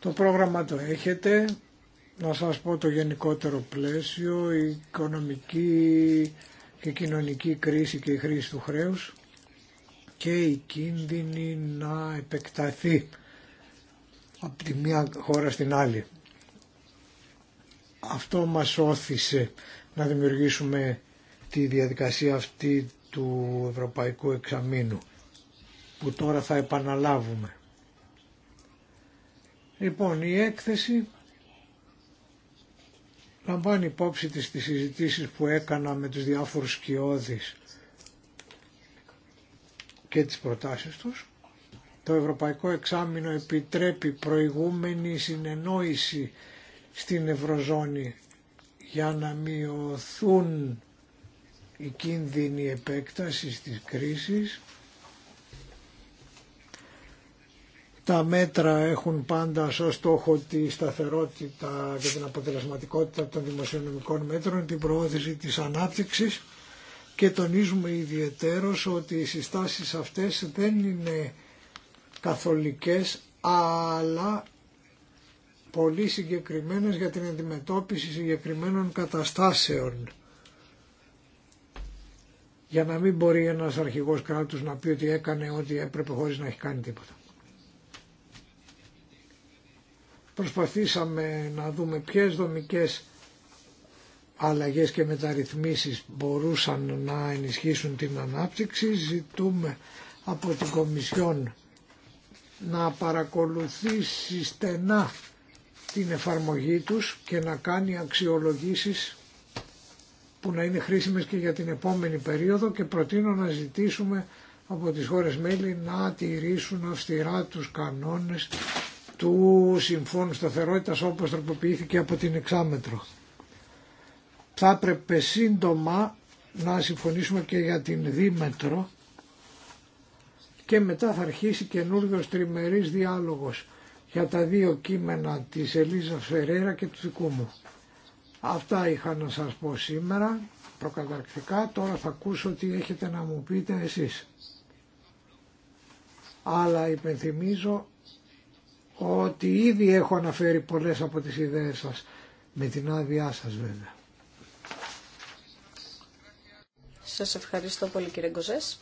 Το πρόγραμμα το έχετε να σας πω το γενικότερο πλαίσιο, η οικονομική και κοινωνική κρίση και η χρήση του χρέους και η κίνδυνη να επεκταθεί από τη μία χώρα στην άλλη. Αυτό μας όθησε να δημιουργήσουμε τη διαδικασία αυτή του Ευρωπαϊκού Εξαμήνου που τώρα θα επαναλάβουμε. Λοιπόν, η έκθεση λαμβάνει υπόψη της τις συζητήσεις που έκανα με τους διάφορους σκιώδεις και τις προτάσεις τους. Το Ευρωπαϊκό Εξάμεινο επιτρέπει προηγούμενη συνεννόηση στην Ευρωζώνη για να μειωθούν οι κίνδυνοι επέκτασης της κρίσης Τα μέτρα έχουν πάντα σαν στόχο τη σταθερότητα και την αποτελεσματικότητα των δημοσιονομικών μέτρων, την προώθηση της ανάπτυξης και τονίζουμε ιδιαιτέρως ότι οι συστάσεις αυτές δεν είναι καθολικές αλλά πολύ συγκεκριμένες για την αντιμετώπιση συγκεκριμένων καταστάσεων. Για να μην μπορεί ένας αρχηγός κράτους να πει ότι έκανε ό,τι έπρεπε χωρίς να έχει κάνει τίποτα. Προσπαθήσαμε να δούμε ποιες δομικές αλλαγές και μεταρρυθμίσεις μπορούσαν να ενισχύσουν την ανάπτυξη. Ζητούμε από την Κομισιόν να παρακολουθήσει στενά την εφαρμογή τους και να κάνει αξιολογήσεις που να είναι χρήσιμες και για την επόμενη περίοδο και προτείνω να ζητήσουμε από τις χώρες μέλη να τηρήσουν αυστηρά τους κανόνες του Συμφώνου Σταθερότητα όπως τροποποιήθηκε από την εξάμετρο. Θα έπρεπε σύντομα να συμφωνήσουμε και για την δίμετρο και μετά θα αρχίσει καινούργιο τριμερής διάλογος για τα δύο κείμενα της Ελίζα Φερέρα και του δικού μου. Αυτά είχα να σας πω σήμερα προκαταρκτικά, τώρα θα ακούσω τι έχετε να μου πείτε εσείς. Αλλά υπενθυμίζω ότι ήδη έχω αναφέρει πολλές από τις ιδέες σας, με την άδειά σας βέβαια. Σας ευχαριστώ πολύ κύριε Γκοζές.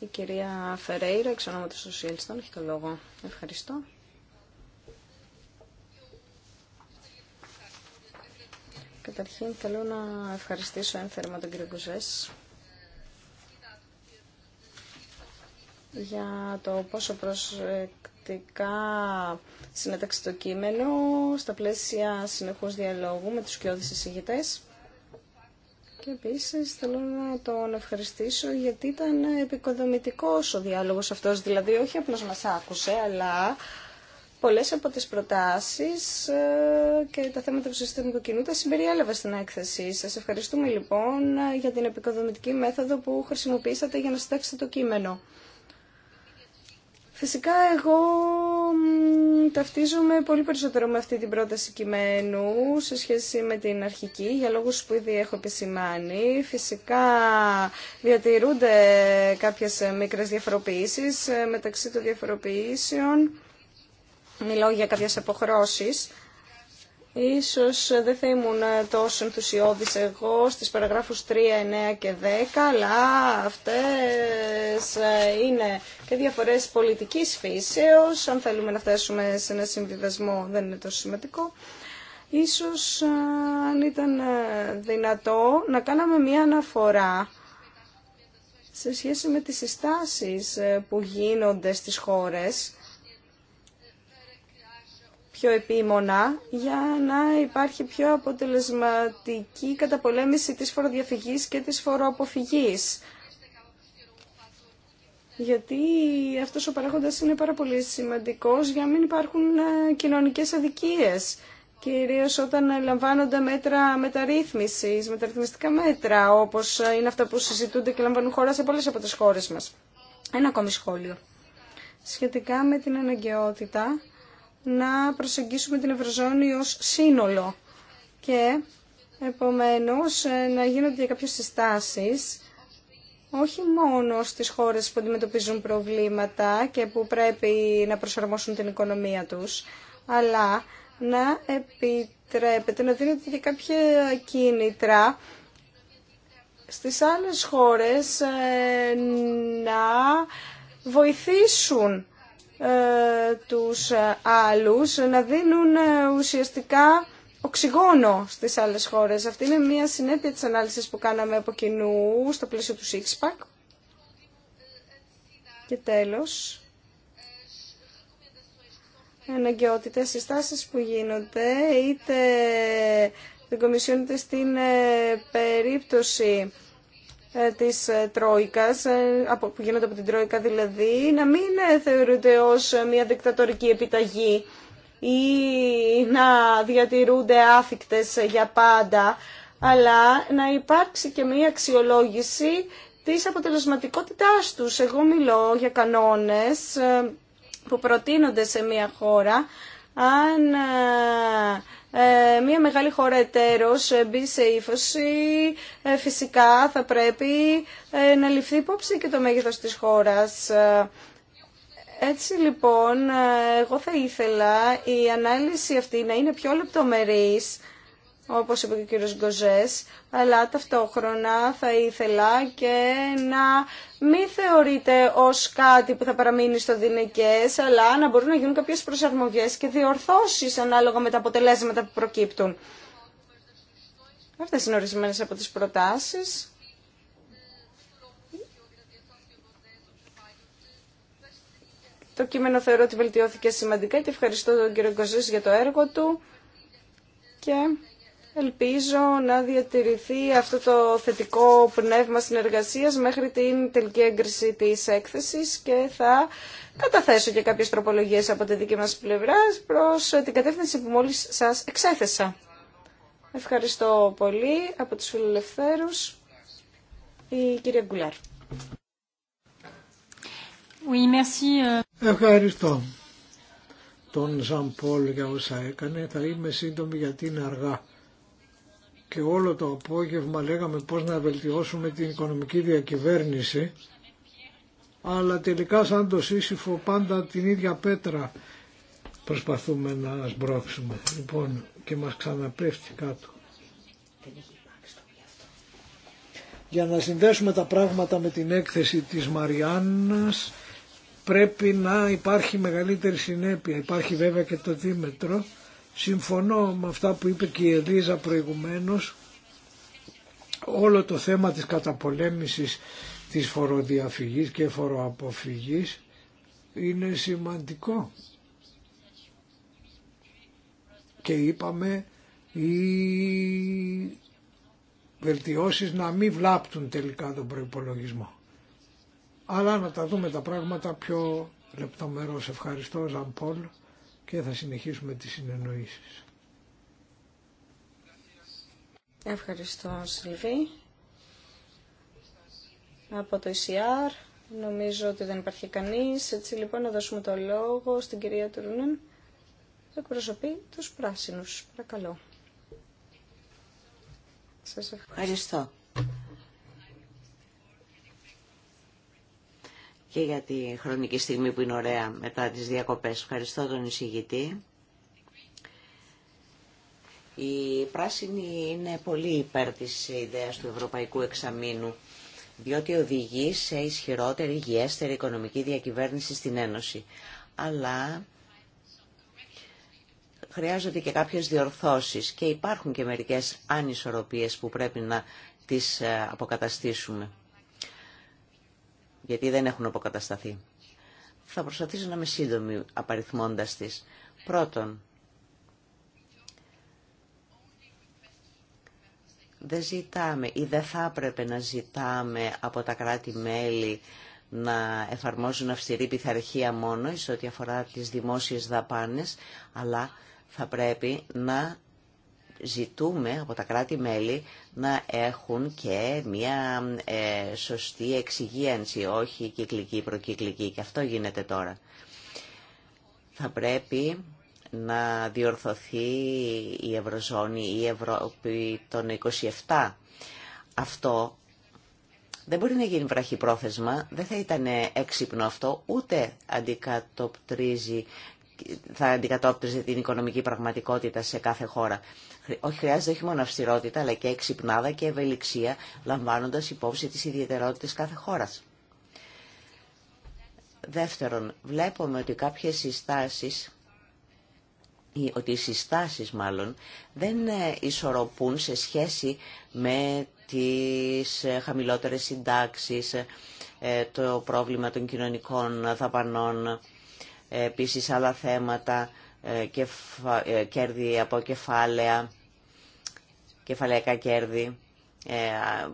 Η κυρία Φερέιρα, εξ ονόματος Σοσιαλιστών, έχει το λόγο. Ευχαριστώ. Καταρχήν θέλω να ευχαριστήσω ένθερμα τον κύριο Κουζές για το πόσο τακτικά συνέταξε το κείμενο στα πλαίσια συνεχούς διαλόγου με τους κοιόδης εισηγητές. Και επίσης θέλω να τον ευχαριστήσω γιατί ήταν επικοδομητικός ο διάλογος αυτός, δηλαδή όχι απλώς μας άκουσε, αλλά πολλές από τις προτάσεις ε, και τα θέματα που σας το κοινού τα συμπεριέλαβα στην έκθεσή σας. Ευχαριστούμε λοιπόν για την επικοδομητική μέθοδο που χρησιμοποίησατε για να συντάξετε το κείμενο. Φυσικά εγώ ταυτίζομαι πολύ περισσότερο με αυτή την πρόταση κειμένου σε σχέση με την αρχική, για λόγους που ήδη έχω επισημάνει. Φυσικά διατηρούνται κάποιες μικρές διαφοροποιήσεις ε, μεταξύ των διαφοροποιήσεων. Μιλώ για κάποιες αποχρώσεις Ίσως δεν θα ήμουν τόσο ενθουσιώδης εγώ στις παραγράφους 3, 9 και 10, αλλά αυτές ε, είναι και διαφορές πολιτικής φύσεως. Αν θέλουμε να φτάσουμε σε ένα συμβιβασμό δεν είναι τόσο σημαντικό. Ίσως ε, αν ήταν ε, δυνατό να κάναμε μία αναφορά σε σχέση με τις συστάσεις που γίνονται στις χώρες πιο επίμονα για να υπάρχει πιο αποτελεσματική καταπολέμηση της φοροδιαφυγής και της φοροαποφυγής. Γιατί αυτός ο παράγοντας είναι πάρα πολύ σημαντικός για να μην υπάρχουν ε, κοινωνικές αδικίες. Κυρίως όταν λαμβάνονται μέτρα μεταρρύθμισης, μεταρρυθμιστικά μέτρα, όπως ε, είναι αυτά που συζητούνται και λαμβάνουν χώρα σε πολλές από τις χώρες μας. Ένα ακόμη σχόλιο. Σχετικά με την αναγκαιότητα να προσεγγίσουμε την Ευρωζώνη ως σύνολο και επομένως ε, να γίνονται κάποιες συστάσεις όχι μόνο στις χώρες που αντιμετωπίζουν προβλήματα και που πρέπει να προσαρμόσουν την οικονομία τους, αλλά να επιτρέπεται να δίνεται και κάποια κίνητρα στις άλλες χώρες ε, να βοηθήσουν ε, τους ε, άλλους να δίνουν ε, ουσιαστικά οξυγόνο στις άλλες χώρες. Αυτή είναι μια συνέπεια της ανάλυσης που κάναμε από κοινού στο πλαίσιο του Sixpack. Και τέλος, αναγκαιότητες, συστάσεις που γίνονται είτε την είτε στην περίπτωση ε, της ε, Τρόικας, ε, που γίνονται από την Τρόικα δηλαδή, να μην θεωρούνται ως μια δικτατορική επιταγή ή να διατηρούνται άφικτες για πάντα, αλλά να υπάρξει και μια αξιολόγηση της αποτελεσματικότητάς τους. Εγώ μιλώ για κανόνες που προτείνονται σε μια χώρα, αν ε, μια μεγάλη χώρα εταίρος ε, μπει σε ύφωση, ε, φυσικά θα πρέπει να ληφθεί υπόψη και το μέγεθος της χώρας. Έτσι λοιπόν, εγώ θα ήθελα η ανάλυση αυτή να είναι πιο λεπτομερής όπως είπε και ο κύριος Γκοζές, αλλά ταυτόχρονα θα ήθελα και να μην θεωρείται ως κάτι που θα παραμείνει στο δυναικές, αλλά να μπορούν να γίνουν κάποιες προσαρμογές και διορθώσεις ανάλογα με τα αποτελέσματα που προκύπτουν. Αυτές είναι ορισμένε από τις προτάσεις. Το κείμενο θεωρώ ότι βελτιώθηκε σημαντικά και ευχαριστώ τον κύριο Γκοζές για το έργο του. Και Ελπίζω να διατηρηθεί αυτό το θετικό πνεύμα συνεργασίας μέχρι την τελική έγκριση της έκθεσης και θα καταθέσω και κάποιες τροπολογίες από τη δική μας πλευρά προς την κατεύθυνση που μόλις σας εξέθεσα. Ευχαριστώ πολύ από τους φιλελευθέρους. Η κυρία Γκουλάρ. Euh. Ευχαριστώ τον Ζαν Πολ για όσα έκανε. Θα είμαι σύντομη γιατί είναι αργά και όλο το απόγευμα λέγαμε πώς να βελτιώσουμε την οικονομική διακυβέρνηση αλλά τελικά σαν το σύσυφο πάντα την ίδια πέτρα προσπαθούμε να σμπρώξουμε λοιπόν και μας ξαναπέφτει κάτω για να συνδέσουμε τα πράγματα με την έκθεση της Μαριάννας πρέπει να υπάρχει μεγαλύτερη συνέπεια υπάρχει βέβαια και το δίμετρο Συμφωνώ με αυτά που είπε και η Ελίζα προηγουμένως. Όλο το θέμα της καταπολέμησης της φοροδιαφυγής και φοροαποφυγής είναι σημαντικό. Και είπαμε οι βελτιώσεις να μην βλάπτουν τελικά τον προϋπολογισμό. Αλλά να τα δούμε τα πράγματα πιο λεπτομερώς. Ευχαριστώ Ζαμπόλ και θα συνεχίσουμε τις συνεννοήσεις. Ευχαριστώ Σιλβί. Από το ECR νομίζω ότι δεν υπάρχει κανείς. Έτσι λοιπόν να δώσουμε το λόγο στην κυρία Τουρούνεν που εκπροσωπεί τους πράσινους. Παρακαλώ. Σας ευχαριστώ. και για τη χρονική στιγμή που είναι ωραία μετά τις διακοπές. Ευχαριστώ τον εισηγητή. Η πράσινη είναι πολύ υπέρ της ιδέας του Ευρωπαϊκού Εξαμήνου, διότι οδηγεί σε ισχυρότερη, υγιέστερη οικονομική διακυβέρνηση στην Ένωση. Αλλά χρειάζονται και κάποιες διορθώσεις και υπάρχουν και μερικές ανισορροπίες που πρέπει να τις ε, αποκαταστήσουμε γιατί δεν έχουν αποκατασταθεί. Θα προσπαθήσω να είμαι σύντομη απαριθμώντας τις. Πρώτον, δεν ζητάμε ή δεν θα έπρεπε να ζητάμε από τα κράτη-μέλη να εφαρμόζουν αυστηρή πειθαρχία μόνο σε ό,τι αφορά τις δημόσιες δαπάνες, αλλά θα πρέπει να ζητούμε από τα κράτη-μέλη να έχουν και μια ε, σωστή εξυγίανση, όχι κυκλική, προκυκλική. Και αυτό γίνεται τώρα. Θα πρέπει να διορθωθεί η Ευρωζώνη, η Ευρώπη των 27. Αυτό δεν μπορεί να γίνει βραχυπρόθεσμα, δεν θα ήταν έξυπνο αυτό, ούτε αντικατοπτρίζει θα αντικατόπτριζε την οικονομική πραγματικότητα σε κάθε χώρα. Όχι χρειάζεται όχι μόνο αυστηρότητα, αλλά και εξυπνάδα και ευελιξία, λαμβάνοντας υπόψη τις ιδιαιτερότητες κάθε χώρας. Δεύτερον, βλέπουμε ότι κάποιες συστάσεις ή ότι οι συστάσεις μάλλον δεν ε, ισορροπούν σε σχέση με τις ε, χαμηλότερες συντάξεις, ε, το πρόβλημα των κοινωνικών δαπανών, επίσης άλλα θέματα, ε, ε, κέρδη από κεφάλαια, κεφαλαϊκά κέρδη, ε,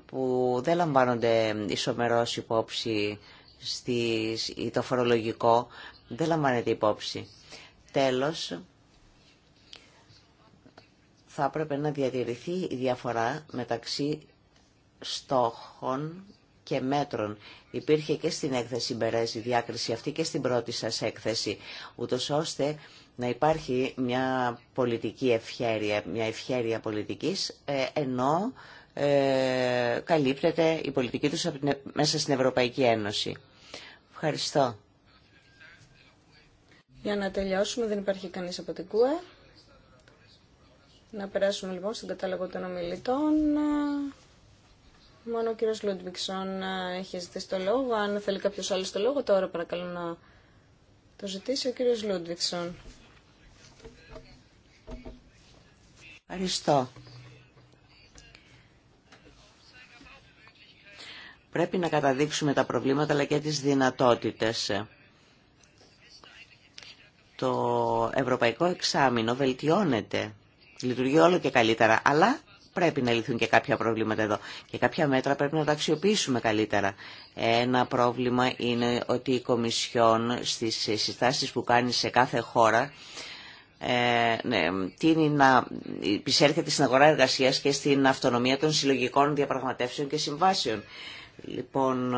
που δεν λαμβάνονται ισομερώς υπόψη στις, ή το φορολογικό, δεν λαμβάνεται υπόψη. Τέλος, θα έπρεπε να διατηρηθεί η διαφορά μεταξύ στόχων και μέτρων. Υπήρχε και στην έκθεση Μπερές η διάκριση αυτή και στην πρώτη σας έκθεση, ούτω ώστε να υπάρχει μια πολιτική ευχέρεια, μια ευχέρεια πολιτικής, ε, ενώ ε, καλύπτεται η πολιτική τους μέσα στην Ευρωπαϊκή Ένωση. Ευχαριστώ. Για να τελειώσουμε, δεν υπάρχει κανείς από την ΚΟΕ. Να περάσουμε λοιπόν στον κατάλογο των ομιλητών. Μόνο ο κύριος Λούντβικσον έχει ε, ζητήσει το λόγο. Αν θέλει κάποιο άλλο το λόγο, τώρα παρακαλώ να το ζητήσει ο κύριος Λούντβικσον. Ευχαριστώ. Πρέπει να καταδείξουμε τα προβλήματα αλλά και τις δυνατότητες. Το ευρωπαϊκό εξάμεινο βελτιώνεται, λειτουργεί όλο και καλύτερα, αλλά πρέπει να λυθούν και κάποια προβλήματα εδώ. Και κάποια μέτρα πρέπει να τα αξιοποιήσουμε καλύτερα. Ένα πρόβλημα είναι ότι η Κομισιόν στις συστάσεις που κάνει σε κάθε χώρα ε, ναι, τίνει να επισέρχεται στην αγορά εργασίας και στην αυτονομία των συλλογικών διαπραγματεύσεων και συμβάσεων. Λοιπόν,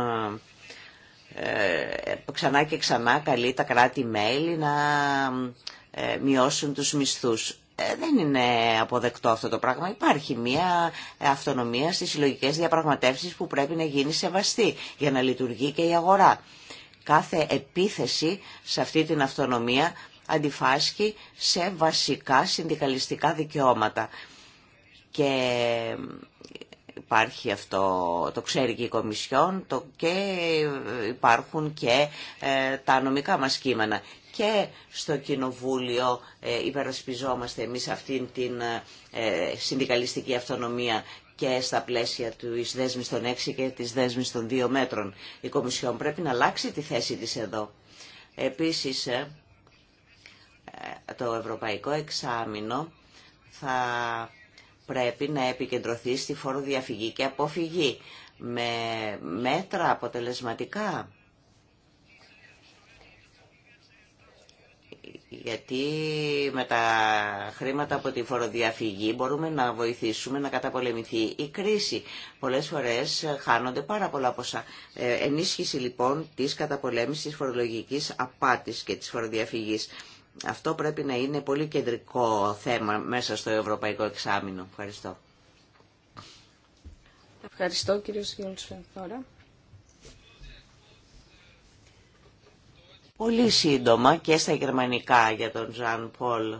ε, ξανά και ξανά καλεί τα κράτη-μέλη να ε, μειώσουν τους μισθούς. Ε, δεν είναι αποδεκτό αυτό το πράγμα. Υπάρχει μια αυτονομία στις συλλογικές διαπραγματεύσεις που πρέπει να γίνει σεβαστή για να λειτουργεί και η αγορά. Κάθε επίθεση σε αυτή την αυτονομία αντιφάσκει σε βασικά συνδικαλιστικά δικαιώματα. Και υπάρχει αυτό, το ξέρει και η Κομισιόν το, και υπάρχουν και ε, τα νομικά μας κείμενα και στο Κοινοβούλιο ε, υπερασπιζόμαστε εμείς αυτήν την ε, συνδικαλιστική αυτονομία και στα πλαίσια του δέσμη των 6 και της δέσμη των 2 μέτρων. Η Κομισιόν πρέπει να αλλάξει τη θέση της εδώ. Επίσης, ε, το Ευρωπαϊκό Εξάμεινο θα πρέπει να επικεντρωθεί στη φοροδιαφυγή και αποφυγή με μέτρα αποτελεσματικά γιατί με τα χρήματα από τη φοροδιαφυγή μπορούμε να βοηθήσουμε να καταπολεμηθεί η κρίση. Πολλές φορές χάνονται πάρα πολλά ποσά. Ε, ενίσχυση λοιπόν της καταπολέμησης της φορολογικής απάτης και της φοροδιαφυγής. Αυτό πρέπει να είναι πολύ κεντρικό θέμα μέσα στο Ευρωπαϊκό Εξάμεινο. Ευχαριστώ. Ευχαριστώ κύριο πολύ σύντομα και στα γερμανικά για τον Ζαν Πολ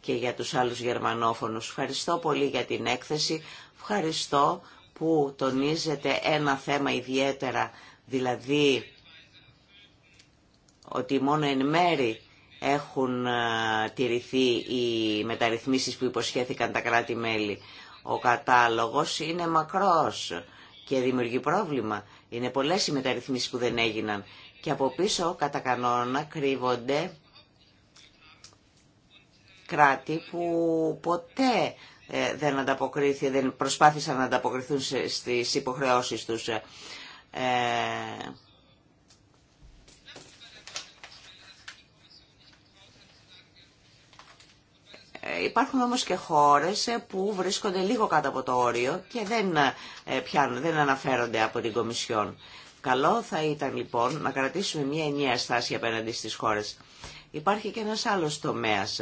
και για τους άλλους γερμανόφωνους. Ευχαριστώ πολύ για την έκθεση. Ευχαριστώ που τονίζετε ένα θέμα ιδιαίτερα, δηλαδή ότι μόνο εν μέρη έχουν τηρηθεί οι μεταρρυθμίσεις που υποσχέθηκαν τα κράτη-μέλη. Ο κατάλογος είναι μακρός και δημιουργεί πρόβλημα. Είναι πολλέ οι μεταρρυθμίσει που δεν έγιναν και από πίσω κατά κανόνα κρύβονται κράτη που ποτέ ε, δεν δεν προσπάθησαν να ανταποκριθούν στις υποχρεώσεις τους. Ε, Ε, υπάρχουν όμως και χώρες ε, που βρίσκονται λίγο κάτω από το όριο και δεν, ε, πιάνουν, δεν αναφέρονται από την Κομισιόν. Καλό θα ήταν λοιπόν να κρατήσουμε μια ενιαία στάση απέναντι στις χώρες. Υπάρχει και ένας άλλος τομέας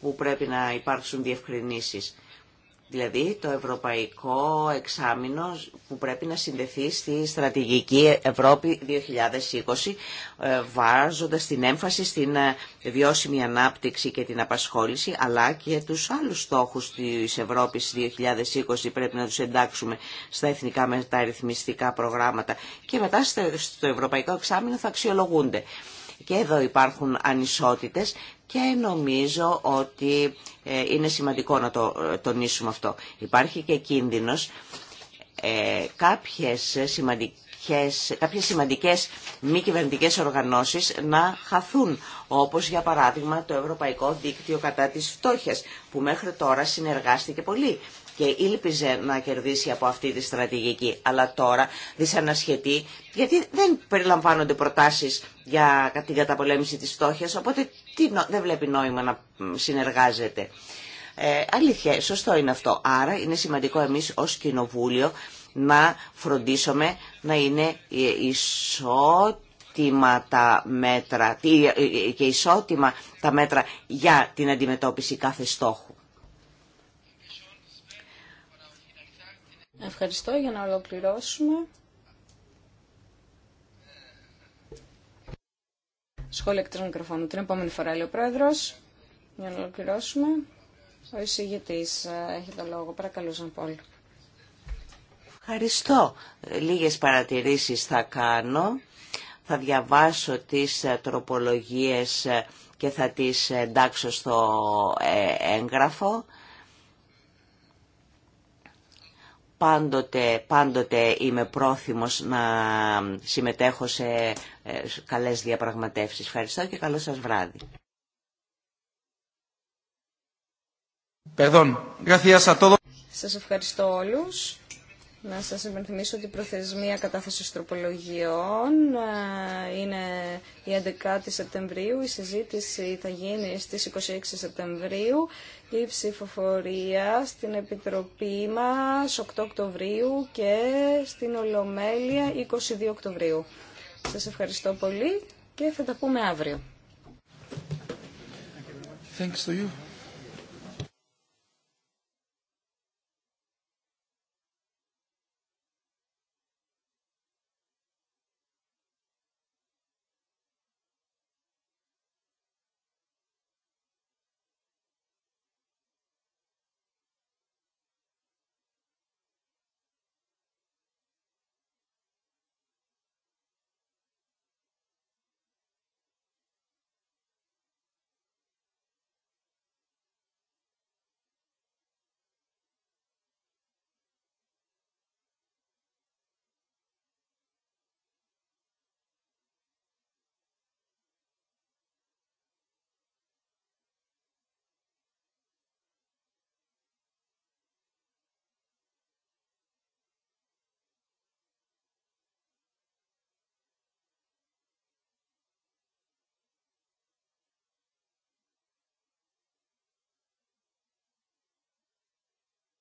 που πρέπει να υπάρξουν διευκρινήσεις. Δηλαδή το ευρωπαϊκό εξάμεινο που πρέπει να συνδεθεί στη στρατηγική Ευρώπη 2020 ε, βάζοντας την έμφαση στην ε, βιώσιμη ανάπτυξη και την απασχόληση αλλά και τους άλλους στόχους της Ευρώπης 2020 πρέπει να τους εντάξουμε στα εθνικά μεταρρυθμιστικά προγράμματα και μετά στο ευρωπαϊκό εξάμεινο θα αξιολογούνται. Και εδώ υπάρχουν ανισότητες και νομίζω ότι ε, είναι σημαντικό να το ε, τονίσουμε αυτό. Υπάρχει και κίνδυνος ε, κάποιες σημαντικές, κάποιες σημαντικές μη κυβερνητικές οργανώσεις να χαθούν, όπως για παράδειγμα το Ευρωπαϊκό Δίκτυο κατά της Φτώχειας, που μέχρι τώρα συνεργάστηκε πολύ και ήλπιζε να κερδίσει από αυτή τη στρατηγική. Αλλά τώρα δυσανασχετεί γιατί δεν περιλαμβάνονται προτάσεις για την καταπολέμηση της φτώχειας, οπότε τι, δεν βλέπει νόημα να συνεργάζεται. Ε, αλήθεια, σωστό είναι αυτό. Άρα είναι σημαντικό εμείς ως Κοινοβούλιο να φροντίσουμε να είναι ε, ισότιμα τα μέτρα ε, ε, και ισότιμα τα μέτρα για την αντιμετώπιση κάθε στόχου. Ευχαριστώ για να ολοκληρώσουμε. Σχόλια εκτός μικροφώνου. Την επόμενη φορά λέει ο Πρόεδρος. Για να ολοκληρώσουμε. Ο εισηγητής ε, έχει το λόγο. Παρακαλώ, Ζανπόλ. Ευχαριστώ. Λίγες παρατηρήσεις θα κάνω. Θα διαβάσω τις ε, τροπολογίες ε, και θα τις εντάξω στο έγγραφο. πάντοτε, πάντοτε είμαι πρόθυμος να συμμετέχω σε ε, καλές διαπραγματεύσεις. Ευχαριστώ και καλό σας βράδυ. Perdón. Σας ευχαριστώ όλους. Να σας υπενθυμίσω ότι η προθεσμία κατάθεσης τροπολογιών ε, είναι η 11η Σεπτεμβρίου. Η συζήτηση θα γίνει στις 26 Σεπτεμβρίου. Η ψηφοφορία στην Επιτροπή μας 8 Οκτωβρίου και στην Ολομέλεια 22 Οκτωβρίου. Σας ευχαριστώ πολύ και θα τα πούμε αύριο. Thanks to you.